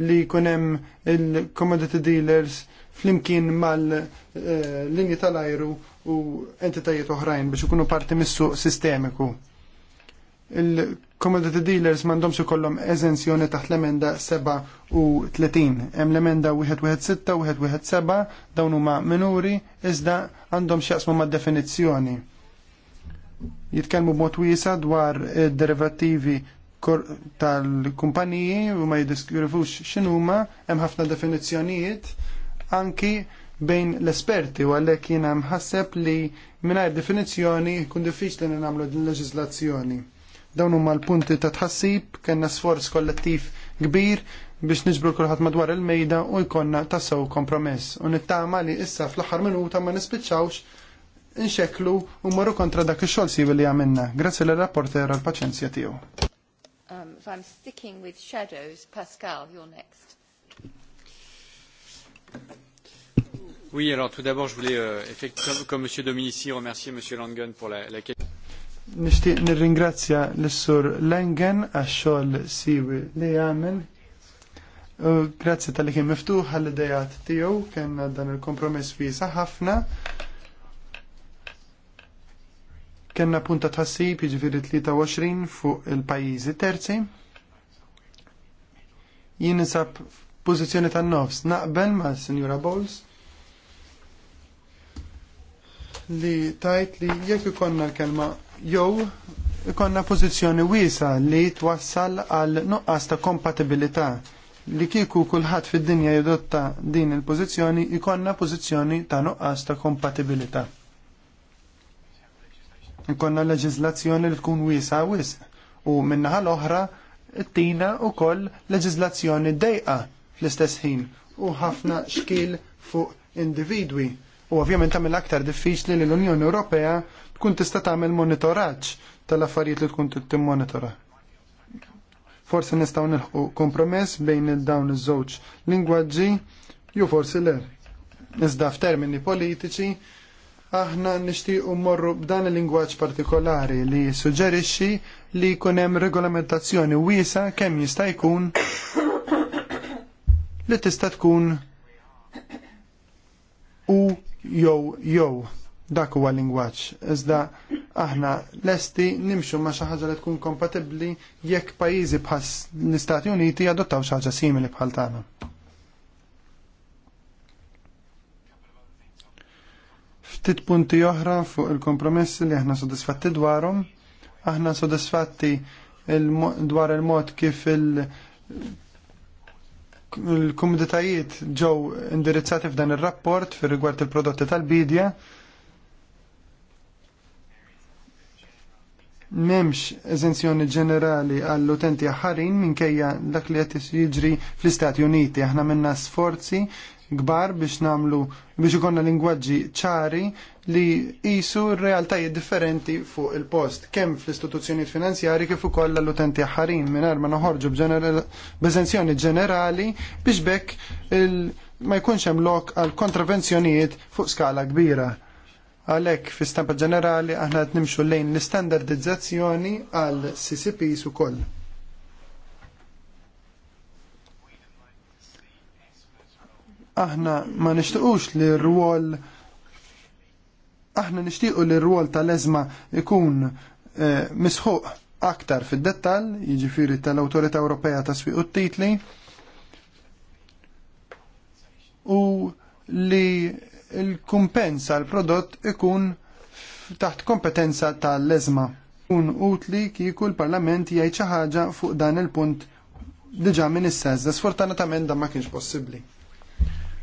Speaker 1: li jkun hemm il-commodity dealers flimkien mal-linji eh, tal-ajru u entitajiet oħrajn biex ikunu parti mis-suq sistemiku commodity dealers mandomx ikollhom eżenzjoni taħt l-emenda 37. Hemm l-emenda 116 u 117 dawn huma minuri iżda għandhom x'jaqsmu mad-definizzjoni. Jitkellmu b'mod wiesa dwar derivativi tal-kumpaniji u ma jiddiskrivux x'inhuma, hemm ħafna definizzjonijiet anki bejn l-esperti u għalhekk jiena mħasseb li mingħajr definizzjoni jkun diffiċli nagħmlu din l-leġiżlazzjoni Dawn huma l-punti ta' tħassib, kellna sforz kollettiv kbir biex niġbru kulħadd madwar il-mejda u jkollna tassew kompromess. U nittama li issa fl-aħħar minuta ma nispiċċawx inxeklu u marru kontra dak ix-xogħol sivi li għamilna. Grazzi l rapporter għal paċenzja tiegħu.
Speaker 3: Um, if I'm sticking with shadows, Pascal, you're next. Oui, alors tout d'abord, je voulais, euh, effectivement, comme, comme M. Dominici, remercier M. Langen pour la, la question.
Speaker 1: Nixtieq nirringrazzja l-sur Lengen għax-xogħol siwi li għamel. Grazzi tal-li kien miftuħ għall-idejat tiegħu kien dan il-kompromess fisa ħafna kena punta tħassib jġviri 23 fuq il pajjiżi terzi. Jien nisab pozizjoni tan nofs naqbel ma' Signora Bowles li tajt li jekk ikonna l-kelma jew ikonna pożizzjoni wiesa li twassal għal nuqqas ta' kompatibilità li kieku kulħadd fid-dinja jadotta din il-pożizzjoni ikonna pożizzjoni ta' nuqqas ta' kompatibilità. Ikonna leġiżlazzjoni li tkun wiesa wis u minnaħal l-oħra tina u koll leġizlazzjoni dejqa fl-istess ħin u ħafna xkil fuq individwi. U ovvjament tagħmel aktar diffiċli li l-Unjoni Ewropea tkun tista' tagħmel monitoraġġ tal-affarijiet li tkun timmonitora. Forsi nistgħu nilħu kompromess bejn dawn iż-żewġ lingwaġġi jew forsi le. Iżda f'termini politiċi aħna nixtiequ mmorru b'dan il-lingwaġġ partikolari li suġġerixxi li jkun hemm regolamentazzjoni wiesa kemm jista' jkun li tista' tkun u jew jew dak huwa lingwaġġ. Iżda aħna lesti nimxu ma xi ħaġa li tkun kompatibbli jekk pajjiżi bħal l-Istati Uniti adottaw xi ħaġa simili bħal tagħna. Ftit punti oħra fuq il-kompromessi li aħna sodisfatti dwarhom, aħna sodisfatti dwar il-mod kif il- il-komoditajiet ġew indirizzati f'dan ir rapport fir rigward il-prodotti tal-bidja, memx eżenzjoni ġenerali għall-utenti aħħarin minkejja dak li qed jiġri fl-Istati Uniti. Aħna minna sforzi kbar biex namlu biex ikonna lingwaġġi ċari li jisu realtajiet differenti fuq il-post, kemm fl-istituzzjonijiet finanzjari kif ukoll l-utenti aħħarin mingħajr ma noħorġu b'eżenzjoni ġenerali biex bekk ma jkunx hemm lok għal kontravenzjonijiet fuq skala kbira. Għalhekk fi stampa ġenerali aħna qed nimxu lejn l-istandardizzazzjoni għal CCPs ukoll. Aħna ma nishtiqux li r-rwol aħna nixtiequ li r-rwol tal-eżma ikun eh, misħuq aktar fid-dettall, jiġifieri tal autorita Ewropea ta' Swieq u titli u li il-kumpensa l-prodott ikun taħt kompetenza tal-leżma. Un utli kieku l-Parlament jgħid xi ħaġa fuq dan il-punt diġà minn is-sezza. Sfortunatament dan ma kienx possibbli.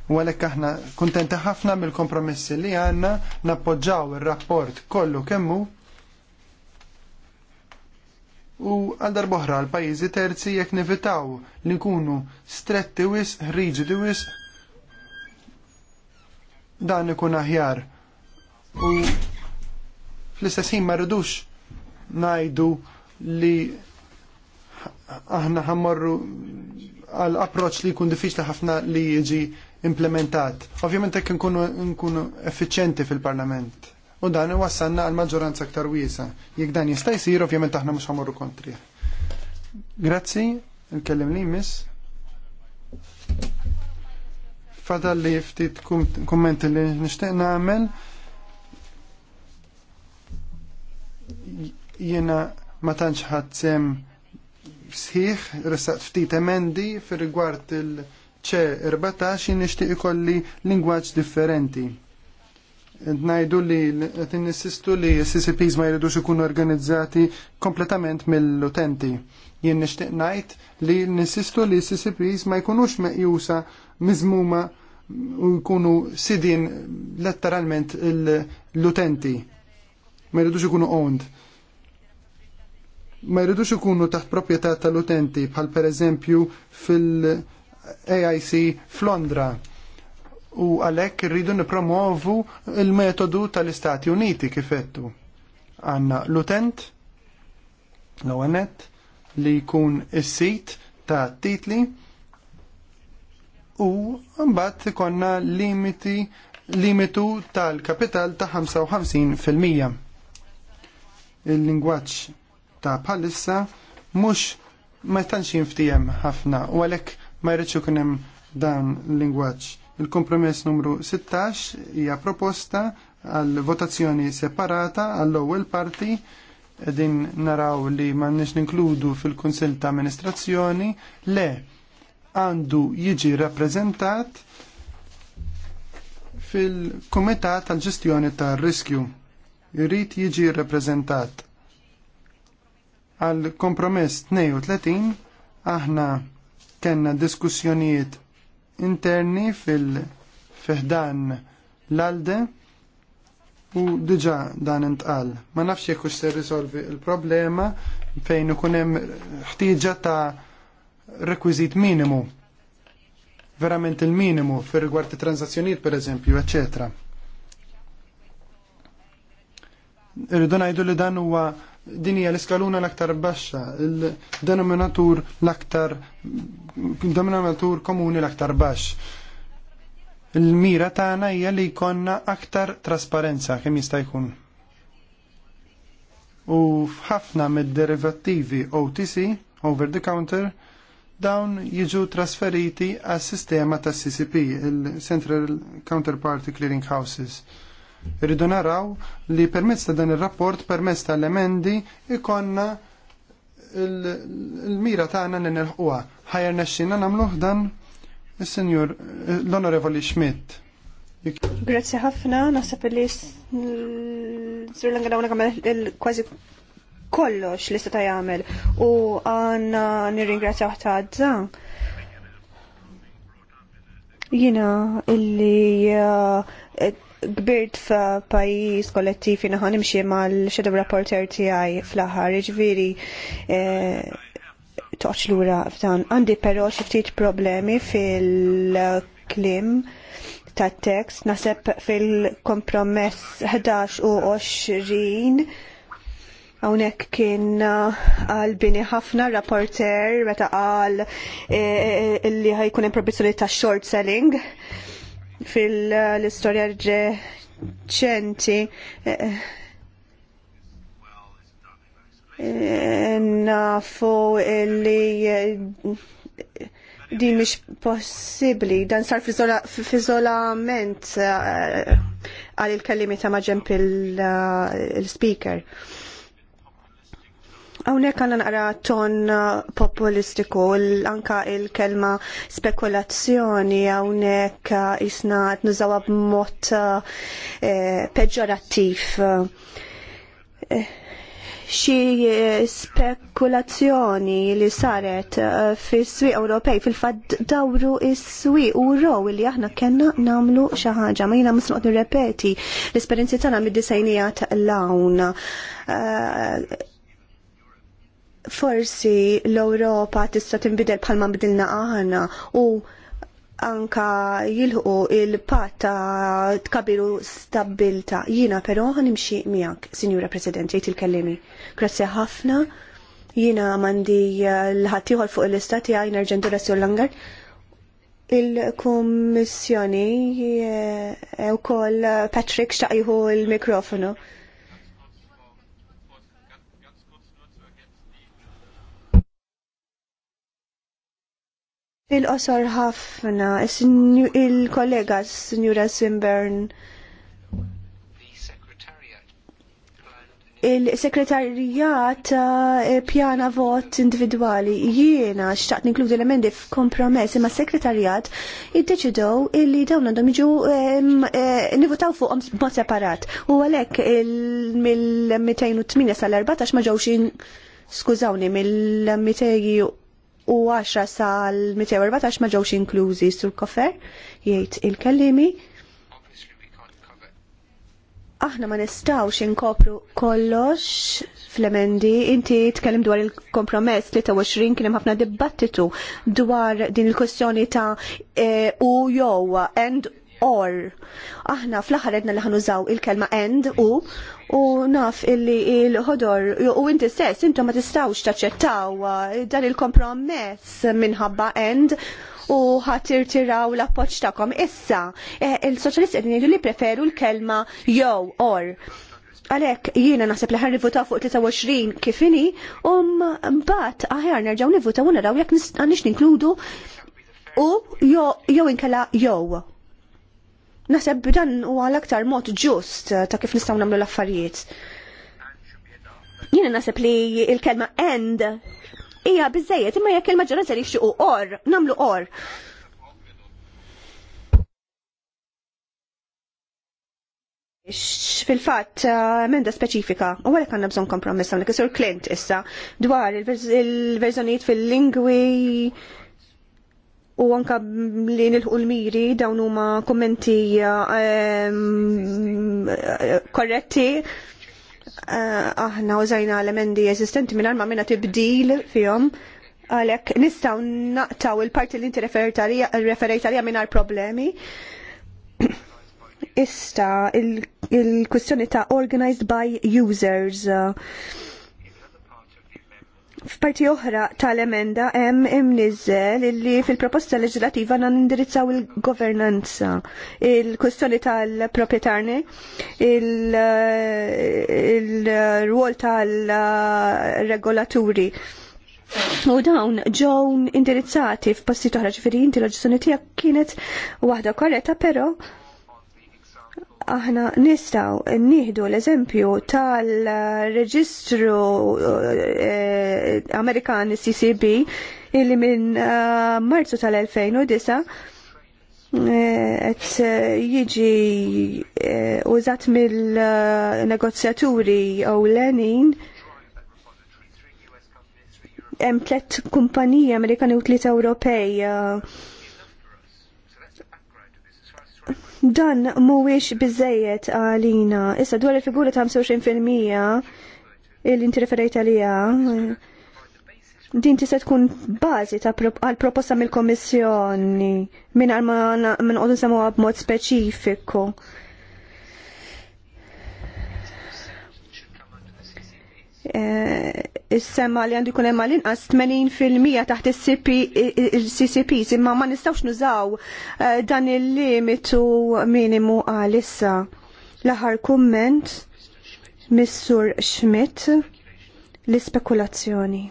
Speaker 1: U għalhekk aħna kuntenti ħafna mill-kompromessi li għandna nappoġġaw ir-rapport kollu kemmu u għal darboħra l-pajjiżi terzi jekk nevitaw li nkunu stretti wis, rigidi wis dan ikun aħjar. U fl-istessin ma rridux najdu li aħna ħammorru għal approċ li jkun diffiċli ħafna li jiġi implementat. Ovvjament hekk nkunu effiċjenti fil-Parlament. U dan wassanna għal maġġoranza aktar wiesa. Jekk dan jista' jsir, ovvjament aħna mhux ħamorru kontri. Grazzi, nkellem li miss. Fadal li ftit kummenti li nishtiq nagħmel. Jiena ma tantx ħadd sem sħiħ, ressaqt ftit emendi fir rigward il-ċe 14 nixtieq ikolli lingwaġġ differenti najdu li t-insistu li CCPs ma jridux ikunu organizzati kompletament mill-utenti. Jien nishtiq najt li nissistu li CCPs ma jkunux meqjusa mizmuma u jkunu sidin letteralment l-utenti. Ma jridux ikunu owned ma jridux ikunu taħt proprjetà tal-utenti bħal pereżempju fil-AIC f'Londra u għalhekk irridu nipromovu il-metodu tal-Istati Uniti kifettu. Għanna l-utent, l-għanet, li jkun is-sit ta' titli u mbagħad konna limiti limitu tal-kapital ta' 55%. Il-lingwaġġ ta' bħalissa mhux ma tantx jinftijem ħafna u għalhekk ma jridx ikun hemm dan l-lingwaġġ Il-kompromess numru 16 hija proposta għal votazzjoni separata għall-ewwel parti din naraw li m'għandniex ninkludu fil-Kunsill ta' Amministrazzjoni le għandu jiġi rappreżentat fil-Kumitat tal-Ġestjoni tar-Riskju. Irrid jiġi rappreżentat għal kompromess 32 aħna kenna diskussjonijiet interni fil-fiħdan l-alde u diġa dan intqal. Ma nafx jekk se risolvi il-problema fejn ikun hemm ħtieġa ta' rekwiżit minimu. Verament il-minimu fir rigward transazzjonijiet pereżempju, ecc. Irridu ngħidu li dan huwa din hija l-iskaluna l-aktar baxxa, il-denominatur l-aktar denominatur komuni l-aktar baxx. Il-mira tagħna hija li jkollna aktar trasparenza kemm jista' jkun. U f'ħafna mid-derivattivi OTC, over the counter, dawn jiġu trasferiti għas sistema tas CCP, il-Central Counterparty Clearing Houses Irridu naraw li permezz ta' dan ir-rapport, permezz ta' l-emendi, ikonna il-mira tagħna li nilħquha. Ħajr nexxina nagħmluh dan is-Sinjur l-Onorevoli Schmidt.
Speaker 3: Grazie ħafna, naħseb li s-sur l kważi kollox li seta' jagħmel u għandna nirringrazzjaw ta' dan. Jina illi eh, kbirt fa' pajis kollettiv jina ħan imxie mal-shadow rapporter tijaj fl-ħar, ġviri jiġifieri, eh, toċ lura f'dan. Għandi pero xiftit problemi fil-klim ta' tekst, naseb fil-kompromess 11 u 20 għonek kien għal-bini ħafna rapporter meta għal eh, eh, illi ħajkun hemm proibizzjoni ta' short selling fil istoria reċenti eh, nafu li eh, di mish possibli dan sar f'izolament eh, għal il-kellimi ta' maġem il-speaker. Uh, Hawnhekk għandna naqra ton uh, populistiku anka il-kelma spekulazzjoni hawnhekk uh, isna qed nużawha b'mod uh, eh, peġorattiv. Eh, xi eh, spekulazzjoni li saret fis-swieq Ewropej fil-fatt dawru is-swieq u row li aħna kellna nagħmlu xi ħaġa ma jiena musnuqt nirrepeti l-esperjenzi tagħna mid-disajnijat l-hawn forsi l-Europa tista' tinbidel bħalma bidilna aħna u anka jilħu il-pat ta' tkabiru stabilta. Jina però ħanimxi miegħek, Signora President, jgħid il-kellimi. Grazie ħafna. Jina mandi eh, l-ħaddieħor fuq l-istati għaj nerġendu Rassur Langar. Il-Kummissjoni eh, u kol Patrick xtaqjuhu il-mikrofonu. il mikrofonu Fil-qosor ħafna, il-kollega sinjura Simbern il sekretarijat eh, pjana vot individuali jiena xtaqt ninkludi l-emendi f'kompromess imma sekretarjat iddeċidow illi dawn għandhom jiġu eh, nivutaw fuqhom mod separat. U għalhekk mill-208 sal-14 ma ġewx skużawni mill-200 u 10 sal-214 ma ġewx inklużi sur kofer jgħid il-kellimi. Aħna ma nistawx inkopru kollox fl-emendi, inti tkellem dwar il-kompromess li 23 kienem ħafna dibattitu dwar din il-kwestjoni ta' e, u jow and or. Aħna fl-aħħar edna li ħanużaw il-kelma end u u naf illi il-ħodor u inti stess intom ma tistawx taċċettaw uh, dan il-kompromess minħabba end u ħatir tiraw l-appoċ tagħkom issa. Eh, Il-soċjalist edin li preferu l-kelma jew or. Għalek, jiena naħseb li ħarrivuta fuq 23 kifini, um mbagħad aħjar nerġgħu nivvuta u naraw jekk għandix ninkludu u jew inkella jew. Naħseb dan huwa għal aktar mod ġust eh, ta' kif nistgħu nagħmlu l-affarijiet. Jiena naħseb li l-kelma end hija biżejjed imma jekk il-maġġoranza li jixtiequ or, nagħmlu or. fil-fat eh, menda speċifika, u għalek għanna bżon kompromessa għanna kisur Clint issa dwar il-verżonijiet fil-lingwi u anka li nilħu l-miri dawn huma kommenti ehm, korretti eh, aħna użajna l-emendi eżistenti minn ma minna tibdil fihom għalek nistaw naqtaw il-parti li inti referejt għalija minar problemi. Ista il-kwistjoni ta' organized by users F'parti oħra tal-emenda hemm imniżel illi fil-proposta leġislativa nan indirizzaw il-governanza, il kwistjoni tal-proprjetarni, il-rwol tal-regolaturi. U dawn ġew indirizzati f'posti oħra ġifieri inti l-oġġessjoni tiegħek kienet waħda korretta, però aħna nistaw nieħdu l-eżempju tal-reġistru eh, eh Amerikan CCB illi minn uh, Marzu tal-2009 qed eh, jiġi użat mill-negozjaturi ewlenin hemm tliet kumpaniji Amerikani u tliet Ewropej uh, dan mhuwiex biżejjed għalina. Issa dwar il-figura ta' 25% il-inti referejt għalija din tista' tkun bażi ta' għal proposta mill komissjoni minn għal ma nqogħdu nsemmuha b'mod speċifiku. Is-sema li għandu jkun hemm għall-inqas 80% taħt is-CCP, imma ma nistgħux nużaw dan il-limitu minimu għal issa. L-aħħar kumment Missur Schmidt l-ispekulazzjoni.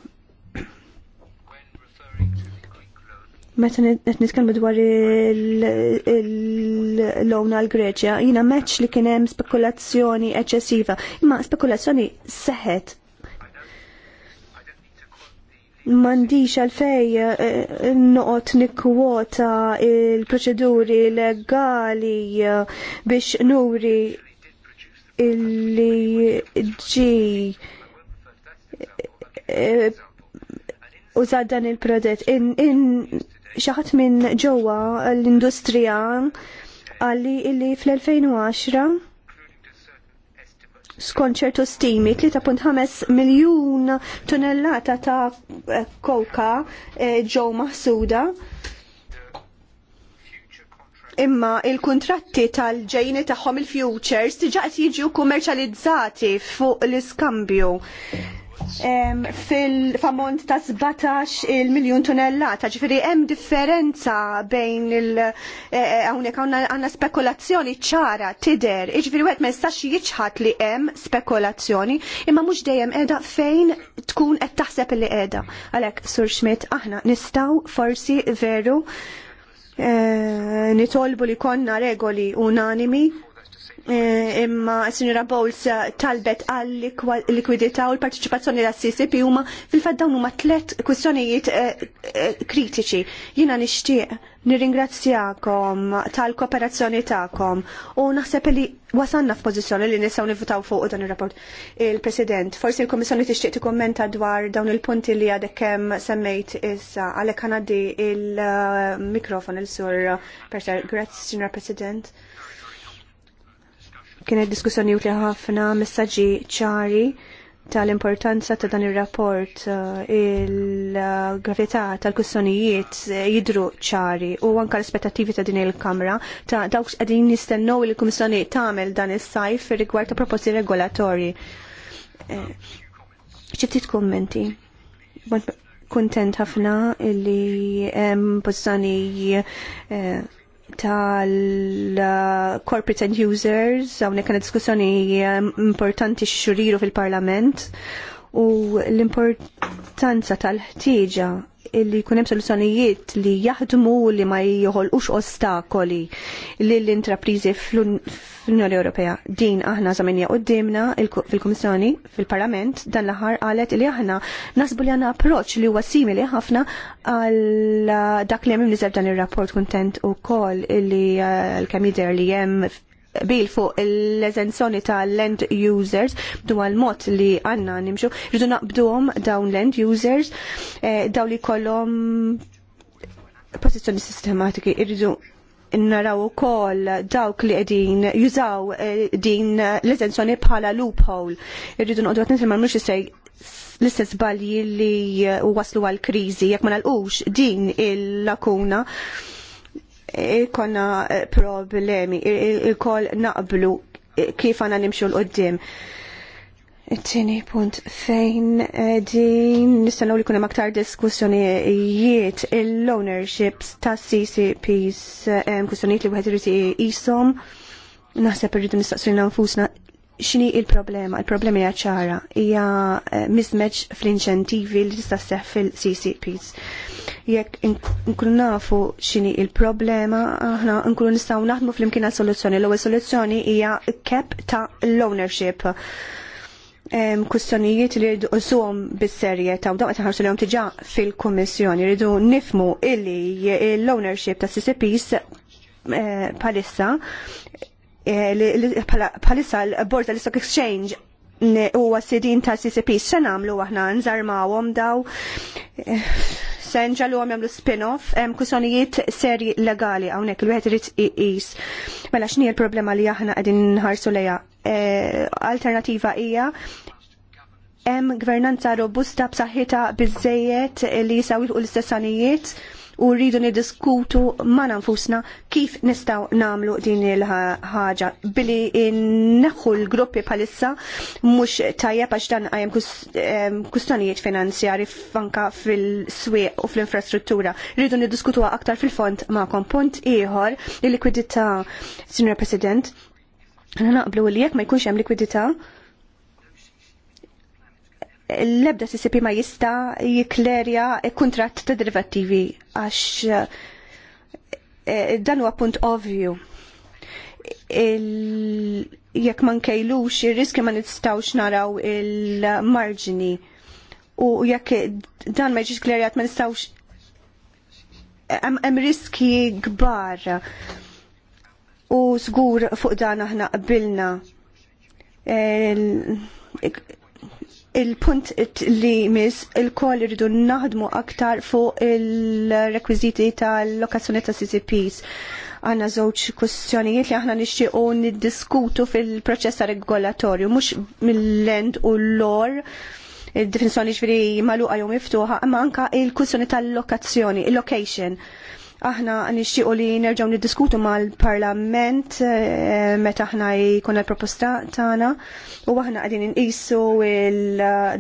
Speaker 3: Meta qed nitkellmu dwar il-lowna l greċja jiena meċ li kien hemm spekulazzjoni eċċessiva, imma spekulazzjoni seħet mandiċ għalfej eh, noqot nikkwota il-proċeduri legali eh, biex nuri illi ġi eh, użad dan il-prodett. Xaħat minn ġewwa l-industrija għalli illi fl-2010 skont ċertu stimi 3.5 miljun tonnellata ta' eh, koka eh, ġew maħsuda. Imma il-kontratti tal-ġejni tagħhom il-futures diġà qed jiġu kummerċjalizzati fuq l-iskambju fil-famont ta' 17 il-miljon tonnellata, ġifiri hemm differenza bejn il- eh, eh, hawnhekk għanna spekulazzjoni ċara tider, ġifiri wieħed ma jistax jieċħat li hemm spekulazzjoni, imma mhux dejjem edha fejn tkun qed taħseb li qiegħda. Għalhekk Sur Schmidt aħna nistgħu forsi veru eh, nitolbu li konna regoli unanimi Eh, imma s-sinjura Bowles talbet għall likwidità u l-partiċipazzjoni tas CCP huma fil-fatt dawn huma tliet kwistjonijiet eh, eh, kritiċi. Jiena nixtieq nirringrazzjakom tal-kooperazzjoni tagħkom u naħseb li wasanna f'pożizzjoni li nistgħu nivutaw fuq dan ir-rapport. Il-President, forsi l-Kommissjoni tixtieq tikkummenta dwar dawn il-punti li għadek kemm semmejt issa għalhekk għandi il-mikrofon il-sur Grazzi, Sinjora President. Kienet diskussjoni utli ħafna messaġġi ċari tal-importanza ta' dan il-rapport eh, il-gravità tal-kussjonijiet eh, jidru ċari u anka l-aspettativi ta' din il-Kamra ta' dawk qegħdin nistennew il-Kummissjoni tagħmel dan is-sajf rigward ta' proposti regolatorji. Ċiftit eh, kommenti? Kuntent ħafna li pożizzjoni tal-corporate end users, għawne kena diskussjoni um, importanti xuriru fil-parlament u l-importanza tal-ħtieġa li jkun hemm soluzzjonijiet li jaħdmu li ma joħolqux ostakoli lill intrapriżi fl-Unjoni Ewropea. Din aħna żamenja qudiemna fil-Kummissjoni fil-Parlament dan l-aħħar qalet li aħna nasbu li għandna approċċ li huwa simili ħafna għal dak li hemm niżel dan ir-rapport kuntent ukoll li eh, l-kemm jidher li hemm bil fuq l ezenzjoni ta' land users dwar l-mod li għanna nimxu, rridu naqbduhom dawn land users, eh, Daw li kollhom pożizzjoni sistematiki, irridu naraw ukoll dawk li qegħdin jużaw eh, din l ezenzjoni bħala loophole. Irridu noqogħdu qed nisimgħu mhux l-istess balji li waslu għal kriżi jekk ma nalqux din il-lakuna. il il lakuna ikonna eh, problemi, il naqblu kif għana nimxu l-qoddim. Tini punt fejn eh, din nistanaw li kuna maktar diskussjonijiet l-ownerships ta' CCPs eh, kustjonijiet li wieħed irid isom. Naħseb rridu nistaqsu nfusna xini il-problema? Il-problema hija ċara, hija eh, mismatch fl-inċentivi li tista' seħ fil-CCPs. Jekk nkunu nafu xini il-problema, aħna nkunu nistgħu naħdmu fl-imkien soluzzjoni. L-ewwel soluzzjoni hija cap ta' l-ownership. Kustjonijiet li rridu użuhom bis-serjetà u daqqa taħarsu li tiġa fil-Kummissjoni rridu nifmu illi l-ownership ta' CCPs eh, palissa bħalissa eh, l-Board l stock Exchange huwa sidin ta' CCP se nagħmlu aħna nżarmawhom daw eh, se nġalu għam jamlu spin-off, kusonijiet serji legali għawnek, l-wieħed irid iqis. Mela x'ni l-problema li aħna qegħdin nħarsu lejha? Eh, alternativa hija hemm gvernanza robusta b'saħħitha biżejjed li jisawilqu l-istessanijiet. istessanijiet u rridu nidiskutu ma' nafusna kif nistaw namlu din il-ħaġa billi neħu l-gruppi palissa mux tajjeb għax dan għajem kustonijiet finanzjari fanka fil-swieq u fl-infrastruttura. Rridu nidiskutu aktar fil-font ma' kompont iħor il-likwidita, Signor President, Għana naqblu li jekk ma jkunx hemm likwidità, l-ebda CCP ma jista jiklerja kuntratt ta' derivativi għax eh, dan huwa punt ovvju. Jekk ma nkejlux ir-riski ma nistgħux naraw il-marġini u jekk dan ma jiġix klerjat ma nistgħux hemm riski kbar u żgur fuq dan aħna qbilna eh, il-punt li mis il-koll irridu naħdmu aktar fuq il-rekwiziti tal-lokazzjoni ta' CCPs. Għanna żewġ kustjonijiet li aħna nixtiequ niddiskutu fil-proċess regolatorju, mhux mill-lend u l-lor il-definizjoni ġviri maluqa jew miftuħa, ma anka il-kwistjoni tal-lokazzjoni, il-location. il kustjoni tal lokazzjoni il location il tal lokazzjoni il location Aħna nixtiequ li nerġgħu niddiskutu mal-Parlament eh, meta aħna jkun l-proposta tagħna u aħna qegħdin inqisu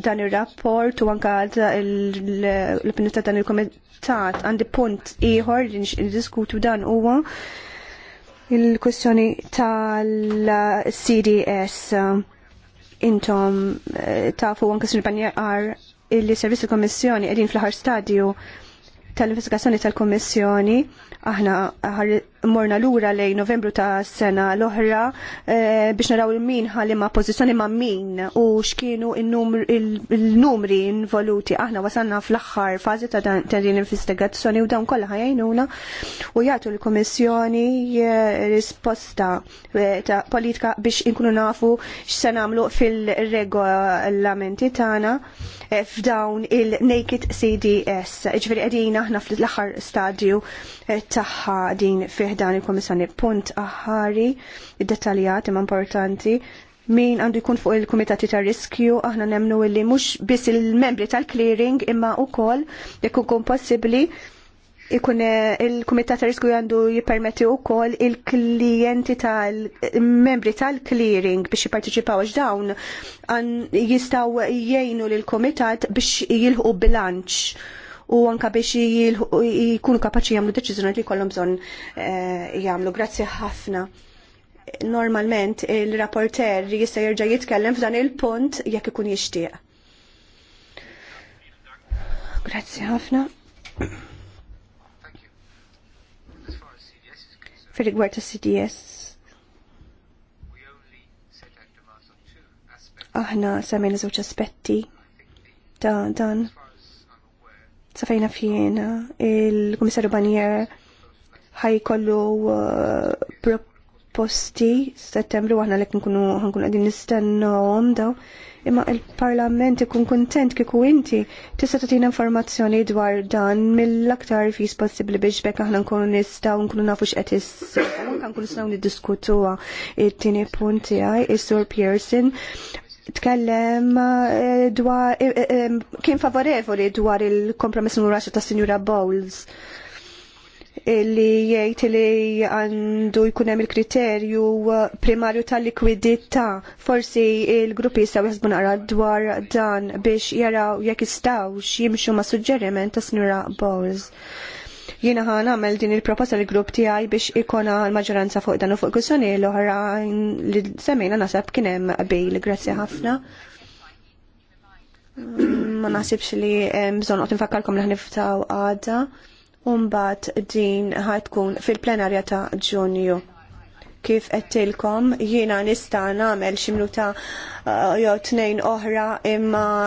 Speaker 3: dan ir-rapport u anke l-opinju ta' dan il-kumitat għandi punt ieħor li nixtieq niddiskutu dan huwa il-kwestjoni tal-CDS intom eh, tafu anke li il-servizz il-Kommissjoni qegħdin fl-aħħar stadju tal-investigazzjoni tal-Kommissjoni aħna morna lura lej novembru ta' sena l-oħra eh, biex naraw il-min ħalima pozizjoni ma' min u xkienu il-numri involuti. Aħna wasanna fl-axħar fazi ta' din investigazzjoni u dawn kollha ħajajnuna u jagħtu l-Kummissjoni eh, risposta eh, ta' politika biex inkunu nafu x'se nagħmlu fil-regolamenti tagħna f'dawn il-Naked CDS. Iġveri qegħdin aħna fl-aħħar stadju tagħha din fih Dan il-Komissjoni punt aħari dettaljat imma importanti min għandu jkun fuq il-Kumitati ta' Riskju aħna nemnu illi mhux biss il-membri tal-clearing imma wkoll jekk kun possibbli ikun eh, il komitati ta' Riskju għandu jippermetti wkoll il-klijenti tal-membri tal-clearing biex jipparteċipaw għax dawn jistgħu jgħinu lill-Kumitat biex jilħu bilanċ u anka biex jkunu kapaċi jagħmlu deċiżjonijiet li jkollhom bżonn eh, jagħmlu. Grazzi ħafna. Normalment il-rapporter jista' jerġa' jitkellem f'dan il-punt jekk ikun jixtieq. Grazzi ħafna. Fil-rigward CDS. aħna semmejna żewġ aspetti ta' dan. Safajna fjena, il-Komissarju Banier ħajkollu uh, proposti settembru għahna l-ek nkunu għankun għadin nistennom daw imma il-parlament ikun kontent kiku inti tista' tagħtina informazzjoni dwar dan mill-aktar fis possibbli biex bekk aħna nkunu nistaw nkunu nafu x'qed issew, anke nkunu nistgħu niddiskutuha. It-tieni punt tiegħi is-Sur Pearson tkellem eh, dwar eh, eh, kien favorevoli dwar il-kompromess numru 10 ta' Sinjura Bowles li jgħid li għandu jkun hemm il-kriterju primarju tal-likwidità. Forsi il-gruppi jistgħu jaħsbu naqra dwar dan biex jaraw jekk jistgħux jimxu ma' suġġeriment ta' Sinjura Bowles Jiena ħana għamel din il-proposta l-grupp tiegħi biex ikona l-maġġoranza fuq dan u fuq kwistjoni l-oħra li semmejna nasab kien hemm qbil, grazzi ħafna. Mm, ma nasibx li bżonn qed infakkarkom li ħniftaw għadha u mbagħad din ħatkun fil-plenarja ta' Ġunju kif għettilkom jiena nista' nagħmel xi minuta uh, jew tnejn oħra imma